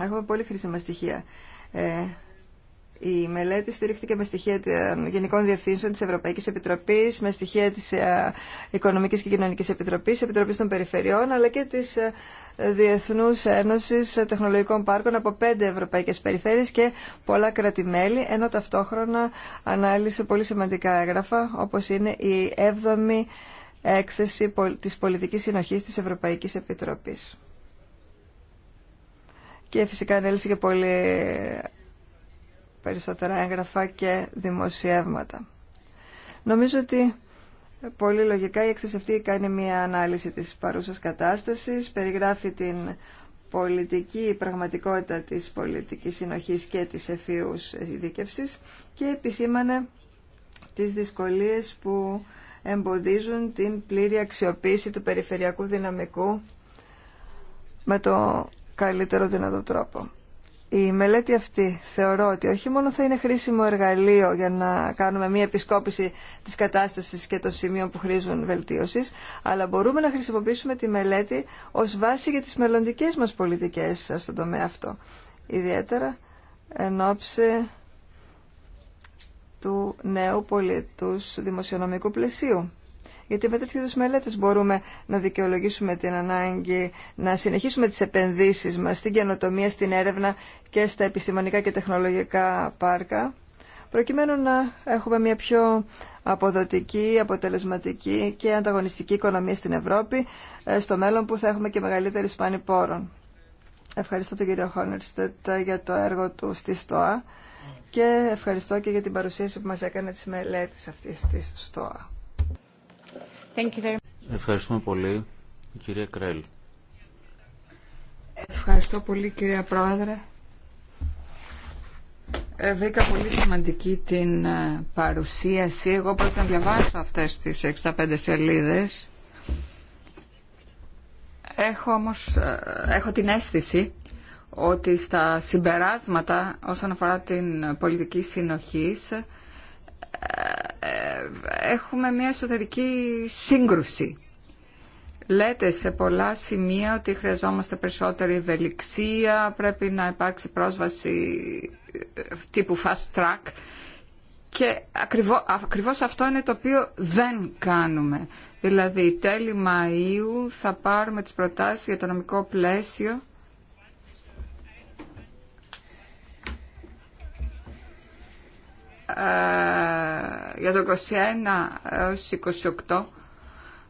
έχουμε πολύ χρήσιμα στοιχεία. Ε, η μελέτη στηρίχθηκε με στοιχεία των Γενικών Διευθύνσεων τη Ευρωπαϊκή Επιτροπή, με στοιχεία τη ε, Οικονομική και Κοινωνική Επιτροπή, Επιτροπή των Περιφερειών, αλλά και τη ε, Διεθνού Ένωση Τεχνολογικών Πάρκων από πέντε ευρωπαϊκέ περιφέρειες και πολλά κράτη-μέλη, ενώ ταυτόχρονα ανάλυσε πολύ σημαντικά έγγραφα, όπω είναι η 7η έκθεση τη πολιτική συνοχή τη Ευρωπαϊκή Επιτροπή. Και φυσικά ανέλησε και πολύ περισσότερα έγγραφα και δημοσιεύματα. Νομίζω ότι πολύ λογικά η έκθεση αυτή κάνει μια ανάλυση της παρούσας κατάστασης, περιγράφει την πολιτική πραγματικότητα της πολιτικής συνοχής και της εφίους ειδίκευσης και επισήμανε τις δυσκολίες που εμποδίζουν την πλήρη αξιοποίηση του περιφερειακού δυναμικού με το καλύτερο δυνατό τρόπο. Η μελέτη αυτή θεωρώ ότι όχι μόνο θα είναι χρήσιμο εργαλείο για να κάνουμε μια επισκόπηση της κατάστασης και των σημείων που χρήζουν βελτίωσης, αλλά μπορούμε να χρησιμοποιήσουμε τη μελέτη ως βάση για τις μελλοντικές μας πολιτικές στον τομέα αυτό. Ιδιαίτερα εν ώψη του νέου πολιτούς δημοσιονομικού πλαισίου. Γιατί με τέτοιου είδου μελέτε μπορούμε να δικαιολογήσουμε την ανάγκη να συνεχίσουμε τι επενδύσει μα στην καινοτομία, στην έρευνα και στα επιστημονικά και τεχνολογικά πάρκα, προκειμένου να έχουμε μια πιο αποδοτική, αποτελεσματική και ανταγωνιστική οικονομία στην Ευρώπη, ε, στο μέλλον που θα έχουμε και μεγαλύτερη σπάνη πόρων. Ευχαριστώ τον κύριο Χόνερστετ για το έργο του στη ΣΤΟΑ και ευχαριστώ και για την παρουσίαση που μας έκανε τις μελέτες αυτής της ΣΤΟΑ. Thank Ευχαριστούμε πολύ, κυρία Κρέλ. Ευχαριστώ πολύ, κυρία Πρόεδρε. Ε, βρήκα πολύ σημαντική την ε, παρουσίαση. Εγώ πρέπει να διαβάσω αυτές τις 65 σελίδες. Έχω όμως ε, έχω την αίσθηση ότι στα συμπεράσματα όσον αφορά την πολιτική συνοχής έχουμε μια εσωτερική σύγκρουση. Λέτε σε πολλά σημεία ότι χρειαζόμαστε περισσότερη ευελιξία, πρέπει να υπάρξει πρόσβαση ε, τύπου fast track και ακριβώς, αυτό είναι το οποίο δεν κάνουμε. Δηλαδή τέλη Μαΐου θα πάρουμε τις προτάσεις για το νομικό πλαίσιο Ε, για το 21 έως 28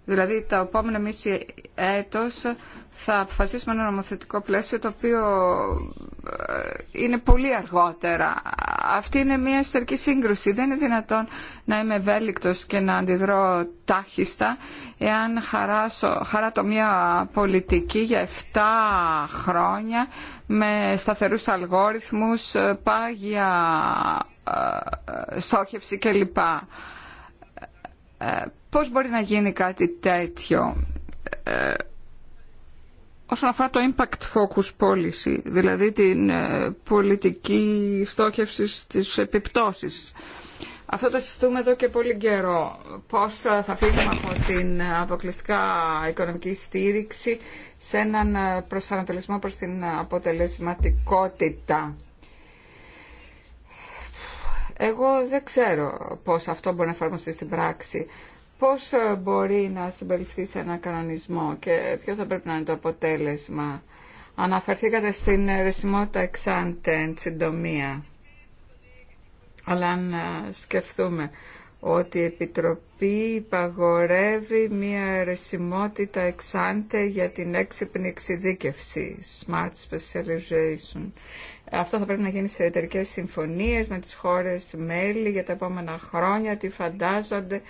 Δηλαδή τα επόμενα μίση έτος θα αποφασίσουμε ένα νομοθετικό πλαίσιο το οποίο ε, είναι πολύ αργότερα. Αυτή είναι μια εσωτερική σύγκρουση. Δεν είναι δυνατόν να είμαι ευέλικτο και να αντιδρώ τάχιστα εάν χαράσω, χαράτω μια πολιτική για 7 χρόνια με σταθερούς αλγόριθμους, ε, πάγια στόχευση κλπ. Ε, πώς μπορεί να γίνει κάτι τέτοιο ε, όσον αφορά το impact focus policy, δηλαδή την ε, πολιτική στόχευση στις επιπτώσεις. Αυτό το συζητούμε εδώ και πολύ καιρό. Πώς θα φύγουμε από την αποκλειστικά οικονομική στήριξη σε έναν προσανατολισμό προς την αποτελεσματικότητα. Εγώ δεν ξέρω πώς αυτό μπορεί να εφαρμοστεί στην πράξη. Πώς ε, μπορεί να συμπεριληφθεί σε ένα κανονισμό και ποιο θα πρέπει να είναι το αποτέλεσμα. Αναφερθήκατε στην αιρεσιμότητα εξάντε εν συντομία. Αλλά αν ε, σκεφτούμε ότι η Επιτροπή υπαγορεύει μία αιρεσιμότητα εξάντε για την έξυπνη εξειδίκευση, smart specialization. Αυτό θα πρέπει να γίνει σε εταιρικέ συμφωνίε με τι χώρε μέλη για τα επόμενα χρόνια, τι φαντάζονται.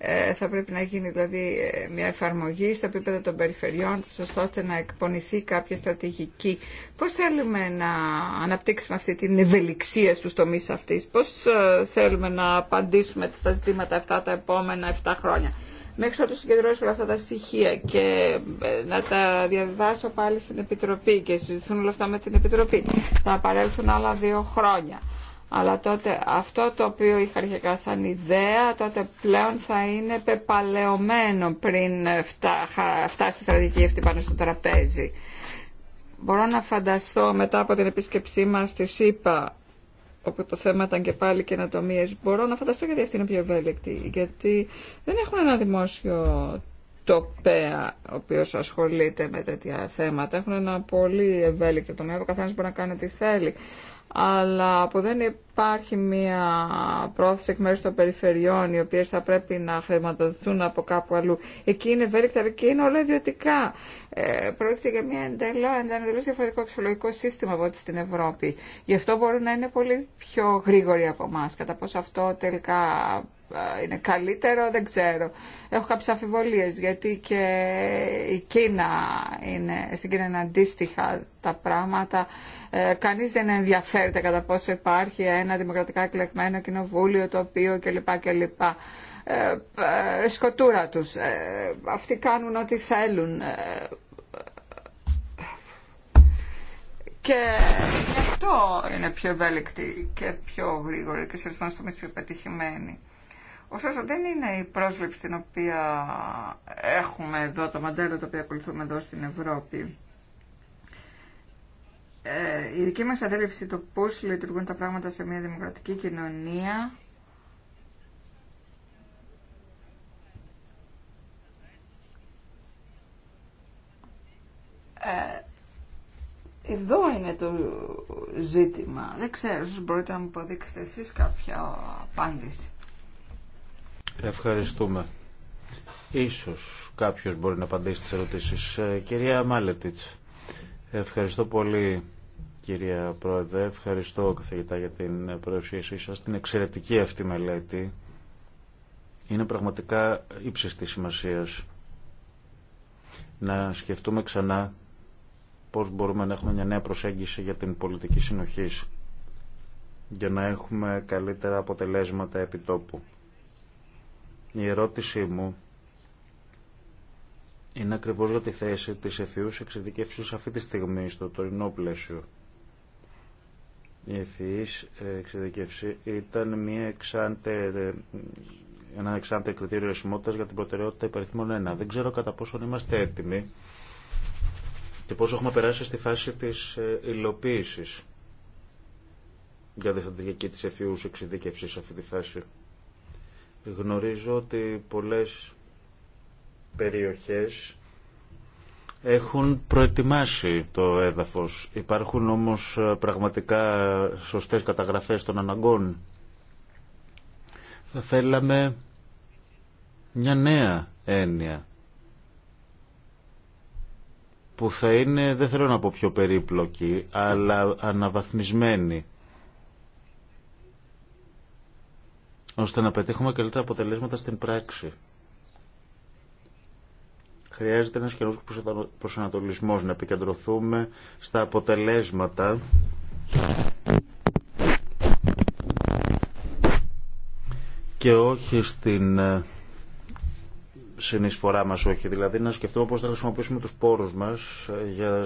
Ε, θα πρέπει να γίνει δηλαδή ε, μια εφαρμογή στο επίπεδο των περιφερειών, ώστε να εκπονηθεί κάποια στρατηγική. Πώς θέλουμε να αναπτύξουμε αυτή την ευελιξία στους τομείς αυτή, πώς ε, θέλουμε να απαντήσουμε στα ζητήματα αυτά τα επόμενα 7 χρόνια μέχρι ότου συγκεντρώσω όλα αυτά τα στοιχεία και ε, να τα διαβάσω πάλι στην Επιτροπή και συζητηθούν όλα αυτά με την Επιτροπή. Θα παρέλθουν άλλα δύο χρόνια. Αλλά τότε αυτό το οποίο είχα αρχικά σαν ιδέα, τότε πλέον θα είναι πεπαλαιωμένο πριν ε, φτάσει η στρατηγική αυτή πάνω στο τραπέζι. Μπορώ να φανταστώ μετά από την επίσκεψή μας στη ΣΥΠΑ όπου το θέμα ήταν και πάλι και καινοτομίε. Μπορώ να φανταστώ γιατί αυτή είναι πιο ευέλικτη. Γιατί δεν έχουν ένα δημόσιο τοπέα ο οποίο ασχολείται με τέτοια θέματα. Έχουν ένα πολύ ευέλικτο τομέα που ο καθένα μπορεί να κάνει ό,τι θέλει αλλά που δεν υπάρχει μια πρόθεση εκ μέρους των περιφερειών οι οποίες θα πρέπει να χρηματοδοτούν από κάπου αλλού. Εκεί είναι ευέλικτα και είναι όλα ιδιωτικά. Ε, πρόκειται για μια εντελώ, ένα εντελώς διαφορετικό αξιολογικό σύστημα από ό,τι στην Ευρώπη. Γι' αυτό μπορούν να είναι πολύ πιο γρήγοροι από εμά. Κατά πόσο αυτό τελικά είναι καλύτερο, δεν ξέρω. Έχω κάποιες αμφιβολίες γιατί και η Κίνα είναι, στην Κίνα είναι αντίστοιχα τα πράγματα. Ε, κανείς δεν ενδιαφέρεται κατά πόσο υπάρχει ένα δημοκρατικά εκλεγμένο κοινοβούλιο το οποίο κλπ. κλπ. Ε, ε, σκοτούρα τους. Ε, αυτοί κάνουν ό,τι θέλουν. Ε, και γι' αυτό είναι πιο ευέλικτη και πιο γρήγορη και σε ορισμένου τομεί πιο πετυχημένη. Ωστόσο δεν είναι η πρόσληψη την οποία έχουμε εδώ, το μοντέλο το οποίο ακολουθούμε εδώ στην Ευρώπη. Ε, η δική μας αντίληψη το πώς λειτουργούν τα πράγματα σε μια δημοκρατική κοινωνία ε, εδώ είναι το ζήτημα. Δεν ξέρω, μπορείτε να μου αποδείξετε εσείς κάποια απάντηση. Ευχαριστούμε. Ίσως κάποιος μπορεί να απαντήσει στις ερωτήσεις. Ε, κυρία Μάλετιτς, ευχαριστώ πολύ κυρία Πρόεδρε. Ευχαριστώ καθηγητά για την προσοχή σας, την εξαιρετική αυτή μελέτη. Είναι πραγματικά ύψης της σημασίας να σκεφτούμε ξανά πώς μπορούμε να έχουμε μια νέα προσέγγιση για την πολιτική συνοχής για να έχουμε καλύτερα αποτελέσματα επιτόπου. Η ερώτησή μου είναι ακριβώς για τη θέση της ευφυούς εξειδικεύσης αυτή τη στιγμή στο τωρινό πλαίσιο. Η ευφυής εξειδικεύση ήταν μια ένα εξάντερ κριτήριο ρεσιμότητας για την προτεραιότητα υπαριθμών 1. Δεν ξέρω κατά πόσο είμαστε έτοιμοι και πόσο έχουμε περάσει στη φάση της ε, υλοποίησης για τη στρατηγική της ευφυούς εξειδικεύσης αυτή τη φάση. Γνωρίζω ότι πολλές περιοχές έχουν προετοιμάσει το έδαφος. Υπάρχουν όμως ε, πραγματικά σωστές καταγραφές των αναγκών. Θα θέλαμε μια νέα έννοια που θα είναι, δεν θέλω να πω πιο περίπλοκη, αλλά αναβαθμισμένη. ώστε να πετύχουμε καλύτερα αποτελέσματα στην πράξη. Χρειάζεται ένας καινούς προσανατολισμός, να επικεντρωθούμε στα αποτελέσματα και όχι στην ε, συνεισφορά μας όχι. Δηλαδή να σκεφτούμε πώς θα χρησιμοποιήσουμε τους πόρους μας ε, για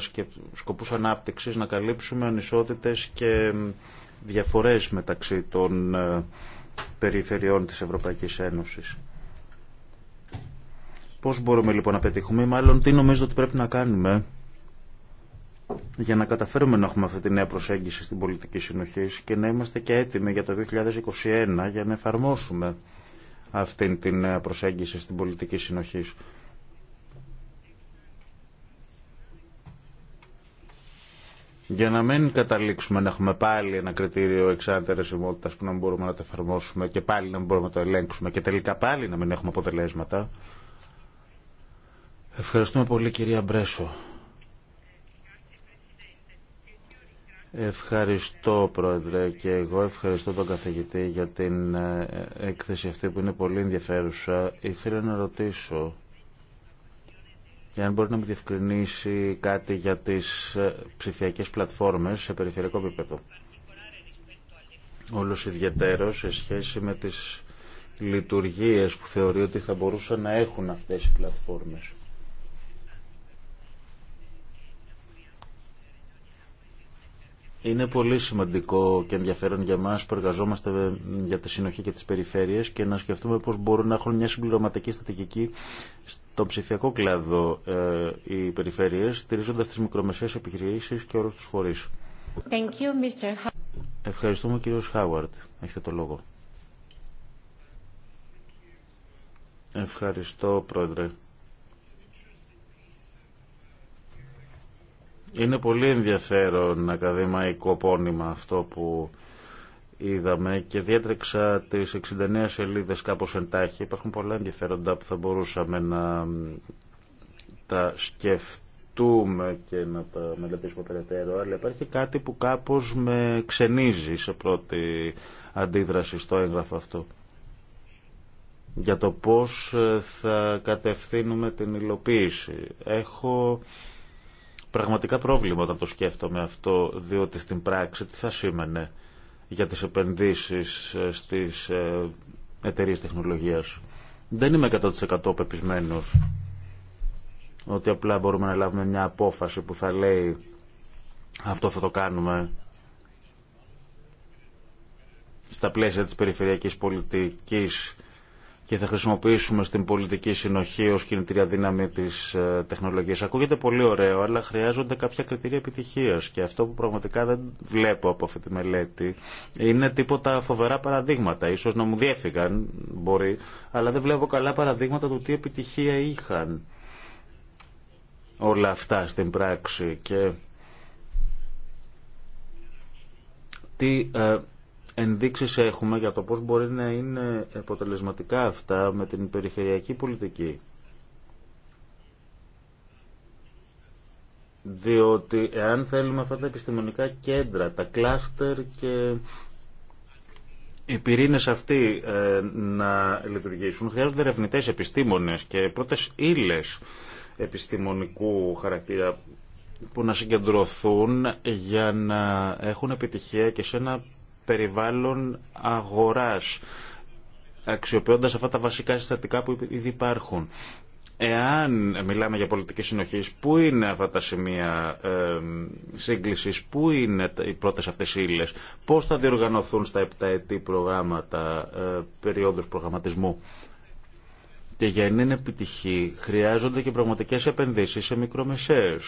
σκοπούς ανάπτυξης, να καλύψουμε ανισότητες και διαφορές μεταξύ των ε, περιφερειών της Ευρωπαϊκής Ένωσης. Πώς μπορούμε λοιπόν να πετύχουμε, μάλλον τι νομίζω ότι πρέπει να κάνουμε για να καταφέρουμε να έχουμε αυτή τη νέα προσέγγιση στην πολιτική συνοχή και να είμαστε και έτοιμοι για το 2021 για να εφαρμόσουμε αυτή τη νέα προσέγγιση στην πολιτική συνοχή. για να μην καταλήξουμε να έχουμε πάλι ένα κριτήριο εξάρτητα ρεσιμότητα που να μπορούμε να το εφαρμόσουμε και πάλι να μπορούμε να το ελέγξουμε και τελικά πάλι να μην έχουμε αποτελέσματα. Ευχαριστούμε πολύ κυρία Μπρέσο. Ευχαριστώ Πρόεδρε και εγώ ευχαριστώ τον καθηγητή για την ε, ε, έκθεση αυτή που είναι πολύ ενδιαφέρουσα. Ήθελα να ρωτήσω για αν μπορεί να μου διευκρινίσει κάτι για τις ε, ψηφιακές πλατφόρμες σε περιφερειακό επίπεδο. Όλος ιδιαίτερο σε σχέση με τις λειτουργίες που θεωρεί ότι θα μπορούσαν να έχουν αυτές οι πλατφόρμες. Είναι πολύ σημαντικό και ενδιαφέρον για μας που εργαζόμαστε για τη συνοχή και τις περιφέρειες και να σκεφτούμε πώς μπορούν να έχουν μια συμπληρωματική στατικική στο ψηφιακό κλάδο ε, οι περιφέρειες, στηρίζοντας τις μικρομεσαίες επιχειρήσεις και όλους τους φορείς. Thank you, Mr. Ευχαριστούμε κύριο Χάουαρτ. Έχετε το λόγο. Ευχαριστώ πρόεδρε. Είναι πολύ ενδιαφέρον ακαδημαϊκό πόνημα αυτό που είδαμε και διέτρεξα τις 69 σελίδες κάπως εντάχει. Υπάρχουν πολλά ενδιαφέροντα που θα μπορούσαμε να τα σκεφτούμε και να τα μελετήσουμε περαιτέρω, αλλά υπάρχει κάτι που κάπως με ξενίζει σε πρώτη αντίδραση στο έγγραφο αυτό για το πώς ε, θα κατευθύνουμε την υλοποίηση. Έχω πραγματικά πρόβλημα όταν το σκέφτομαι αυτό, διότι στην πράξη τι θα σήμαινε για τις επενδύσεις ε, στις ε, εταιρείες τεχνολογίας. Δεν είμαι 100% πεπισμένος ότι απλά μπορούμε να λάβουμε μια απόφαση που θα λέει αυτό θα το κάνουμε στα πλαίσια της περιφερειακής πολιτικής και θα χρησιμοποιήσουμε στην πολιτική συνοχή ως κινητήρια δύναμη της ε, τεχνολογίας. Ακούγεται πολύ ωραίο, αλλά χρειάζονται κάποια κριτήρια επιτυχίας και αυτό που πραγματικά δεν βλέπω από αυτή τη μελέτη είναι τίποτα φοβερά παραδείγματα. Ίσως να μου διέφυγαν, μπορεί, αλλά δεν βλέπω καλά παραδείγματα του τι επιτυχία είχαν όλα αυτά στην πράξη και τι ε, ενδείξεις έχουμε για το πώς μπορεί να είναι αποτελεσματικά αυτά με την περιφερειακή πολιτική. Διότι εάν θέλουμε αυτά τα επιστημονικά κέντρα, τα κλάστερ και οι πυρήνε αυτοί ε, να λειτουργήσουν, χρειάζονται ερευνητέ, επιστήμονε και πρώτε ύλε επιστημονικού χαρακτήρα που να συγκεντρωθούν για να έχουν επιτυχία και σε ένα περιβάλλον αγοράς, αξιοποιώντας αυτά τα βασικά συστατικά που ήδη υπάρχουν. Εάν μιλάμε για πολιτική συνοχή, πού είναι αυτά τα σημεία ε, πού είναι οι πρώτε αυτέ ύλε, πώ θα διοργανωθούν στα επταετή προγράμματα, ε, περιόδου προγραμματισμού. Και για να είναι επιτυχή, χρειάζονται και πραγματικέ επενδύσει σε μικρομεσαίε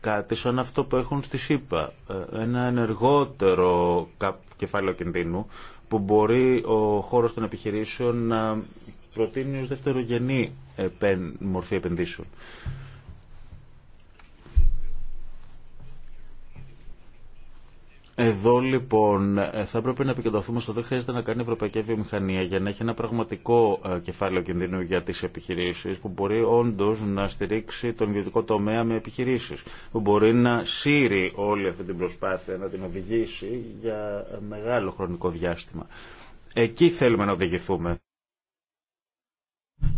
κάτι σαν αυτό που έχουν στη ΣΥΠΑ. Ε, ένα ενεργότερο κεφάλαιο κινδύνου που μπορεί ο χώρος των επιχειρήσεων να προτείνει ως δευτερογενή μορφή επενδύσεων. Εδώ λοιπόν ε, θα έπρεπε να επικεντρωθούμε στο δεν χρειάζεται να κάνει η ευρωπαϊκή βιομηχανία για να έχει ένα πραγματικό ε, κεφάλαιο κινδύνου για τι επιχειρήσει που μπορεί όντω να στηρίξει τον ιδιωτικό τομέα με επιχειρήσει. Που μπορεί να σύρει όλη αυτή την προσπάθεια, να την οδηγήσει για μεγάλο χρονικό διάστημα. Εκεί θέλουμε να οδηγηθούμε.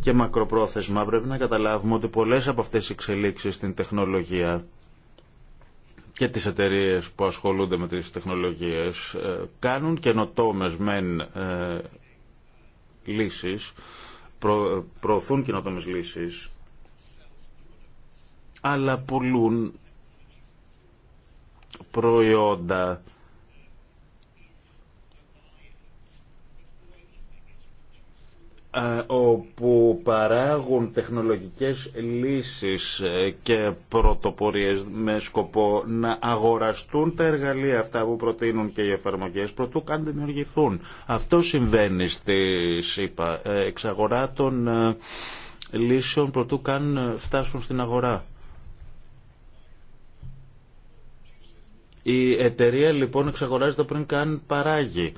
Και μακροπρόθεσμα πρέπει να καταλάβουμε ότι πολλές από αυτές οι εξελίξεις στην τεχνολογία και τις εταιρείες που ασχολούνται με τις τεχνολογίες ε, κάνουν καινοτόμε μεν ε, λύσεις, προ, προωθούν καινοτόμες λύσεις, αλλά πουλούν προϊόντα όπου παράγουν τεχνολογικές λύσεις ε, και πρωτοπορίες με σκοπό να αγοραστούν τα εργαλεία αυτά που προτείνουν και οι εφαρμογές προτού καν δημιουργηθούν. Αυτό συμβαίνει στη ΣΥΠΑ, ε, εξαγορά των ε, λύσεων προτού καν φτάσουν στην αγορά. Η εταιρεία λοιπόν εξαγοράζεται πριν καν παράγει.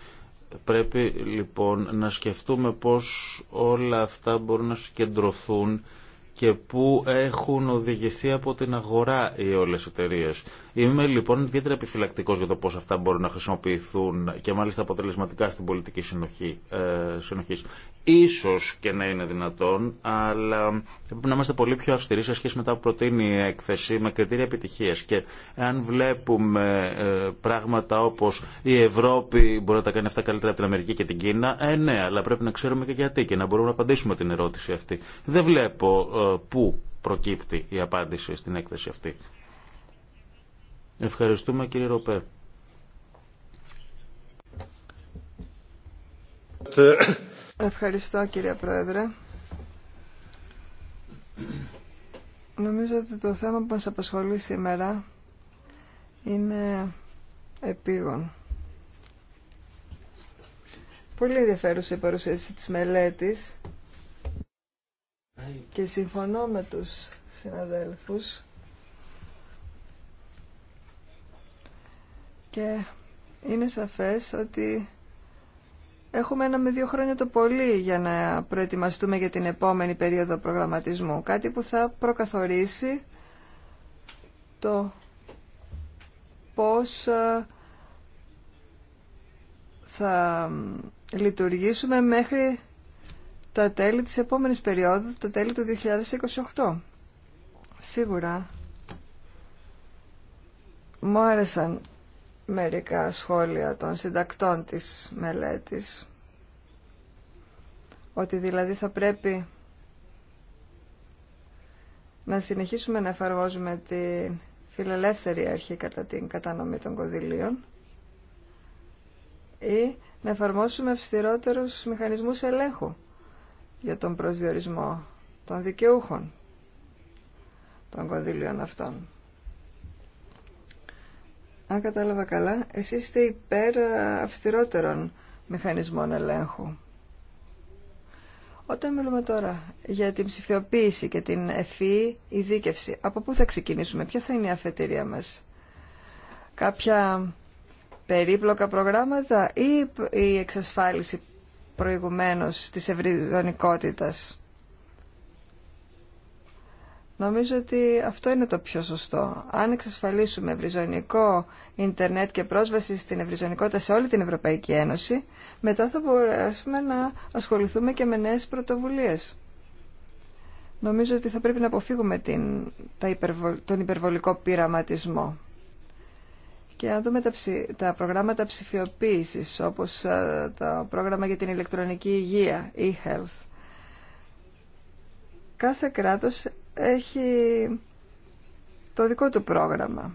Πρέπει λοιπόν να σκεφτούμε πώς όλα αυτά μπορούν να συγκεντρωθούν και πού έχουν οδηγηθεί από την αγορά οι όλες οι εταιρείες. Είμαι λοιπόν ιδιαίτερα επιφυλακτικό για το πώ αυτά μπορούν να χρησιμοποιηθούν και μάλιστα αποτελεσματικά στην πολιτική συνοχή. Ε, συνοχής. Ίσως και να είναι δυνατόν, αλλά πρέπει να είμαστε πολύ πιο αυστηροί σε σχέση με τα που προτείνει η έκθεση με κριτήρια επιτυχία. Και αν βλέπουμε ε, πράγματα όπω η Ευρώπη μπορεί να τα κάνει αυτά καλύτερα από την Αμερική και την Κίνα, ε, ναι, αλλά πρέπει να ξέρουμε και γιατί και να μπορούμε να απαντήσουμε την ερώτηση αυτή. Δεν βλέπω ε, πού προκύπτει η απάντηση στην έκθεση αυτή. Ευχαριστούμε κύριε Ροπέ. Ευχαριστώ κύριε Πρόεδρε. Νομίζω ότι το θέμα που μας απασχολεί σήμερα είναι επίγον. Πολύ ενδιαφέρουσα η παρουσίαση της μελέτης και συμφωνώ με τους συναδέλφους Και είναι σαφές ότι έχουμε ένα με δύο χρόνια το πολύ για να προετοιμαστούμε για την επόμενη περίοδο προγραμματισμού. Κάτι που θα προκαθορίσει το πώς ε, θα λειτουργήσουμε μέχρι τα τέλη της επόμενης περίοδου, τα τέλη του 2028. Σίγουρα μου άρεσαν μερικά σχόλια των συντακτών της μελέτης ότι δηλαδή θα πρέπει να συνεχίσουμε να εφαρμόζουμε τη φιλελεύθερη αρχή κατά την κατανομή των κονδυλίων ή να εφαρμόσουμε αυστηρότερους μηχανισμούς ελέγχου για τον προσδιορισμό των δικαιούχων των κονδυλίων αυτών. Αν κατάλαβα καλά, εσείς είστε υπέρ ε, αυστηρότερων μηχανισμών ελέγχου. Όταν μιλούμε τώρα για την ψηφιοποίηση και την ευφυή ειδίκευση, από πού θα ξεκινήσουμε, ποια θα είναι η αφετηρία μας. Κάποια περίπλοκα προγράμματα ή η εξασφάλιση προηγουμένως της ευρυδονικότητας. Νομίζω ότι αυτό είναι το πιο σωστό. Αν εξασφαλίσουμε ευρυζωνικό ίντερνετ και πρόσβαση στην ευρυζωνικότητα σε όλη την Ευρωπαϊκή Ένωση, μετά θα μπορέσουμε να ασχοληθούμε και με νέες πρωτοβουλίες. Νομίζω ότι θα πρέπει να αποφύγουμε την, τον υπερβολικό πειραματισμό. Και να δούμε τα, τα προγράμματα ψηφιοποίησης, όπως ε, το πρόγραμμα για την ηλεκτρονική υγεία, e-health. Κάθε κράτος έχει το δικό του πρόγραμμα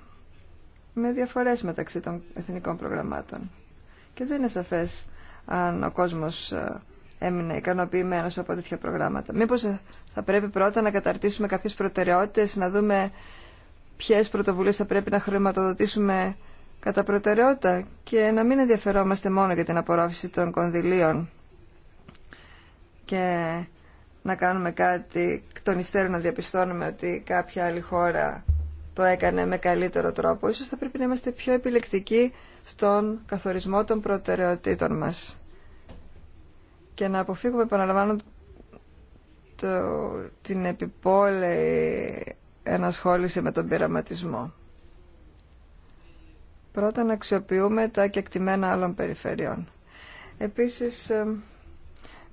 με διαφορές μεταξύ των εθνικών προγραμμάτων. Και δεν είναι σαφές αν ο κόσμος ε, έμεινε ικανοποιημένο από τέτοια προγράμματα. Μήπως ε, θα πρέπει πρώτα να καταρτήσουμε κάποιες προτεραιότητες, να δούμε ποιες πρωτοβουλίες θα πρέπει να χρηματοδοτήσουμε κατά προτεραιότητα και να μην ενδιαφερόμαστε μόνο για την απορρόφηση των κονδυλίων και να κάνουμε κάτι τον υστέρων να διαπιστώνουμε ότι κάποια άλλη χώρα το έκανε με καλύτερο τρόπο. Ίσως θα πρέπει να είμαστε πιο επιλεκτικοί στον καθορισμό των προτεραιοτήτων μας και να αποφύγουμε, επαναλαμβάνω, το, την επιπόλαιη ενασχόληση με τον πειραματισμό. Πρώτα να αξιοποιούμε τα κεκτημένα άλλων περιφερειών. Επίσης,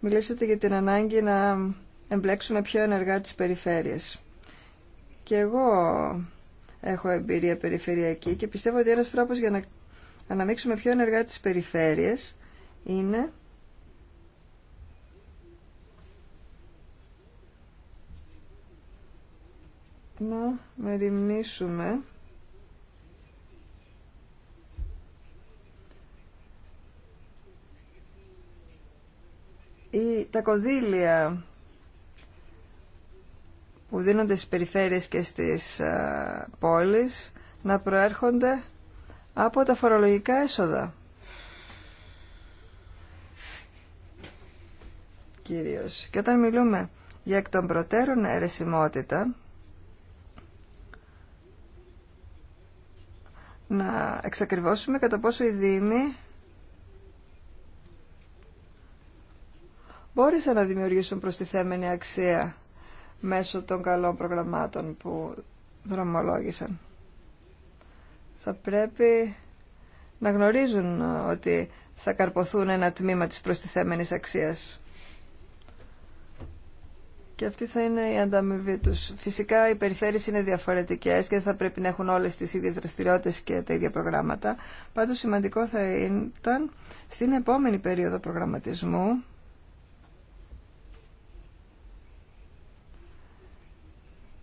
μιλήσατε για την ανάγκη να εμπλέξουμε πιο ενεργά τις περιφέρειες. Και εγώ έχω εμπειρία περιφερειακή και πιστεύω ότι ένας τρόπος για να αναμίξουμε πιο ενεργά τις περιφέρειες είναι να μεριμνήσουμε ή τα κονδύλια που δίνονται στις περιφέρειες και στις πόλεις να προέρχονται από τα φορολογικά έσοδα. Κυρίως. Και όταν μιλούμε για εκ των προτέρων αιρεσιμότητα, να εξακριβώσουμε κατά πόσο οι Δήμοι μπόρεσαν να δημιουργήσουν προστιθέμενη αξία μέσω των καλών προγραμμάτων που δρομολόγησαν. Θα πρέπει να γνωρίζουν ε, ότι θα καρποθούν ένα τμήμα της προστιθέμενης αξίας. Και αυτή θα είναι η ανταμοιβή του. Φυσικά οι περιφέρειες είναι διαφορετικέ και δεν θα πρέπει να έχουν όλε τι ίδιε δραστηριότητε και τα ίδια προγράμματα. Πάντω σημαντικό θα ήταν στην επόμενη περίοδο προγραμματισμού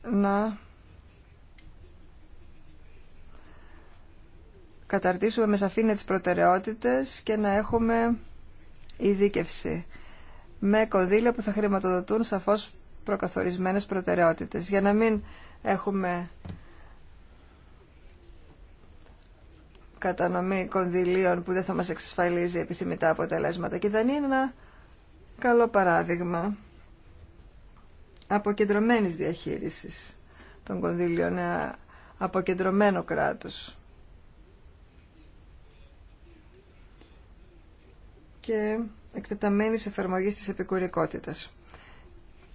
να καταρτήσουμε με σαφήνεια τις προτεραιότητες και να έχουμε ειδίκευση με κονδύλια που θα χρηματοδοτούν σαφώς προκαθορισμένες προτεραιότητες για να μην έχουμε κατανομή κονδυλίων που δεν θα μας εξασφαλίζει επιθυμητά αποτελέσματα. Και δεν είναι ένα καλό παράδειγμα αποκεντρωμένης διαχείρισης των κονδύλιων, ένα αποκεντρωμένο κράτος. και εκτεταμένης εφαρμογής της επικουρικότητας.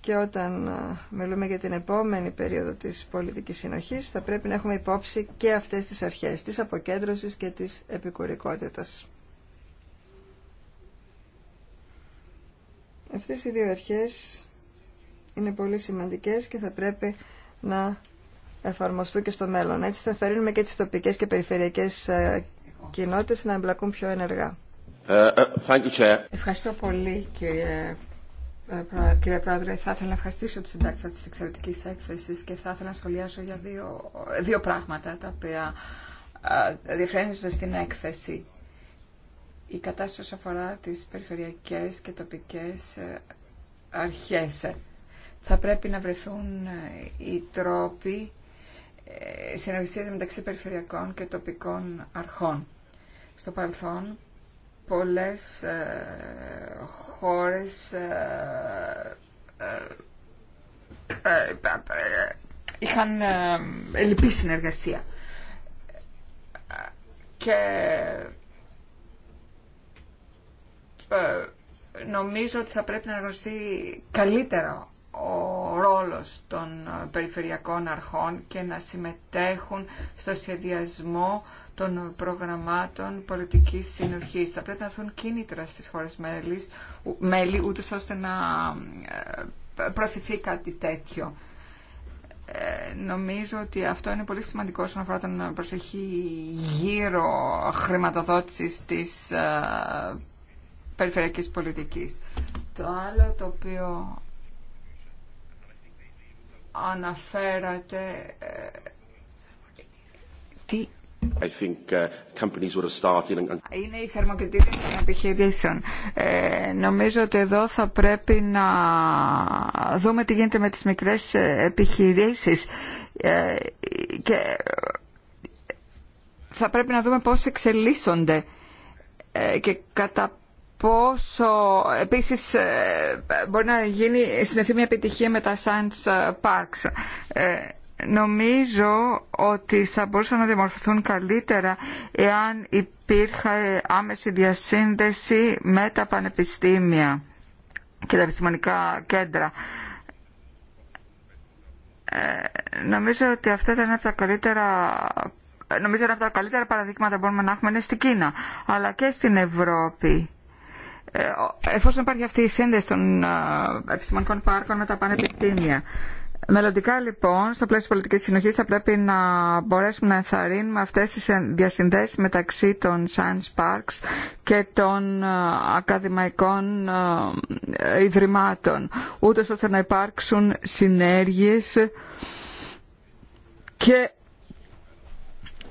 Και όταν μιλούμε για την επόμενη περίοδο της πολιτικής συνοχής, θα πρέπει να έχουμε υπόψη και αυτές τις αρχές της αποκέντρωσης και της επικουρικότητας. Αυτές οι δύο αρχές είναι πολύ σημαντικές και θα πρέπει να εφαρμοστούν και στο μέλλον. Έτσι θα θερύνουμε και τις τοπικές και περιφερειακές ε, κοινότητες να εμπλακούν πιο ενεργά. Ε, ε, Ευχαριστώ πολύ κύριε Κύριε Πρόεδρε, θα ήθελα να ευχαριστήσω τη συντάξει τη εξαιρετική έκθεση και θα ήθελα να σχολιάσω για δύο, δύο πράγματα τα οποία διευκρινίζονται στην έκθεση. Η κατάσταση αφορά τις περιφερειακές και τοπικές αρχές θα πρέπει να βρεθούν ε, οι τρόποι ε, συνεργασίας μεταξύ περιφερειακών και τοπικών αρχών. Στο παρελθόν, πολλές ε, χώρες είχαν λυπή συνεργασία. Και νομίζω ότι θα πρέπει να γνωριστεί καλύτερο ο ρόλος των ε, περιφερειακών αρχών και να συμμετέχουν στο σχεδιασμό των προγραμμάτων πολιτικής συνοχής. Θα πρέπει να δουν κίνητρα στις χώρες μέλη, μέλη ούτως ώστε να ε, προωθηθεί κάτι τέτοιο. Ε, νομίζω ότι αυτό είναι πολύ σημαντικό όσον αφορά τον προσεχή γύρω χρηματοδότησης της ε, περιφερειακής πολιτικής. Το άλλο το οποίο αναφέρατε ε, τι I think, uh, companies would have started... Είναι η θερμοκριτήρια των επιχειρήσεων. Ε, νομίζω ότι εδώ θα πρέπει να δούμε τι γίνεται με τις μικρές ε, επιχειρήσεις και θα πρέπει να δούμε πώς εξελίσσονται και κατά πόσο επίσης ε, μπορεί να γίνει συνεχή μια επιτυχία με τα science parks. Ε, νομίζω ότι θα μπορούσαν να διαμορφωθούν καλύτερα εάν υπήρχε άμεση διασύνδεση με τα πανεπιστήμια και τα επιστημονικά κέντρα. Ε, νομίζω ότι αυτό ήταν από τα καλύτερα νομίζω ότι από τα καλύτερα παραδείγματα μπορούμε να έχουμε είναι στην Κίνα αλλά και στην Ευρώπη ε, εφόσον υπάρχει αυτή η σύνδεση των ε, επιστημονικών πάρκων με τα πανεπιστήμια. Μελλοντικά λοιπόν, στο πλαίσιο πολιτικής συνοχής θα πρέπει να μπορέσουμε να ενθαρρύνουμε αυτές τις διασυνδέσεις μεταξύ των science parks και των ε, ακαδημαϊκών ιδρυμάτων, ούτως ώστε να υπάρξουν συνέργειες και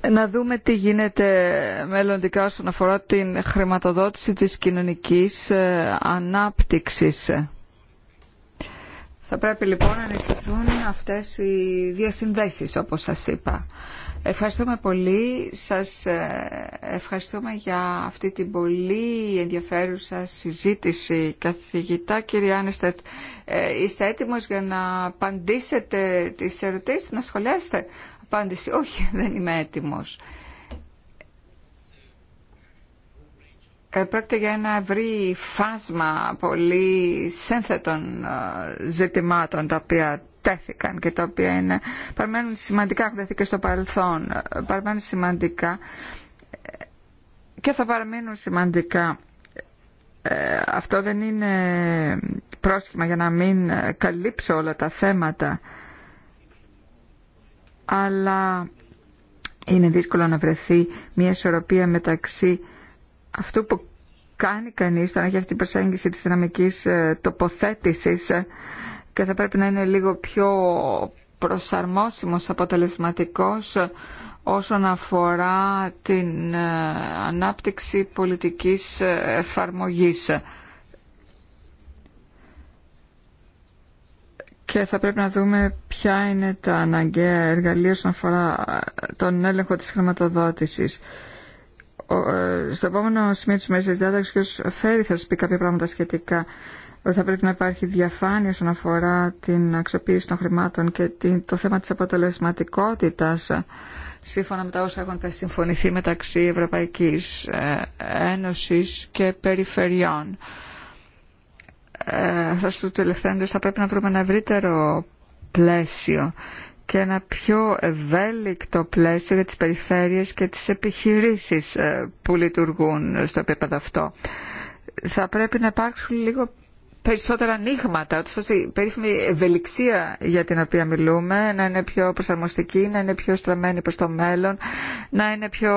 να δούμε τι γίνεται μελλοντικά όσον αφορά την χρηματοδότηση της κοινωνικής ε, ανάπτυξης. Θα πρέπει λοιπόν να ενισχυθούν αυτές οι δύο συνδέσεις, όπως σας είπα. Ευχαριστούμε πολύ. Σας ε, ευχαριστούμε για αυτή την πολύ ενδιαφέρουσα συζήτηση. Καθηγητά, κύριε Άνεστετ, ε, είστε έτοιμος για να απαντήσετε τις ερωτήσεις, να σχολιάσετε απάντηση «Όχι, δεν είμαι έτοιμος». Ε, πρόκειται για ένα ευρύ φάσμα πολύ σύνθετων ε, ζητημάτων τα οποία τέθηκαν και τα οποία είναι, παραμένουν σημαντικά, έχουν τέθηκε στο παρελθόν, ε, παραμένουν σημαντικά και θα παραμείνουν σημαντικά. αυτό δεν είναι πρόσχημα για να μην καλύψω όλα τα θέματα αλλά είναι δύσκολο να βρεθεί μια ισορροπία μεταξύ αυτού που κάνει κανείς όταν έχει αυτή την προσέγγιση της δυναμικής ε, τοποθέτησης ε, και θα πρέπει να είναι λίγο πιο προσαρμόσιμος, αποτελεσματικός ε, όσον αφορά την ανάπτυξη πολιτικής εφαρμογής. και θα πρέπει να δούμε ποια είναι τα αναγκαία εργαλεία όσον αφορά τον έλεγχο της χρηματοδότησης. Ε, στο επόμενο σημείο της μέσης της διάταξης, ο Φέρη θα σας πει κάποια πράγματα σχετικά ότι θα πρέπει να υπάρχει διαφάνεια όσον αφορά την αξιοποίηση των χρημάτων και το θέμα της αποτελεσματικότητας σύμφωνα με τα όσα έχουν συμφωνηθεί μεταξύ Ευρωπαϊκής ε, Ένωσης και Περιφερειών. Ε, στο του τελευταίου θα πρέπει να βρούμε ένα ευρύτερο πλαίσιο και ένα πιο ευέλικτο πλαίσιο για τις περιφέρειες και τις επιχειρήσεις ε, που λειτουργούν στο επίπεδο αυτό. Θα πρέπει να υπάρξουν λίγο περισσότερα ανοίγματα, ώστε η περίφημη ευελιξία για την οποία μιλούμε να είναι πιο προσαρμοστική, να είναι πιο στραμμένη προς το μέλλον, να, είναι πιο...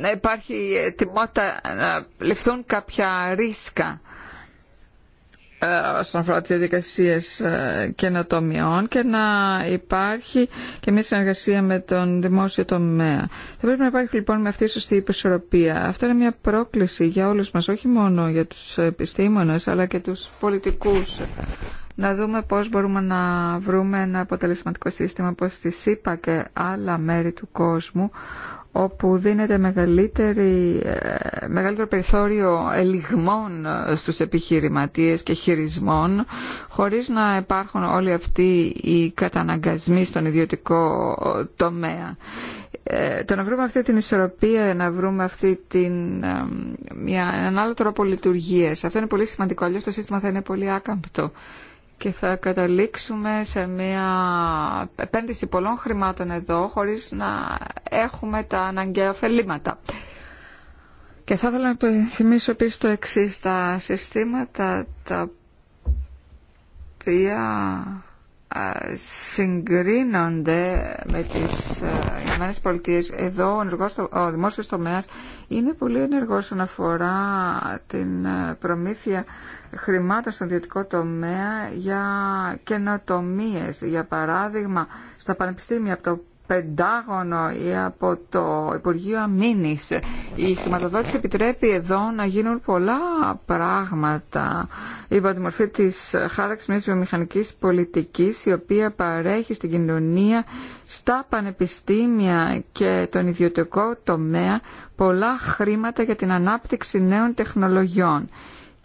να υπάρχει ετοιμότητα να ληφθούν κάποια ρίσκα. Ε, όσον αφορά τις διαδικασίες ε, καινοτομιών και να υπάρχει και μια συνεργασία με τον δημόσιο τομέα. Θα πρέπει να υπάρχει λοιπόν με αυτή η σωστή υπεσορροπία. Αυτό είναι μια πρόκληση για όλους μας, όχι μόνο για τους επιστήμονες αλλά και τους πολιτικούς. Να δούμε πώς μπορούμε να βρούμε ένα αποτελεσματικό σύστημα όπως τις ΣΥΠΑ και άλλα μέρη του κόσμου όπου δίνεται μεγαλύτερη, ε, μεγαλύτερο περιθώριο ελιγμών ε, στους επιχειρηματίες και χειρισμών χωρίς να υπάρχουν όλοι αυτοί οι καταναγκασμοί στον ιδιωτικό ε, τομέα. το να βρούμε αυτή την ισορροπία, να βρούμε αυτή την, μια, έναν άλλο τρόπο λειτουργίας, αυτό είναι πολύ σημαντικό, αλλιώς το σύστημα θα είναι πολύ άκαμπτο και θα καταλήξουμε σε μια επένδυση πολλών χρημάτων εδώ χωρίς να έχουμε τα αναγκαία ωφελήματα. Και θα ήθελα να θυμίσω επίσης το εξής, τα συστήματα τα οποία συγκρίνονται με τις ε, Ηνωμένες Πολιτείες. Εδώ ο, ενεργός, ο δημόσιος τομέας είναι πολύ ενεργός όσον αφορά την ε, προμήθεια χρημάτων στον ιδιωτικό τομέα για καινοτομίες. Για παράδειγμα, στα πανεπιστήμια από το Πεντάγωνο ή από το Υπουργείο Αμήνης. Η χρηματοδότηση επιτρέπει εδώ να γίνουν πολλά πράγματα υπό τη μορφή της χάραξης μιας βιομηχανικής πολιτικής η οποία παρέχει στην κοινωνία, στα πανεπιστήμια και τον ιδιωτικό τομέα πολλά χρήματα για την ανάπτυξη νέων τεχνολογιών.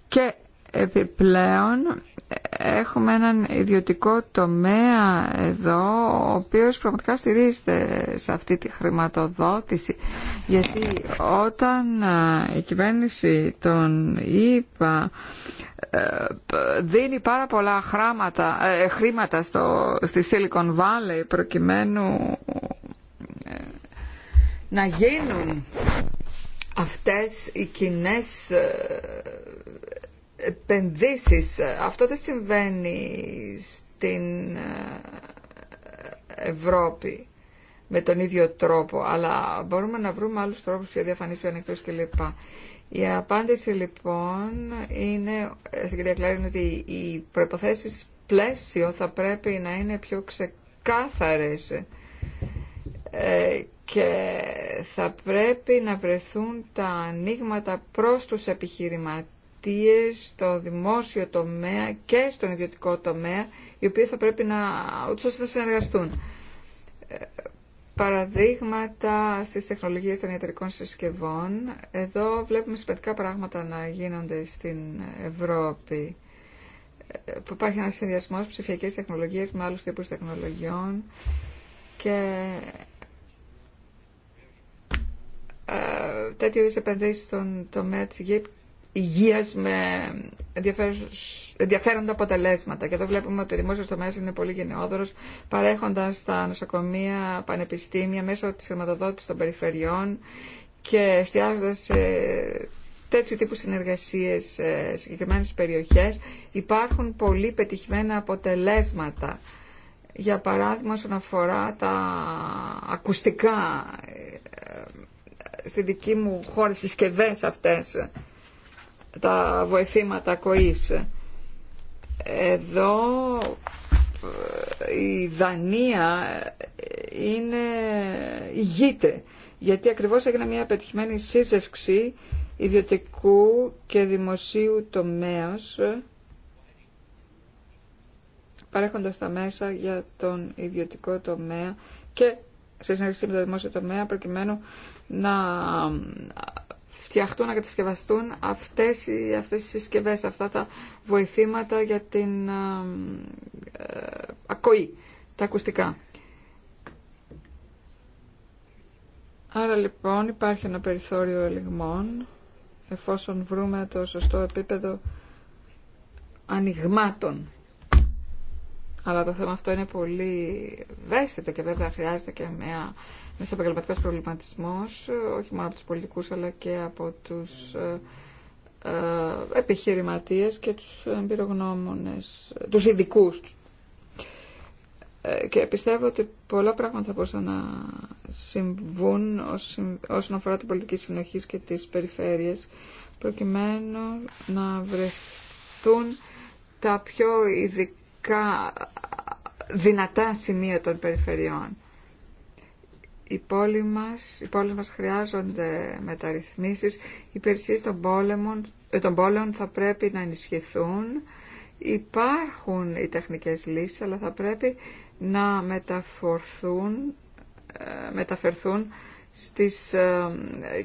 Και επιπλέον έχουμε έναν ιδιωτικό τομέα εδώ ο οποίος πραγματικά στηρίζεται σε αυτή τη χρηματοδότηση γιατί όταν ε, η κυβέρνηση των είπα ε, δίνει πάρα πολλά χρήματα, ε, χρήματα στο, στη Silicon Valley προκειμένου να γίνουν αυτές οι κοινέ επενδύσεις. Αυτό δεν συμβαίνει στην ε, Ευρώπη με τον ίδιο τρόπο, αλλά μπορούμε να βρούμε άλλους τρόπους πιο διαφανείς, πιο ανοιχτούς κλπ. Η απάντηση λοιπόν είναι, στην κυρία Κλάρη, ότι οι προϋποθέσεις πλαίσιο θα πρέπει να είναι πιο ξεκάθαρες ε, και θα πρέπει να βρεθούν τα ανοίγματα προς τους επιχειρηματίες στο δημόσιο τομέα και στον ιδιωτικό τομέα, οι οποίοι θα πρέπει να, ούτως ώστε να συνεργαστούν. Ε, παραδείγματα στις τεχνολογίες των ιατρικών συσκευών. Εδώ βλέπουμε σημαντικά πράγματα να γίνονται στην Ευρώπη. Ε, που υπάρχει ένας συνδυασμός ψηφιακής τεχνολογίας με άλλους τύπους τεχνολογιών και ε, τέτοιου είδους επενδύσεις στον τομέα της υγείας με ενδιαφέροντα αποτελέσματα. Και εδώ βλέπουμε ότι ο δημόσιο τομέα είναι πολύ γενναιόδωρο, παρέχοντα στα νοσοκομεία, πανεπιστήμια, μέσω τη χρηματοδότηση των περιφερειών και εστιάζοντα σε τέτοιου τύπου συνεργασίε σε συγκεκριμένε περιοχέ, υπάρχουν πολύ πετυχημένα αποτελέσματα. Για παράδειγμα, όσον αφορά τα ακουστικά, ε, ε, στη δική μου χώρα, συσκευέ αυτές, τα βοηθήματα ακοής. Εδώ ε, η Δανία ε, είναι ηγείται γιατί ακριβώς έγινε μια πετυχημένη σύζευξη ιδιωτικού και δημοσίου τομέας παρέχοντας τα μέσα για τον ιδιωτικό τομέα και σε συνεργασία με το δημόσιο τομέα προκειμένου να φτιαχτούν, να κατασκευαστούν αυτές οι, αυτές οι συσκευές, αυτά τα βοηθήματα για την ε, ε, ακοή, τα ακουστικά. Άρα λοιπόν υπάρχει ένα περιθώριο ελιγμών εφόσον βρούμε το σωστό επίπεδο ανοιγμάτων. Αλλά το θέμα αυτό είναι πολύ βέστητο και βέβαια χρειάζεται και μια, ένας επαγγελματικός προβληματισμός, όχι μόνο από τους πολιτικούς αλλά και από τους ε, ε επιχειρηματίες και τους εμπειρογνώμονε. τους ειδικού. Ε, και πιστεύω ότι πολλά πράγματα θα μπορούσαν να συμβούν όσον αφορά την πολιτική συνοχή και τι περιφέρειες προκειμένου να βρεθούν τα πιο ειδικά δυνατά σημεία των περιφερειών. Οι πόλεις μας, μας χρειάζονται μεταρρυθμίσεις, οι υπηρεσίες των, ε, των πόλεων θα πρέπει να ενισχυθούν, υπάρχουν οι τεχνικές λύσεις, αλλά θα πρέπει να ε, μεταφερθούν στις ε,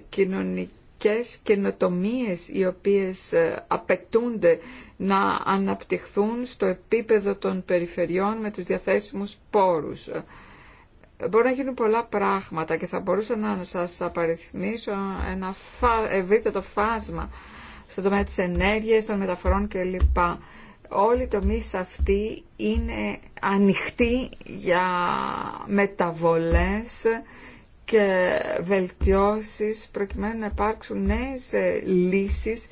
κοινωνικές ποιες καινοτομίες οι οποίες ε, απαιτούνται να αναπτυχθούν στο επίπεδο των περιφερειών με τους διαθέσιμους πόρους. Μπορεί να γίνουν πολλά πράγματα και θα μπορούσα να σας απαριθμίσω ένα φα... ευρύτερο φάσμα στον τομέα της ενέργειας, των μεταφορών κλπ. Όλοι οι τομείς αυτοί είναι ανοιχτοί για μεταβολές και βελτιώσεις προκειμένου να υπάρξουν νέες ε, λύσεις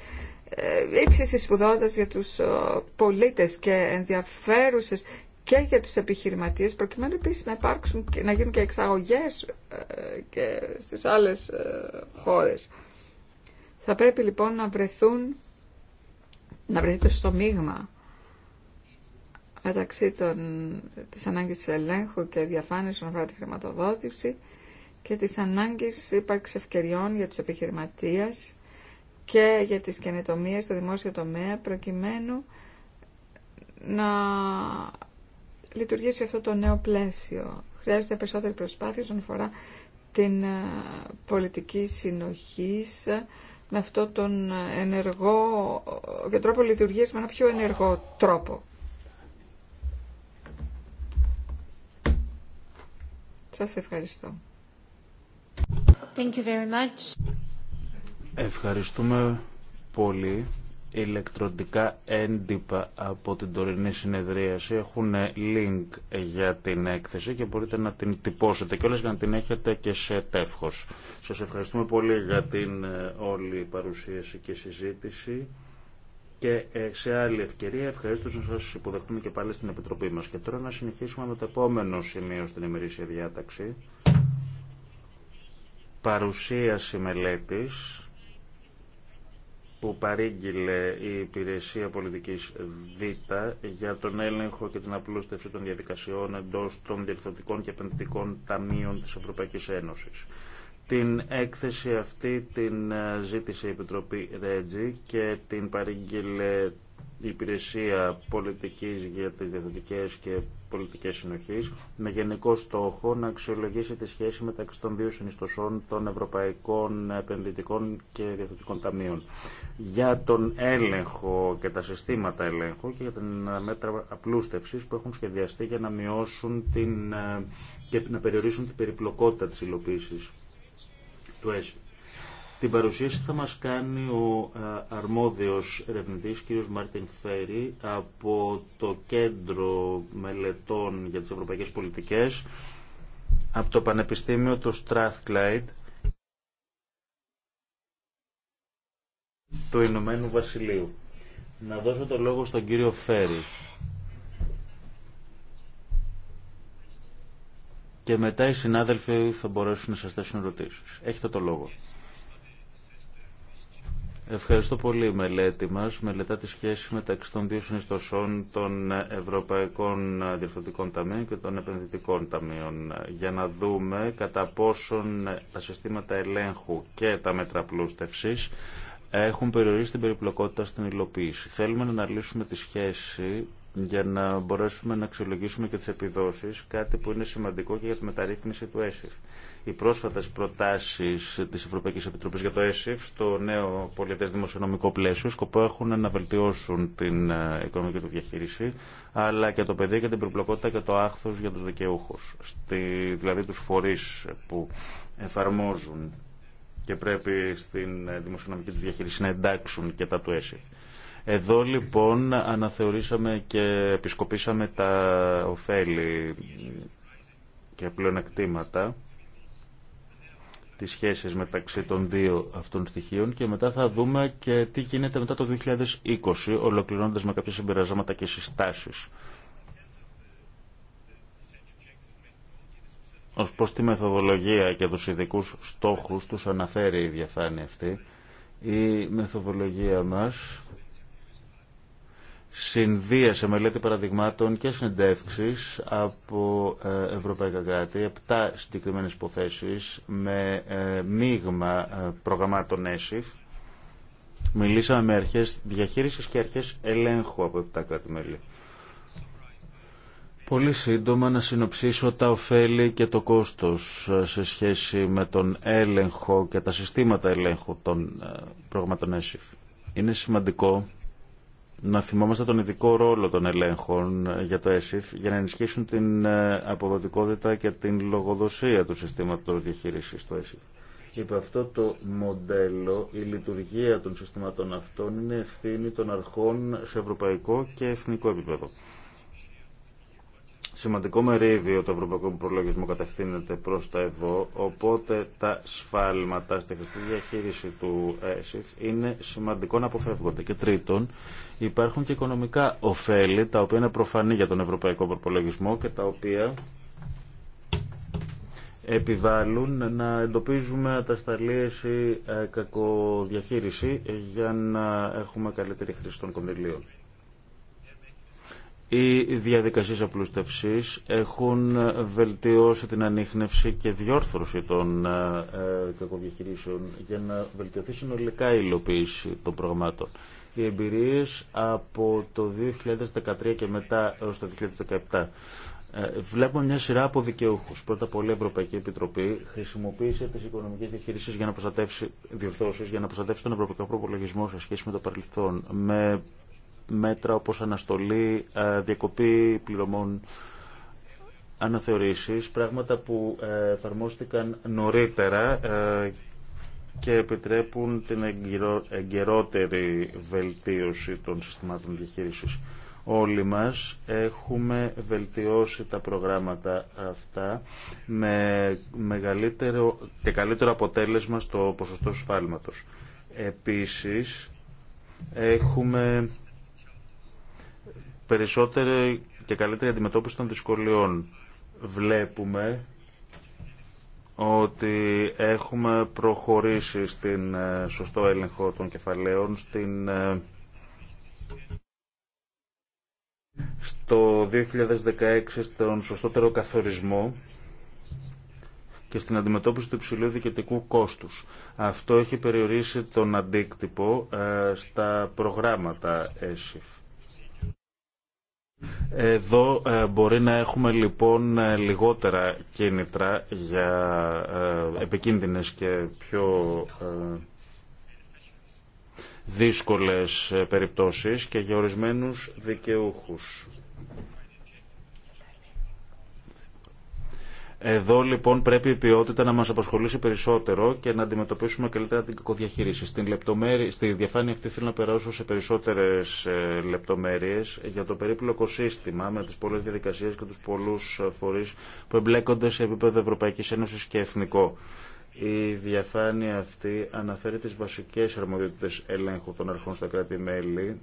ε, ύψης της για τους ε, πολίτες και ενδιαφέρουσες και για τους επιχειρηματίες προκειμένου επίσης να, υπάρξουν, να γίνουν και εξαγωγές και στις άλλες χώρες. Θα πρέπει λοιπόν να βρεθούν να βρεθεί στο μείγμα μεταξύ των, της ανάγκης ελέγχου και διαφάνειας να τη χρηματοδότηση και της ανάγκης ύπαρξη ευκαιριών για τους επιχειρηματίες και για τις καινοτομίε στο δημόσιο τομέα προκειμένου να λειτουργήσει αυτό το νέο πλαίσιο. Χρειάζεται περισσότερη προσπάθεια όσον αφορά την ε, πολιτική συνοχής ε, με αυτό τον ε, ενεργό και τρόπο λειτουργίας με ένα πιο ενεργό τρόπο. Σας ευχαριστώ. Ευχαριστούμε πολύ. Ηλεκτροντικά έντυπα από την τωρινή συνεδρίαση έχουν link για την έκθεση και μπορείτε να την τυπώσετε και όλες για να την έχετε και σε τεύχος. Σας ευχαριστούμε πολύ για την ε, όλη παρουσίαση και συζήτηση και ε, σε άλλη ευκαιρία ευχαριστώ να σας υποδεχτούμε και πάλι στην Επιτροπή μας. Και τώρα να συνεχίσουμε με το επόμενο σημείο στην ημερήσια διάταξη παρουσίαση μελέτης που παρήγγειλε η Υπηρεσία Πολιτικής Β για τον έλεγχο και την απλούστευση των διαδικασιών εντός των διευθυντικών και επενδυτικών ταμείων της Ευρωπαϊκής Ένωσης. Την έκθεση αυτή την ε, ζήτησε η Επιτροπή Ρέτζη και την παρήγγειλε η Υπηρεσία Πολιτικής για τις Διαδοτικές και Πολιτικές Συνοχής με γενικό στόχο να αξιολογήσει τη σχέση μεταξύ των δύο συνιστοσών των Ευρωπαϊκών Επενδυτικών και Διαδοτικών Ταμείων για τον έλεγχο και τα συστήματα ελέγχου και για την μέτρα απλούστευσης που έχουν σχεδιαστεί για να μειώσουν την, ε, και να περιορίσουν την περιπλοκότητα της υλοποίησης του ΕΣΥ. Την παρουσίαση θα μας κάνει ο ε, αρμόδιος ερευνητής κ. Μάρτιν Φέρι από το Κέντρο Μελετών για τις Ευρωπαϊκές Πολιτικές από το Πανεπιστήμιο του Strathclyde του Ηνωμένου Βασιλείου. Να δώσω το λόγο στον κύριο Φέρι. Και μετά οι συνάδελφοι θα μπορέσουν να σας θέσουν ερωτήσεις. Έχετε το λόγο. Ευχαριστώ πολύ η μελέτη μας. Μελετά τη σχέση μεταξύ των δύο συνιστοσών των Ευρωπαϊκών Διευθυντικών Ταμείων και των Επενδυτικών Ταμείων για να δούμε κατά πόσον τα συστήματα ελέγχου και τα μέτρα πλούστευσης έχουν περιορίσει την περιπλοκότητα στην υλοποίηση. Θέλουμε να αναλύσουμε τη σχέση για να μπορέσουμε να αξιολογήσουμε και τις επιδόσεις, κάτι που είναι σημαντικό και για τη μεταρρύθμιση του ΕΣΥΦ. Οι πρόσφατε προτάσεις της Ευρωπαϊκής Επιτροπής για το ΕΣΥΦ στο νέο πολιτέ δημοσιονομικό πλαίσιο σκοπό έχουν να βελτιώσουν την ε, οικονομική του διαχείριση αλλά και το πεδίο και την περιπλοκότητα και το άχθο για τους δικαιούχου, δηλαδή του φορείς που εφαρμόζουν και πρέπει στην ε, δημοσιονομική του διαχείριση να εντάξουν και τα του ΕΣΥΦ. Εδώ λοιπόν αναθεωρήσαμε και επισκοπήσαμε τα ωφέλη και πλεονεκτήματα τις σχέσεις μεταξύ των δύο αυτών στοιχείων και μετά θα δούμε και τι γίνεται μετά το 2020, ολοκληρώνοντας με κάποια συμπερασμάτα και συστάσεις. Ως προς τη μεθοδολογία και τους ειδικούς στόχους τους αναφέρει η διαφάνεια αυτή, η μεθοδολογία μας συνδύασε μελέτη παραδειγμάτων και συνεντεύξεις από ε, ευρωπαϊκά κράτη, επτά συγκεκριμένε υποθέσει με ε, μείγμα ε, προγραμμάτων ΕΣΥΦ. Μιλήσαμε με αρχές διαχείρισης και αρχές ελέγχου από επτά κράτη-μέλη. Πολύ σύντομα να συνοψίσω τα ωφέλη και το κόστος σε σχέση με τον έλεγχο και τα συστήματα ελέγχου των προγραμμάτων ΕΣΥΦ. Είναι σημαντικό να θυμόμαστε τον ειδικό ρόλο των ελέγχων ε, για το ΕΣΥΦ για να ενισχύσουν την ε, αποδοτικότητα και την λογοδοσία του συστήματος διαχείρισης του ΕΣΥΦ. Υπό αυτό το μοντέλο η λειτουργία των συστήματων αυτών είναι ευθύνη των αρχών σε ευρωπαϊκό και εθνικό επίπεδο σημαντικό μερίδιο του ευρωπαϊκού προλογισμού κατευθύνεται προς τα εδώ, οπότε τα σφάλματα στη χρηστή διαχείριση του ΕΣΥΦ είναι σημαντικό να αποφεύγονται. Και τρίτον, υπάρχουν και οικονομικά ωφέλη, τα οποία είναι προφανή για τον ευρωπαϊκό προπολογισμό και τα οποία επιβάλλουν να εντοπίζουμε ατασταλίες ή ε, κακοδιαχείριση για να έχουμε καλύτερη χρήση των κονδυλίων. Οι διαδικασίες απλούστευσης έχουν βελτιώσει την ανείχνευση και διόρθωση των ε, ε, κακοδιαχειρήσεων για να βελτιωθεί συνολικά η υλοποίηση των προγραμμάτων. Οι εμπειρίες από το 2013 και μετά έως το 2017 ε, βλέπουμε μια σειρά από δικαιούχου. Πρώτα απ' όλα η Ευρωπαϊκή Επιτροπή χρησιμοποίησε τι οικονομικέ διαχειρήσει για να προστατεύσει διορθώσει, για να προστατεύσει τον ευρωπαϊκό προπολογισμό σε σχέση με το παρελθόν, με μέτρα όπως αναστολή, ε, διακοπή πληρωμών, αναθεωρήσεις, πράγματα που ε, εφαρμόστηκαν νωρίτερα ε, και επιτρέπουν την εγκαιρότερη βελτίωση των συστημάτων διαχείρισης. Όλοι μας έχουμε βελτιώσει τα προγράμματα αυτά με μεγαλύτερο και καλύτερο αποτέλεσμα στο ποσοστό σφάλματος. Επίσης, έχουμε περισσότερη και καλύτερη αντιμετώπιση των δυσκολιών. Βλέπουμε ότι έχουμε προχωρήσει στην ε, σωστό έλεγχο των κεφαλαίων, στην ε, στο 2016 στον σωστότερο καθορισμό και στην αντιμετώπιση του υψηλού διοικητικού κόστους. Αυτό έχει περιορίσει τον αντίκτυπο ε, στα προγράμματα ΕΣΥΦ. Εδώ ε, μπορεί να έχουμε λοιπόν ε, λιγότερα κίνητρα για ε, επικίνδυνες και πιο δύσκολες περιπτώσεις και για ορισμένους δικαιούχους. Εδώ λοιπόν πρέπει η ποιότητα να μας απασχολήσει περισσότερο και να αντιμετωπίσουμε καλύτερα την κακοδιαχείριση. Στην Στη διαφάνεια αυτή θέλω να περάσω σε περισσότερες ε, λεπτομέρειες για το περίπλοκο σύστημα με τις πολλές διαδικασίες και τους πολλούς ε, φορείς που εμπλέκονται σε επίπεδο Ευρωπαϊκής Ένωσης και εθνικό. Η διαφάνεια αυτή αναφέρει τις βασικές αρμοδιότητες ελέγχου των αρχών στα κράτη-μέλη,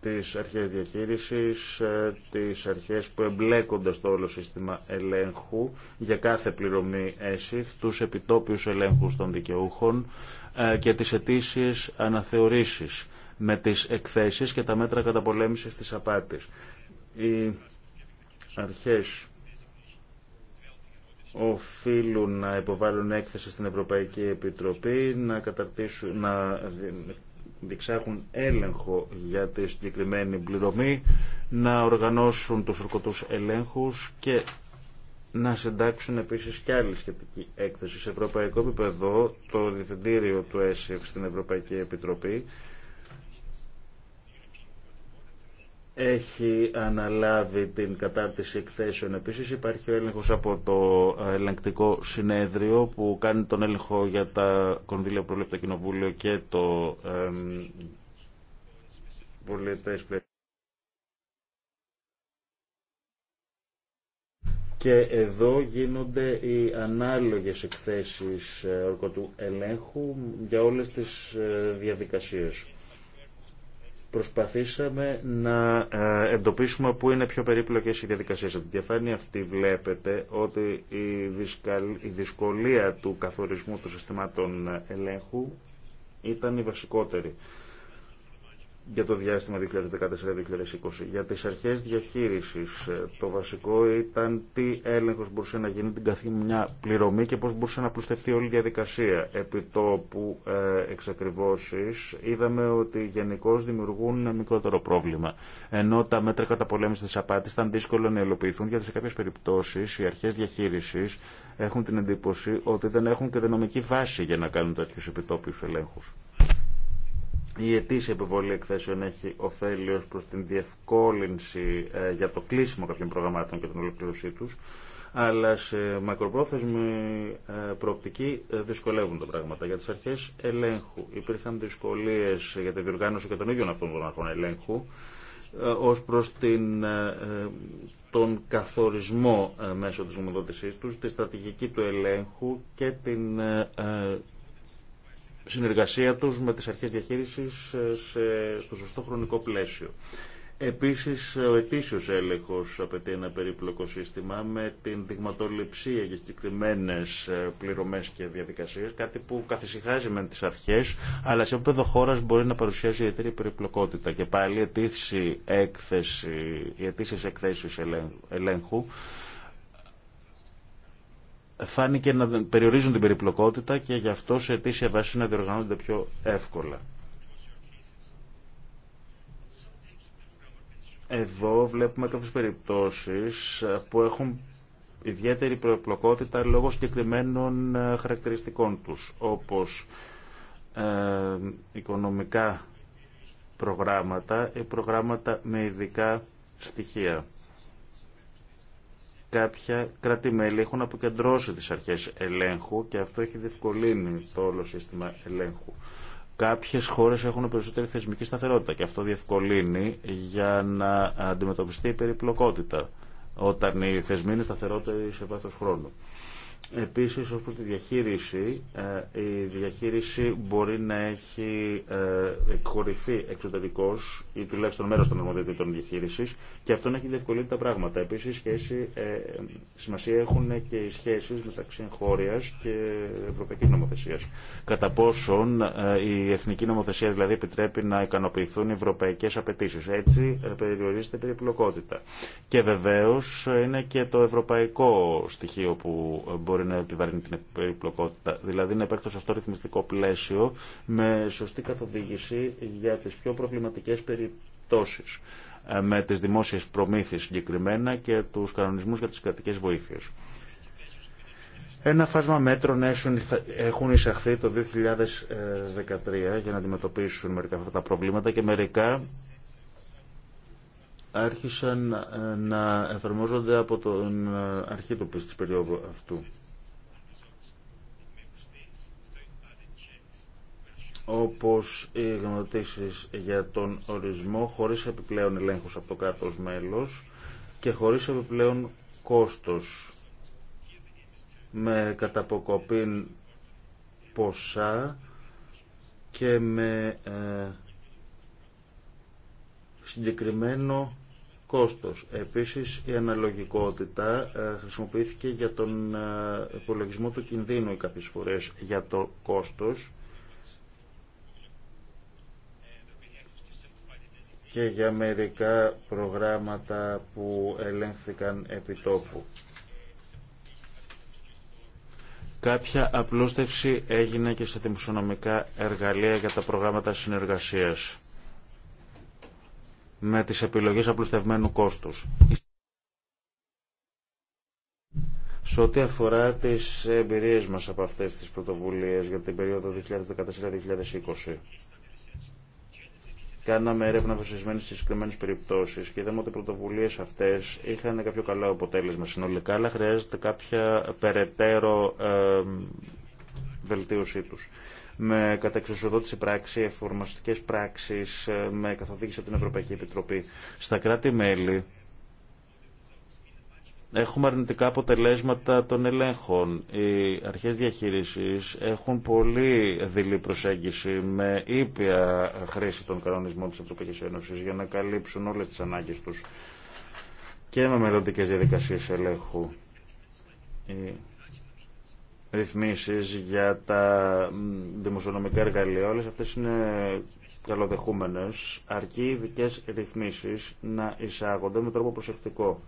τις αρχές διαχείρισης, ε, τις αρχές που εμπλέκονται στο όλο σύστημα ελέγχου για κάθε πληρωμή ΕΣΥΦ, τους επιτόπιους ελέγχους των δικαιούχων ε, και τις αιτήσει αναθεωρήσεις με τις εκθέσεις και τα μέτρα καταπολέμησης της απάτης. Οι αρχές οφείλουν να υποβάλουν έκθεση στην Ευρωπαϊκή Επιτροπή, να, καταρτήσουν, να διεξάγουν έλεγχο για τη συγκεκριμένη πληρωμή, να οργανώσουν τους ορκωτούς ελέγχους και να συντάξουν επίσης και άλλη σχετική έκθεση. Σε ευρωπαϊκό επίπεδο, το Διευθυντήριο του ΕΣΥΦ στην Ευρωπαϊκή Επιτροπή έχει αναλάβει την κατάρτιση εκθέσεων. Επίσης υπάρχει ο έλεγχος από το ελεγκτικό συνέδριο που κάνει τον έλεγχο για τα κονδύλια που το Κοινοβούλιο και το πλαίσιο. Και εδώ γίνονται οι ανάλογες εκθέσεις ε, ορκωτού ελέγχου για όλες τις ε, διαδικασίες. Προσπαθήσαμε να ε, εντοπίσουμε πού είναι πιο περίπλοκες οι διαδικασίες. Από διαφάνεια αυτή βλέπετε ότι η δυσκολία του καθορισμού των συστημάτων ελέγχου ήταν η βασικότερη για το διάστημα 2014-2020. Για τις αρχές διαχείρισης ε, το βασικό ήταν τι έλεγχος μπορούσε να γίνει την καθημερινή πληρωμή και πώς μπορούσε να πλουστευτεί όλη η διαδικασία. Επί τόπου ε, εξακριβώσεις είδαμε ότι γενικώ δημιουργούν ένα μικρότερο πρόβλημα. Ενώ τα μέτρα κατά πολέμηση της απάτης ήταν δύσκολο να υλοποιηθούν γιατί σε κάποιες περιπτώσεις οι αρχές διαχείρισης έχουν την εντύπωση ότι δεν έχουν και δυναμική βάση για να κάνουν τέτοιου επιτόπιους ελέγχους. Η ετήσια επιβολή εκθέσεων έχει ωφέλει ως προς την διευκόλυνση ε, για το κλείσιμο κάποιων προγραμμάτων και την ολοκλήρωσή τους, αλλά σε μακροπρόθεσμη ε, προοπτική ε, δυσκολεύουν τα πράγματα. Για τις αρχές ελέγχου υπήρχαν δυσκολίες για τη διοργάνωση και των ίδιων αυτών των αρχών ελέγχου, ως προς την, τον καθορισμό μέσω της γνωμοδότησής τους, τη στρατηγική του ελέγχου και την συνεργασία τους με τις αρχές διαχείρισης ε, στο σωστό χρονικό πλαίσιο. Επίσης, ο ετήσιος έλεγχος απαιτεί ένα περίπλοκο σύστημα με την δειγματοληψία για συγκεκριμένε ε, πληρωμές και διαδικασίες, κάτι που καθησυχάζει με τις αρχές, αλλά σε επίπεδο χώρας μπορεί να παρουσιάζει ιδιαίτερη περιπλοκότητα. Και πάλι, η αιτήσεις εκθέσεις ελέγχου φάνηκε να περιορίζουν την περιπλοκότητα και γι' αυτό σε αιτήσια βάση να διοργανώνονται πιο εύκολα. Εδώ βλέπουμε κάποιες περιπτώσεις που έχουν ιδιαίτερη περιπλοκότητα λόγω συγκεκριμένων ε, χαρακτηριστικών τους, όπως ε, οικονομικά προγράμματα ή προγράμματα με ειδικά στοιχεία κάποια κράτη-μέλη έχουν αποκεντρώσει τις αρχές ελέγχου και αυτό έχει διευκολύνει το όλο σύστημα ελέγχου. Κάποιες χώρες έχουν περισσότερη θεσμική σταθερότητα και αυτό διευκολύνει για να αντιμετωπιστεί η περιπλοκότητα όταν οι θεσμοί είναι σταθερότεροι σε βάθος χρόνου. Επίσης, όπως τη διαχείριση, ε, η διαχείριση μπορεί να έχει ε, εκχωρηθεί εξωτερικώς ή τουλάχιστον μέρος των αρμοδιοτήτων διαχείρισης και αυτό να έχει διευκολύνει τα πράγματα. Επίσης, σχέση, ε, σημασία έχουν και οι σχέσεις μεταξύ εγχώριας και ευρωπαϊκής νομοθεσίας. Κατά πόσον η εθνική νομοθεσία δηλαδή επιτρέπει να ικανοποιηθούν οι ευρωπαϊκές απαιτήσεις. Έτσι περιορίζεται η περιπλοκότητα. Και βεβαίως είναι και το ευρωπαϊκό στοιχείο που μπορεί να επιβαρύνει την περιπλοκότητα. Δηλαδή να υπάρχει το σωστό ρυθμιστικό πλαίσιο με σωστή καθοδήγηση για τις πιο προβληματικές περιπτώσεις ε, με τις δημόσιες προμήθειες συγκεκριμένα και τους κανονισμούς για τις κρατικές βοήθειες. Ένα φάσμα μέτρων έχουν εισαχθεί το 2013 για να αντιμετωπίσουν μερικά αυτά τα προβλήματα και μερικά άρχισαν ε, να εφαρμόζονται από την ε, αρχή του πίστης περίοδου αυτού. όπως οι γνωτήσεις για τον ορισμό χωρίς επιπλέον ελέγχους από το κάτω μέλος και χωρίς επιπλέον κόστος με καταποκοπή ποσά και με ε, συγκεκριμένο κόστος. Επίσης η αναλογικότητα ε, χρησιμοποιήθηκε για τον ε, υπολογισμό του κινδύνου κάποιες φορές για το κόστος και για μερικά προγράμματα που ελέγχθηκαν επί τόπου. Κάποια απλούστευση έγινε και στα δημοσιονομικά εργαλεία για τα προγράμματα συνεργασίας με τις επιλογές απλουστευμένου κόστους. Σε ό,τι αφορά τις εμπειρίες μας από αυτές τις πρωτοβουλίες για την περίοδο 2014-2020, Κάναμε έρευνα βασισμένη στι συγκεκριμένε περιπτώσει και είδαμε ότι οι πρωτοβουλίε αυτέ είχαν κάποιο καλό αποτέλεσμα συνολικά, αλλά χρειάζεται κάποια περαιτέρω βελτίωσή του. Με καταξωσοδότηση πράξη, εφορμαστικέ πράξει, ε, με καθοδήγηση από την Ευρωπαϊκή Επιτροπή. Στα κράτη-μέλη Έχουμε αρνητικά αποτελέσματα των ελέγχων. Οι αρχές διαχείρισης έχουν πολύ δειλή προσέγγιση με ήπια χρήση των κανονισμών της Ευρωπαϊκής Ένωσης για να καλύψουν όλες τις ανάγκες τους και με μελλοντικέ διαδικασίες ελέγχου. Οι ρυθμίσεις για τα δημοσιονομικά εργαλεία, όλες αυτές είναι καλοδεχούμενες, αρκεί ειδικέ ρυθμίσεις να εισάγονται με τρόπο προσεκτικό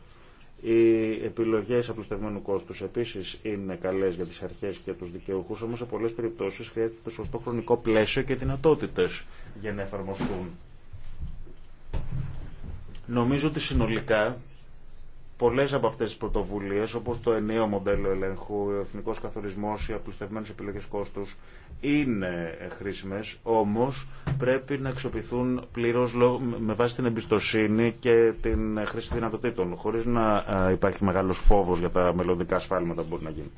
οι επιλογέ απλουστευμένου κόστου επίση είναι καλέ για τι αρχέ και του δικαιούχου, όμω σε πολλέ περιπτώσει χρειάζεται το σωστό χρονικό πλαίσιο και δυνατότητε για να εφαρμοστούν. Νομίζω ότι συνολικά Πολλέ από αυτές τις πρωτοβουλίε, όπως το ενιαίο μοντέλο ελέγχου, ο εθνικό καθορισμό, οι απλουστευμένε επιλογέ κόστου, είναι χρήσιμες, όμως πρέπει να αξιοποιηθούν πλήρως με βάση την εμπιστοσύνη και την χρήση δυνατοτήτων, χωρίς να υπάρχει μεγάλος φόβος για τα μελλοντικά σφάλματα που μπορεί να γίνουν.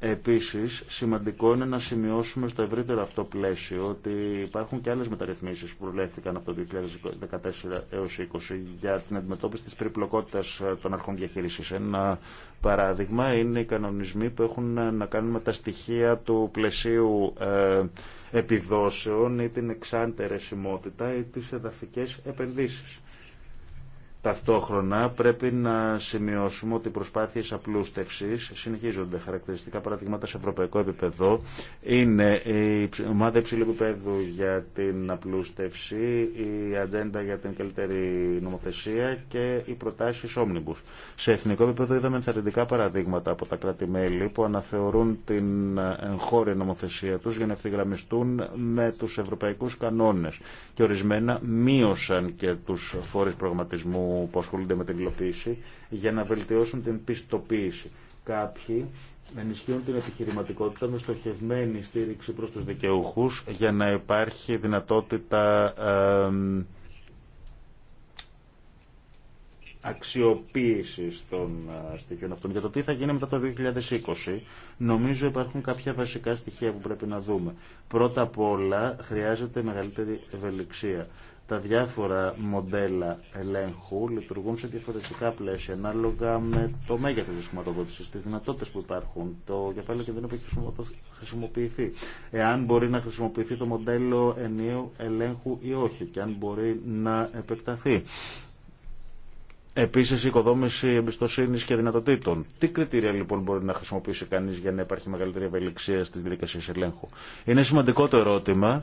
Επίσης, σημαντικό είναι να σημειώσουμε στο ευρύτερο αυτό πλαίσιο ότι υπάρχουν και άλλες μεταρρυθμίσεις που προβλέφθηκαν από το 2014 έως 2020 για την αντιμετώπιση της περιπλοκότητας ε, των αρχών διαχείρισης. Ένα παράδειγμα είναι οι κανονισμοί που έχουν ε, να κάνουν με τα στοιχεία του πλαισίου ε, επιδόσεων ή την εξάντερεσιμότητα ή τις εδαφικές επενδύσεις. Ταυτόχρονα πρέπει να σημειώσουμε ότι οι προσπάθειες απλούστευσης συνεχίζονται. Χαρακτηριστικά παραδείγματα σε ευρωπαϊκό επίπεδο είναι η ομάδα υψηλού επίπεδου για την απλούστευση, η ατζέντα για την καλύτερη νομοθεσία και οι προτάσεις όμνιμπους. Σε εθνικό επίπεδο είδαμε ενθαρρυντικά παραδείγματα από τα κράτη-μέλη που αναθεωρούν την εγχώρια νομοθεσία τους για να ευθυγραμμιστούν με τους ευρωπαϊκούς κανόνες και ορισμένα μείωσαν και τους φόρες προγραμματισμού που ασχολούνται με την υλοποίηση για να βελτιώσουν την πιστοποίηση. Κάποιοι ενισχύουν την επιχειρηματικότητα με στοχευμένη στήριξη προς τους δικαιούχους για να υπάρχει δυνατότητα αξιοποίησης των ε, στοιχείων αυτών. Για το τι θα γίνει μετά το 2020, νομίζω υπάρχουν κάποια βασικά στοιχεία που πρέπει να δούμε. Πρώτα απ' όλα, χρειάζεται μεγαλύτερη ευελιξία. Τα διάφορα μοντέλα ελέγχου λειτουργούν σε διαφορετικά πλαίσια ανάλογα με το μέγεθο τη χρηματοδότηση, τι δυνατότητε που υπάρχουν, το κεφάλαιο και δεν έχει χρησιμοποιηθεί, εάν μπορεί να χρησιμοποιηθεί το μοντέλο ενίου ελέγχου ή όχι και αν μπορεί να επεκταθεί. Επίση, η οικοδόμηση εμπιστοσύνη και δυνατοτήτων. Τι κριτήρια λοιπόν μπορεί να χρησιμοποιήσει κανεί για να υπάρχει μεγαλύτερη ευελιξία στι διαδικασίε ελέγχου. Είναι σημαντικό το ερώτημα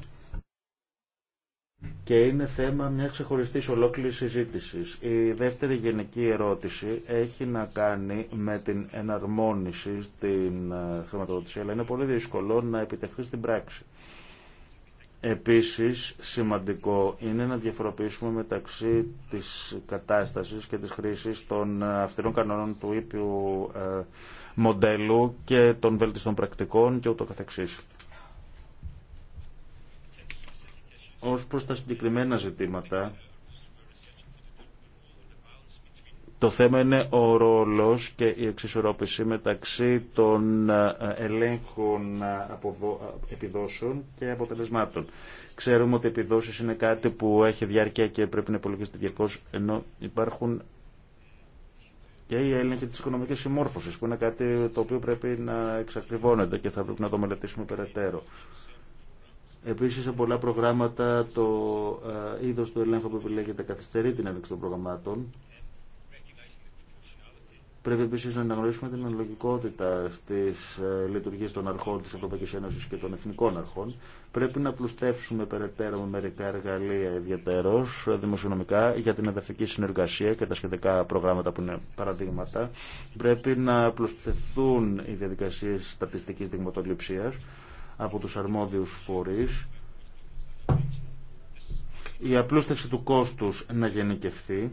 και είναι θέμα μια ξεχωριστή ολόκληρη συζήτηση. Η δεύτερη γενική ερώτηση έχει να κάνει με την εναρμόνιση στην ε, χρηματοδότηση, αλλά είναι πολύ δύσκολο να επιτευχθεί στην πράξη. Επίσης, σημαντικό είναι να διαφοροποιήσουμε μεταξύ της κατάστασης και της χρήσης των ε, αυστηρών κανόνων του ήπιου ε, μοντέλου και των βελτιστών πρακτικών και ούτω καθεξής. ως προς τα συγκεκριμένα ζητήματα το θέμα είναι ο ρόλος και η εξισορρόπηση μεταξύ των ε, ελέγχων ε, ε, επιδόσεων και αποτελεσμάτων. Ξέρουμε ότι οι επιδόσεις είναι κάτι που έχει διάρκεια και πρέπει να υπολογίζεται διαρκώς, ενώ υπάρχουν και η έλεγχη της οικονομικής συμμόρφωσης, που είναι κάτι το οποίο πρέπει να εξακριβώνεται και θα πρέπει να το μελετήσουμε περαιτέρω. Επίση, σε πολλά προγράμματα το ε, είδο του ελέγχου που επιλέγεται καθυστερεί την έλεξη των προγραμμάτων. Πρέπει επίση να αναγνωρίσουμε την αναλογικότητα στις ε, λειτουργίες των αρχών τη Ευρωπαϊκή Ένωση και των εθνικών αρχών. Πρέπει να πλουστεύσουμε περαιτέρω με μερικά εργαλεία ιδιαίτερω ε, δημοσιονομικά για την εδαφική συνεργασία και τα σχετικά προγράμματα που είναι παραδείγματα. Πρέπει να πλουστευτούν οι διαδικασίε στατιστική δειγματοληψία από τους αρμόδιους φορείς, η απλούστευση του κόστους να γενικευθεί,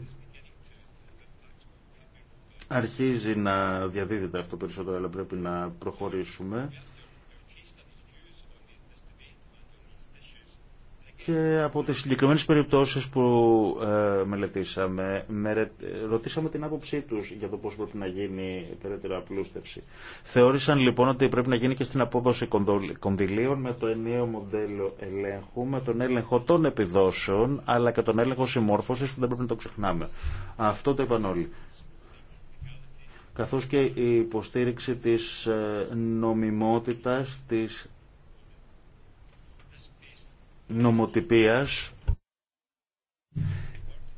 αρχίζει να διαδίδεται αυτό περισσότερο, αλλά πρέπει να προχωρήσουμε. και από τις συγκεκριμένες περιπτώσεις που ε, μελετήσαμε, ρωτήσαμε την άποψή τους για το πώς πρέπει να γίνει περαιτέρω απλούστευση. Θεώρησαν λοιπόν ότι πρέπει να γίνει και στην απόδοση κονδυλίων με το ενιαίο μοντέλο ελέγχου, με τον έλεγχο των επιδόσεων, αλλά και τον έλεγχο συμμόρφωσης που δεν πρέπει να το ξεχνάμε. Αυτό το είπαν όλοι καθώς και η υποστήριξη της ε, νομιμότητας της νομοτυπίας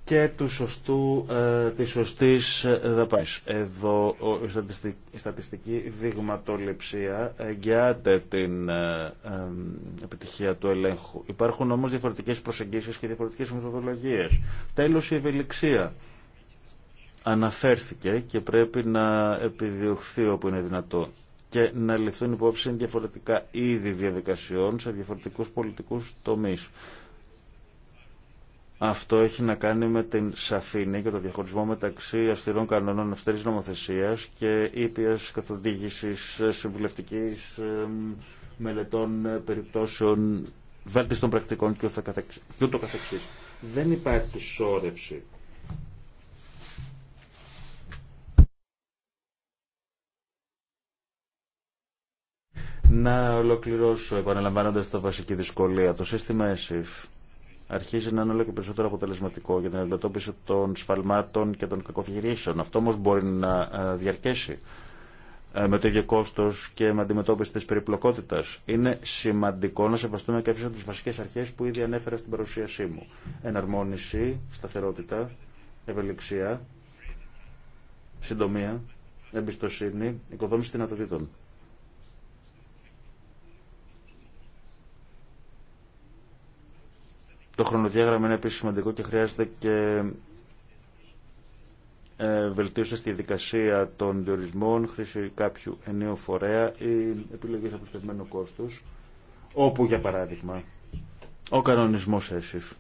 και του σωστού, ε, της σωστής ε, δαπάνης. Εδώ η στατιστική, η στατιστική δειγματοληψία εγγυάται την ε, ε, επιτυχία του ελέγχου. Υπάρχουν όμως διαφορετικές προσεγγίσεις και διαφορετικές μεθοδολογίες. Τέλος η ευελιξία αναφέρθηκε και πρέπει να επιδιωχθεί όπου είναι δυνατό και να ληφθούν υπόψη διαφορετικά είδη διαδικασιών σε διαφορετικούς πολιτικούς τομείς. Αυτό έχει να κάνει με την σαφήνεια και το διαχωρισμό μεταξύ αυστηρών κανόνων αυστηρής νομοθεσίας και ήπιας καθοδήγησης συμβουλευτικής μελετών περιπτώσεων βέλτιστων πρακτικών και ούτω καθεξής. Δεν υπάρχει σώρευση Να ολοκληρώσω επαναλαμβάνοντα τα βασική δυσκολία. Το σύστημα ΕΣΥΦ αρχίζει να είναι όλο και περισσότερο αποτελεσματικό για την αντιμετώπιση των σφαλμάτων και των κακοφυγηρήσεων. Αυτό όμω μπορεί να ε, διαρκέσει ε, με το ίδιο κόστο και με αντιμετώπιση τη περιπλοκότητα. Είναι σημαντικό να σεβαστούμε κάποιε από τι βασικέ αρχέ που ήδη ανέφερα στην παρουσίασή μου. Εναρμόνιση, σταθερότητα, ευελιξία, συντομία, εμπιστοσύνη, οικοδόμηση δυνατοτήτων. Το χρονοδιάγραμμα είναι επίση σημαντικό και χρειάζεται και ε, βελτίωση στη δικασία των διορισμών, χρήση κάποιου ενίου φορέα ή επιλογής αποστασμένου κόστους, όπου για παράδειγμα ο κανονισμό ΕΣΥΦ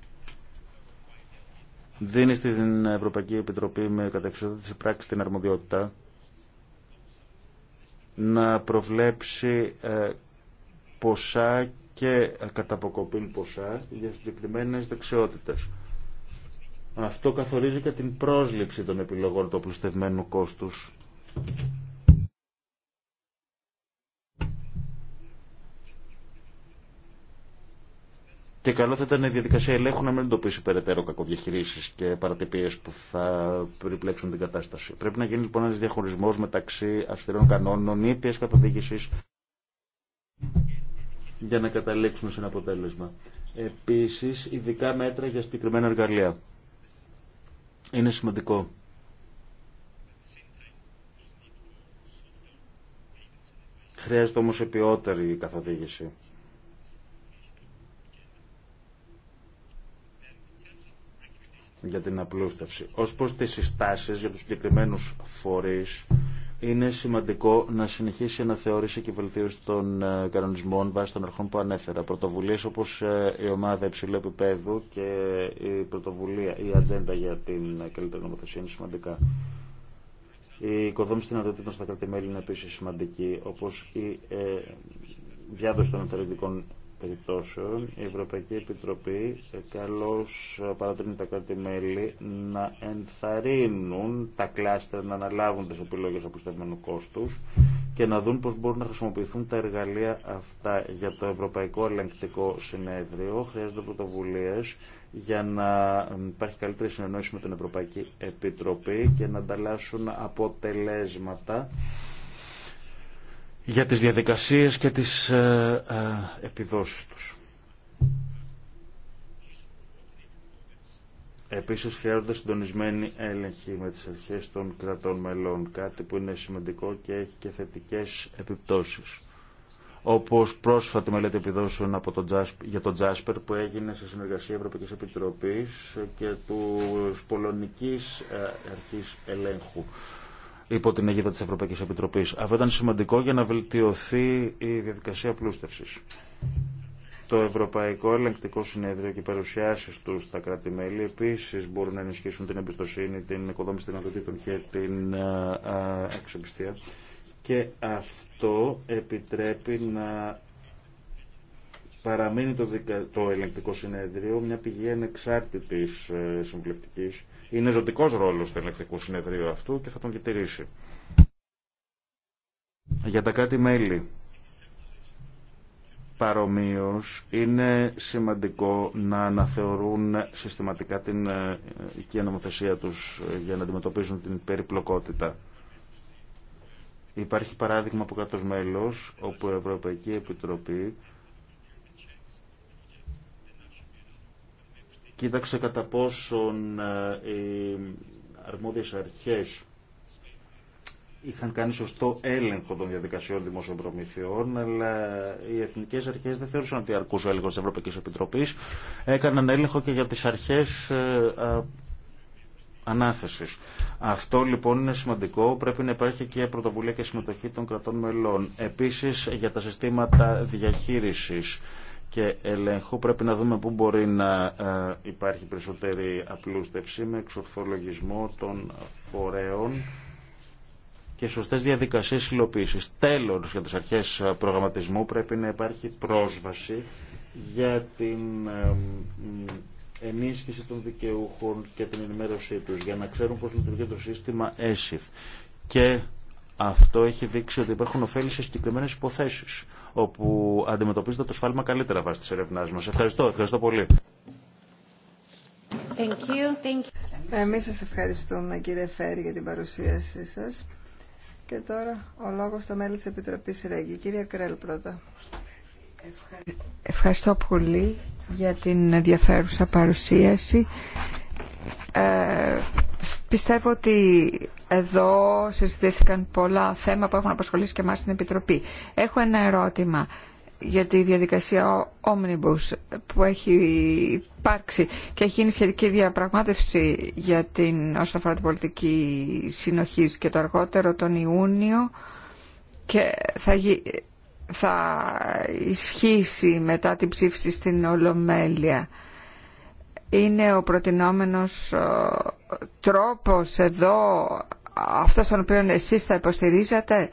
δίνει στην Ευρωπαϊκή Επιτροπή με καταξιότητα πράξη την αρμοδιότητα να προβλέψει ε, ποσά και καταποκοπήν ποσά για συγκεκριμένε δεξιότητε. Αυτό καθορίζει και την πρόσληψη των επιλογών του απλουστευμένου κόστου. Και καλό θα ήταν η διαδικασία ελέγχου να μην εντοπίσει περαιτέρω κακοδιαχειρήσει και παρατυπίε που θα περιπλέξουν την κατάσταση. Πρέπει να γίνει λοιπόν ένα διαχωρισμό μεταξύ αυστηρών κανόνων, ήπια καθοδήγηση για να καταλήξουμε σε ένα αποτέλεσμα. Επίσης, ειδικά μέτρα για συγκεκριμένα εργαλεία. Είναι σημαντικό. Χρειάζεται όμως επιότερη καθοδήγηση. για την απλούστευση. Ως προς τις συστάσεις για τους συγκεκριμένους φορείς είναι σημαντικό να συνεχίσει η αναθεώρηση και η βελτίωση των ε, κανονισμών βάσει των αρχών που ανέφερα. Πρωτοβουλίε όπω ε, η ομάδα υψηλού επίπεδου και η πρωτοβουλία, η ατζέντα για την καλύτερη νομοθεσία είναι σημαντικά. Η οικοδόμηση δυνατοτήτων στα κράτη-μέλη είναι επίση σημαντική, όπω η ε, διάδοση των εθελοντικών περιπτώσεων η Ευρωπαϊκή Επιτροπή ε, καλώς ε, παρατρύνει τα κράτη-μέλη να ενθαρρύνουν τα κλάστερ να αναλάβουν τις επιλογές αποστευμένου κόστους και να δουν πώς μπορούν να χρησιμοποιηθούν τα εργαλεία αυτά για το Ευρωπαϊκό Ελεγκτικό Συνέδριο. Χρειάζονται πρωτοβουλίες για να υπάρχει καλύτερη συνεννόηση με την Ευρωπαϊκή Επιτροπή και να ανταλλάσσουν αποτελέσματα για τις διαδικασίες και τις ε, ε, επιδόσεις τους. Επίσης χρειάζονται συντονισμένοι έλεγχοι με τις αρχές των κρατών μελών, κάτι που είναι σημαντικό και έχει και θετικές επιπτώσεις. Όπως πρόσφατη μελέτη επιδόσεων από το για τον Τζάσπερ που έγινε σε συνεργασία Ευρωπαϊκής Επιτροπής και του Πολωνικής ε, Αρχής Ελέγχου υπό την αιγύδα της Ευρωπαϊκής Επιτροπής. Αυτό ήταν σημαντικό για να βελτιωθεί η διαδικασία πλούστευσης. Το Ευρωπαϊκό Ελεγκτικό Συνέδριο και οι παρουσιάσει του στα κράτη-μέλη επίση μπορούν να ενισχύσουν την εμπιστοσύνη, την οικοδόμηση δυνατοτήτων και την ε, ε, εξοπιστία. Και αυτό επιτρέπει να Παραμένει το, δικα... το ελεγκτικό συνέδριο μια πηγή ανεξάρτητη ε, συμβουλευτική. Είναι ζωτικός ρόλος του ελεγκτικού συνεδρίου αυτού και θα τον διατηρήσει. Για τα κράτη-μέλη, Παρομοίω είναι σημαντικό να αναθεωρούν συστηματικά την ε, οικία νομοθεσία τους ε, για να αντιμετωπίζουν την περιπλοκότητα. Υπάρχει παράδειγμα από κάτω μέλος όπου η Ευρωπαϊκή Επιτροπή κοίταξε κατά πόσον ε, οι αρμόδιες αρχές είχαν κάνει σωστό έλεγχο των διαδικασιών δημόσιων προμηθειών, αλλά οι εθνικέ αρχέ δεν θεωρούσαν ότι αρκούσε ο έλεγχο τη Ευρωπαϊκή Επιτροπή. Έκαναν έλεγχο και για τι αρχέ ε, ανάθεση. Αυτό λοιπόν είναι σημαντικό. Πρέπει να υπάρχει και πρωτοβουλία και συμμετοχή των κρατών μελών. Επίση για τα συστήματα διαχείριση και ελέγχου. Πρέπει να δούμε πού μπορεί να ε, υπάρχει περισσότερη απλούστευση με εξορθολογισμό των φορέων και σωστές διαδικασίες υλοποίησης. Τέλος, για τις αρχές ε, προγραμματισμού πρέπει να υπάρχει πρόσβαση για την ενίσχυση των δικαιούχων και την ενημέρωσή τους για να ξέρουν πώς λειτουργεί το σύστημα ΕΣΥΦ. Και αυτό έχει δείξει ότι υπάρχουν ωφέλη σε συγκεκριμένε υποθέσεις όπου αντιμετωπίζετε το σφάλμα καλύτερα βάσει τη ερευνά μα. Ευχαριστώ, ευχαριστώ πολύ. Thank you, thank you. Εμείς σας ευχαριστούμε κύριε Φέρη για την παρουσίασή σας. Και τώρα ο λόγος στα μέλη της Επιτροπής Ρέγγι. Κύριε Κρέλ πρώτα. Ευχαριστώ πολύ για την ενδιαφέρουσα παρουσίαση. Ε, πιστεύω ότι εδώ συζητήθηκαν πολλά θέματα που έχουν απασχολήσει και εμάς στην Επιτροπή. Έχω ένα ερώτημα για τη διαδικασία Omnibus που έχει υπάρξει και έχει γίνει σχετική διαπραγμάτευση για την, όσον αφορά την πολιτική συνοχής και το αργότερο τον Ιούνιο και θα, θα ισχύσει μετά την ψήφιση στην Ολομέλεια είναι ο προτινόμενος τρόπος εδώ, αυτός τον οποίο εσείς θα υποστηρίζατε.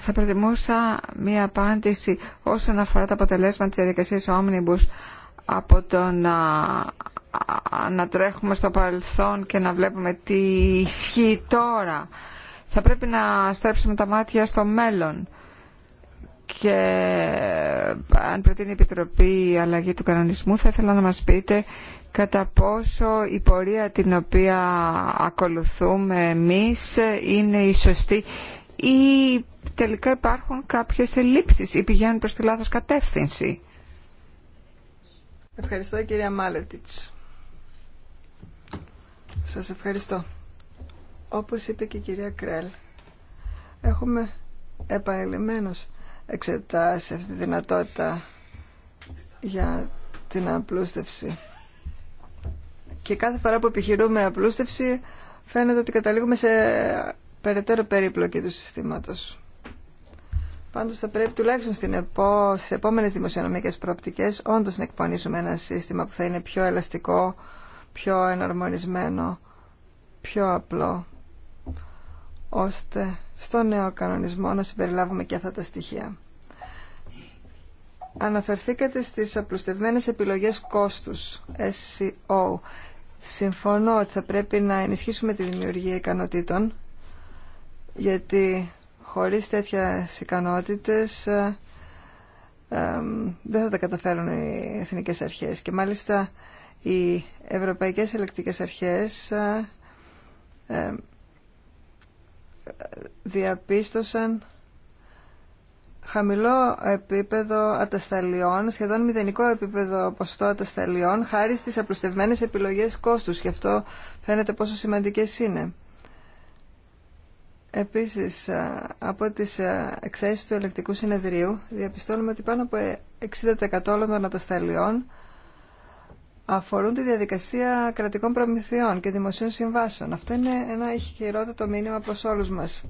Θα προτιμούσα μία απάντηση όσον αφορά τα αποτελέσματα της διαδικασίας Omnibus από το να, να τρέχουμε στο παρελθόν και να βλέπουμε τι ισχύει τώρα. Θα πρέπει να στρέψουμε τα μάτια στο μέλλον και αν προτείνει η Επιτροπή η αλλαγή του κανονισμού θα ήθελα να μας πείτε κατά πόσο η πορεία την οποία ακολουθούμε εμείς είναι η σωστή ή τελικά υπάρχουν κάποιες ελλείψεις ή πηγαίνουν προς τη λάθος κατεύθυνση. Ευχαριστώ κυρία Μάλετιτς. Σας ευχαριστώ. Όπως είπε και η κυρία Κρέλ, έχουμε επανειλημμένως εξετάσει αυτή τη δυνατότητα για την απλούστευση. Και κάθε φορά που επιχειρούμε απλούστευση φαίνεται ότι καταλήγουμε σε περαιτέρω περίπλοκη του συστήματος. Πάντως θα πρέπει τουλάχιστον στην επό, στις επόμενες δημοσιονομικές προοπτικές όντως να εκπονήσουμε ένα σύστημα που θα είναι πιο ελαστικό, πιο εναρμονισμένο, πιο απλό, ώστε στο νέο κανονισμό να συμπεριλάβουμε και αυτά τα στοιχεία. Αναφερθήκατε στις απλουστευμένες επιλογές κόστους, SEO. Συμφωνώ ότι θα πρέπει να ενισχύσουμε τη δημιουργία ικανοτήτων, γιατί χωρίς τέτοια ικανότητες ε, δεν θα τα καταφέρουν οι εθνικές αρχές. Και μάλιστα οι ευρωπαϊκές ελεκτικές αρχές ε, ε, διαπίστωσαν χαμηλό επίπεδο ατασταλιών, σχεδόν μηδενικό επίπεδο ποστό ατασταλιών, χάρη στις απλουστευμένες επιλογές κόστους γι' αυτό φαίνεται πόσο σημαντικές είναι. Επίσης, από τις εκθέσεις του ελεκτικού συνεδρίου διαπιστώνουμε ότι πάνω από 60% όλων των ατασταλιών αφορούν τη διαδικασία κρατικών προμηθειών και δημοσίων συμβάσεων. Αυτό είναι ένα χειρότερο μήνυμα προς όλους μας.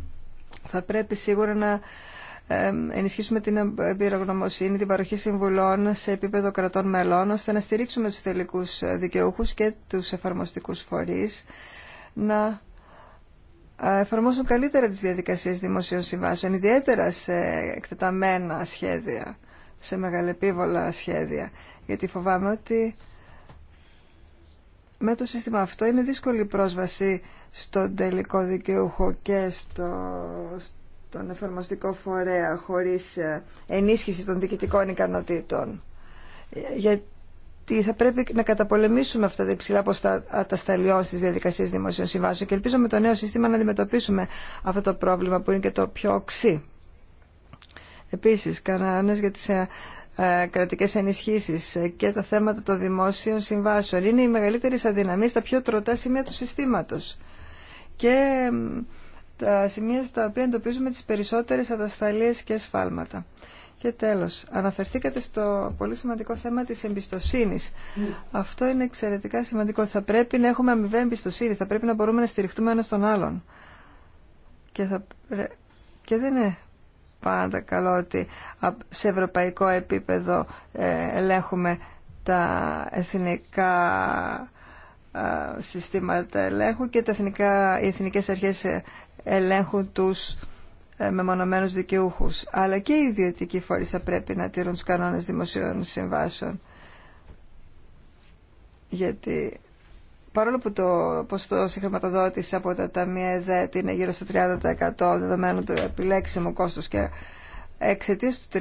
Θα πρέπει σίγουρα να ενισχύσουμε την εμπειρογνωμοσύνη, την παροχή συμβουλών σε επίπεδο κρατών μελών, ώστε να στηρίξουμε τους τελικούς δικαιούχους και τους εφαρμοστικούς φορείς, να ε, εφαρμόσουν καλύτερα τις διαδικασίες δημοσίων συμβάσεων, ιδιαίτερα σε εκτεταμένα σχέδια, σε μεγαλεπίβολα σχέδια, γιατί φοβάμαι ότι με το σύστημα αυτό είναι δύσκολη πρόσβαση στον τελικό δικαιούχο και στο, στον εφαρμοστικό φορέα χωρίς ε, ενίσχυση των διοικητικών ικανοτήτων. Γιατί θα πρέπει να καταπολεμήσουμε αυτά τα υψηλά τα τα στις διαδικασίες δημοσίων συμβάσεων και ελπίζω με το νέο σύστημα να αντιμετωπίσουμε αυτό το πρόβλημα που είναι και το πιο οξύ. Επίσης, κανένας για τις ε, ε, κρατικές ενισχύσεις ε, και τα θέματα των δημόσιων συμβάσεων είναι οι μεγαλύτερες αδυναμίες στα πιο τροτά σημεία του συστήματος και τα σημεία στα οποία εντοπίζουμε τις περισσότερες ατασταλίες και σφάλματα. Και τέλος, αναφερθήκατε στο πολύ σημαντικό θέμα της εμπιστοσύνης. Mm. Αυτό είναι εξαιρετικά σημαντικό. Θα πρέπει να έχουμε αμοιβαία εμπιστοσύνη, θα πρέπει να μπορούμε να στηριχτούμε ένα τον άλλον. Και, θα... και δεν είναι πάντα καλό ότι σε ευρωπαϊκό επίπεδο ε, ελέγχουμε τα εθνικά συστήματα ελέγχου και τα εθνικά, οι εθνικές αρχές ε, ελέγχουν τους ε, μεμονωμένους δικαιούχους. Αλλά και οι ιδιωτικοί φορείς θα πρέπει να τηρούν τους κανόνες δημοσίων συμβάσεων. Γιατί παρόλο που το ποστό συγχρηματοδότηση από τα ταμεία ΕΔΕΤ είναι γύρω στο 30% δεδομένου του επιλέξιμου κόστος και εξαιτία του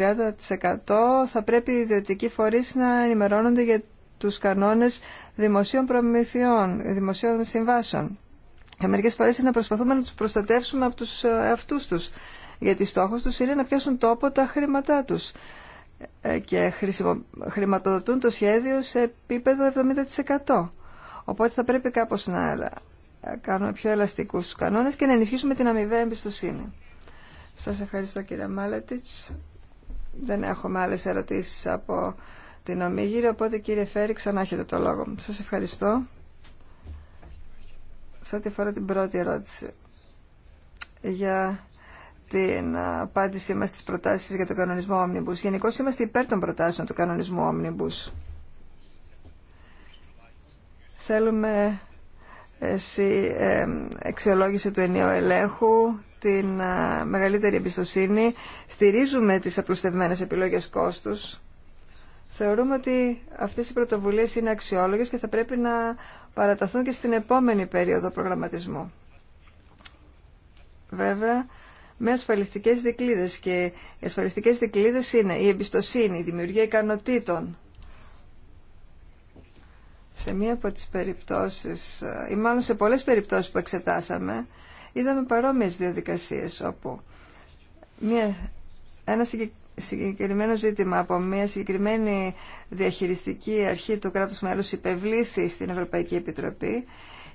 30% θα πρέπει οι ιδιωτικοί φορείς να ενημερώνονται για τους κανόνες δημοσίων προμηθειών, δημοσίων συμβάσεων. Και μερικέ φορές είναι να προσπαθούμε να τους προστατεύσουμε από τους ε, αυτούς τους, γιατί στόχος τους είναι να πιάσουν τόπο τα χρήματά τους ε, και χρηματοδοτούν το σχέδιο σε επίπεδο 70%. Οπότε θα πρέπει κάπως να ε, κάνουμε πιο ελαστικούς τους κανόνες και να ενισχύσουμε την αμοιβαία εμπιστοσύνη. Σας ευχαριστώ κύριε Μάλετιτς. Δεν έχουμε άλλες ερωτήσεις από την Ομίγυρη, οπότε κύριε Φέρη ξανά έχετε το λόγο. Σας ευχαριστώ. Σε ό,τι αφορά την πρώτη ερώτηση για την απάντησή μας στις προτάσεις για τον κανονισμό Omnibus. Γενικώ είμαστε υπέρ των προτάσεων του κανονισμού Omnibus. Θέλουμε αξιολόγηση ε, ε, του ενίου ελέγχου, την ε, μεγαλύτερη εμπιστοσύνη. Στηρίζουμε τις απλουστευμένες επιλογές κόστους. Θεωρούμε ότι αυτές οι πρωτοβουλίες είναι αξιόλογες και θα πρέπει να παραταθούν και στην επόμενη περίοδο προγραμματισμού. Βέβαια, με ασφαλιστικές δικλείδες και οι ασφαλιστικές δικλείδες είναι η εμπιστοσύνη, η δημιουργία ικανοτήτων, σε μία από τις περιπτώσεις, ε, ή μάλλον σε πολλές περιπτώσεις που εξετάσαμε, είδαμε παρόμοιες διαδικασίες όπου μία, ένα συγκεκριμένο ζήτημα από μία συγκεκριμένη διαχειριστική αρχή του κράτους μέλους υπευλήθη στην Ευρωπαϊκή Επιτροπή.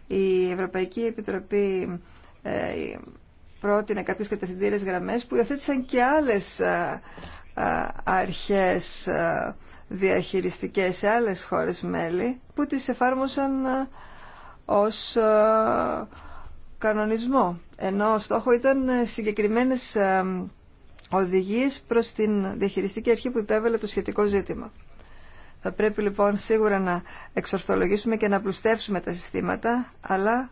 Η Ευρωπαϊκή Επιτροπή ε, πρότεινε κάποιες κατευθυντήρες γραμμές που υιοθέτησαν και άλλες ε, αρχές διαχειριστικές σε άλλες χώρες μέλη που τις εφάρμοσαν ε, ως ε, κανονισμό. Ενώ ο στόχο ήταν ε, συγκεκριμένες οδηγίες προς την διαχειριστική αρχή που υπέβαλε το σχετικό ζήτημα. Θα πρέπει λοιπόν σίγουρα να εξορθολογήσουμε και να πλουστεύσουμε τα συστήματα, αλλά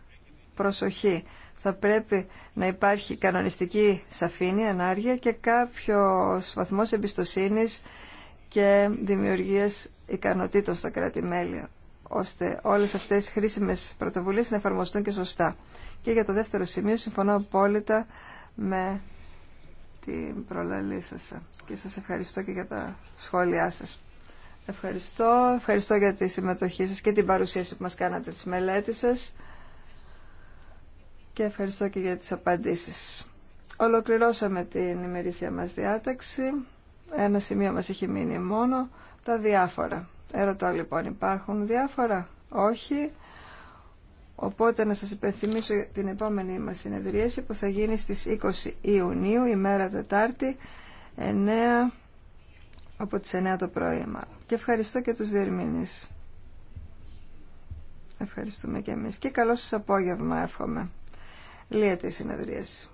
προσοχή. Θα πρέπει να υπάρχει κανονιστική σαφήνεια, ανάργεια και κάποιος βαθμός εμπιστοσύνης και δημιουργίας ικανοτήτων στα κράτη-μέλη, ώστε όλες αυτές οι χρήσιμες πρωτοβουλίες να εφαρμοστούν και σωστά. Και για το δεύτερο σημείο συμφωνώ απόλυτα με την προλαλή σας και σας ευχαριστώ και για τα σχόλιά σας. Ευχαριστώ, ευχαριστώ για τη συμμετοχή σας και την παρουσίαση που μας κάνατε της μελέτης σας και ευχαριστώ και για τις απαντήσεις. Ολοκληρώσαμε την ημερήσια μας διάταξη. Ένα σημείο μας έχει μείνει μόνο, τα διάφορα. Ερωτώ λοιπόν, υπάρχουν διάφορα. Όχι. Οπότε να σας υπενθυμίσω την επόμενη μας συνεδρίαση που θα γίνει στις 20 Ιουνίου, ημέρα Τετάρτη, 9 από τις 9 το πρωί. Και ευχαριστώ και τους διερμήνεις. Ευχαριστούμε και εμείς. Και καλό σας απόγευμα εύχομαι. Λύεται η συνεδρίαση.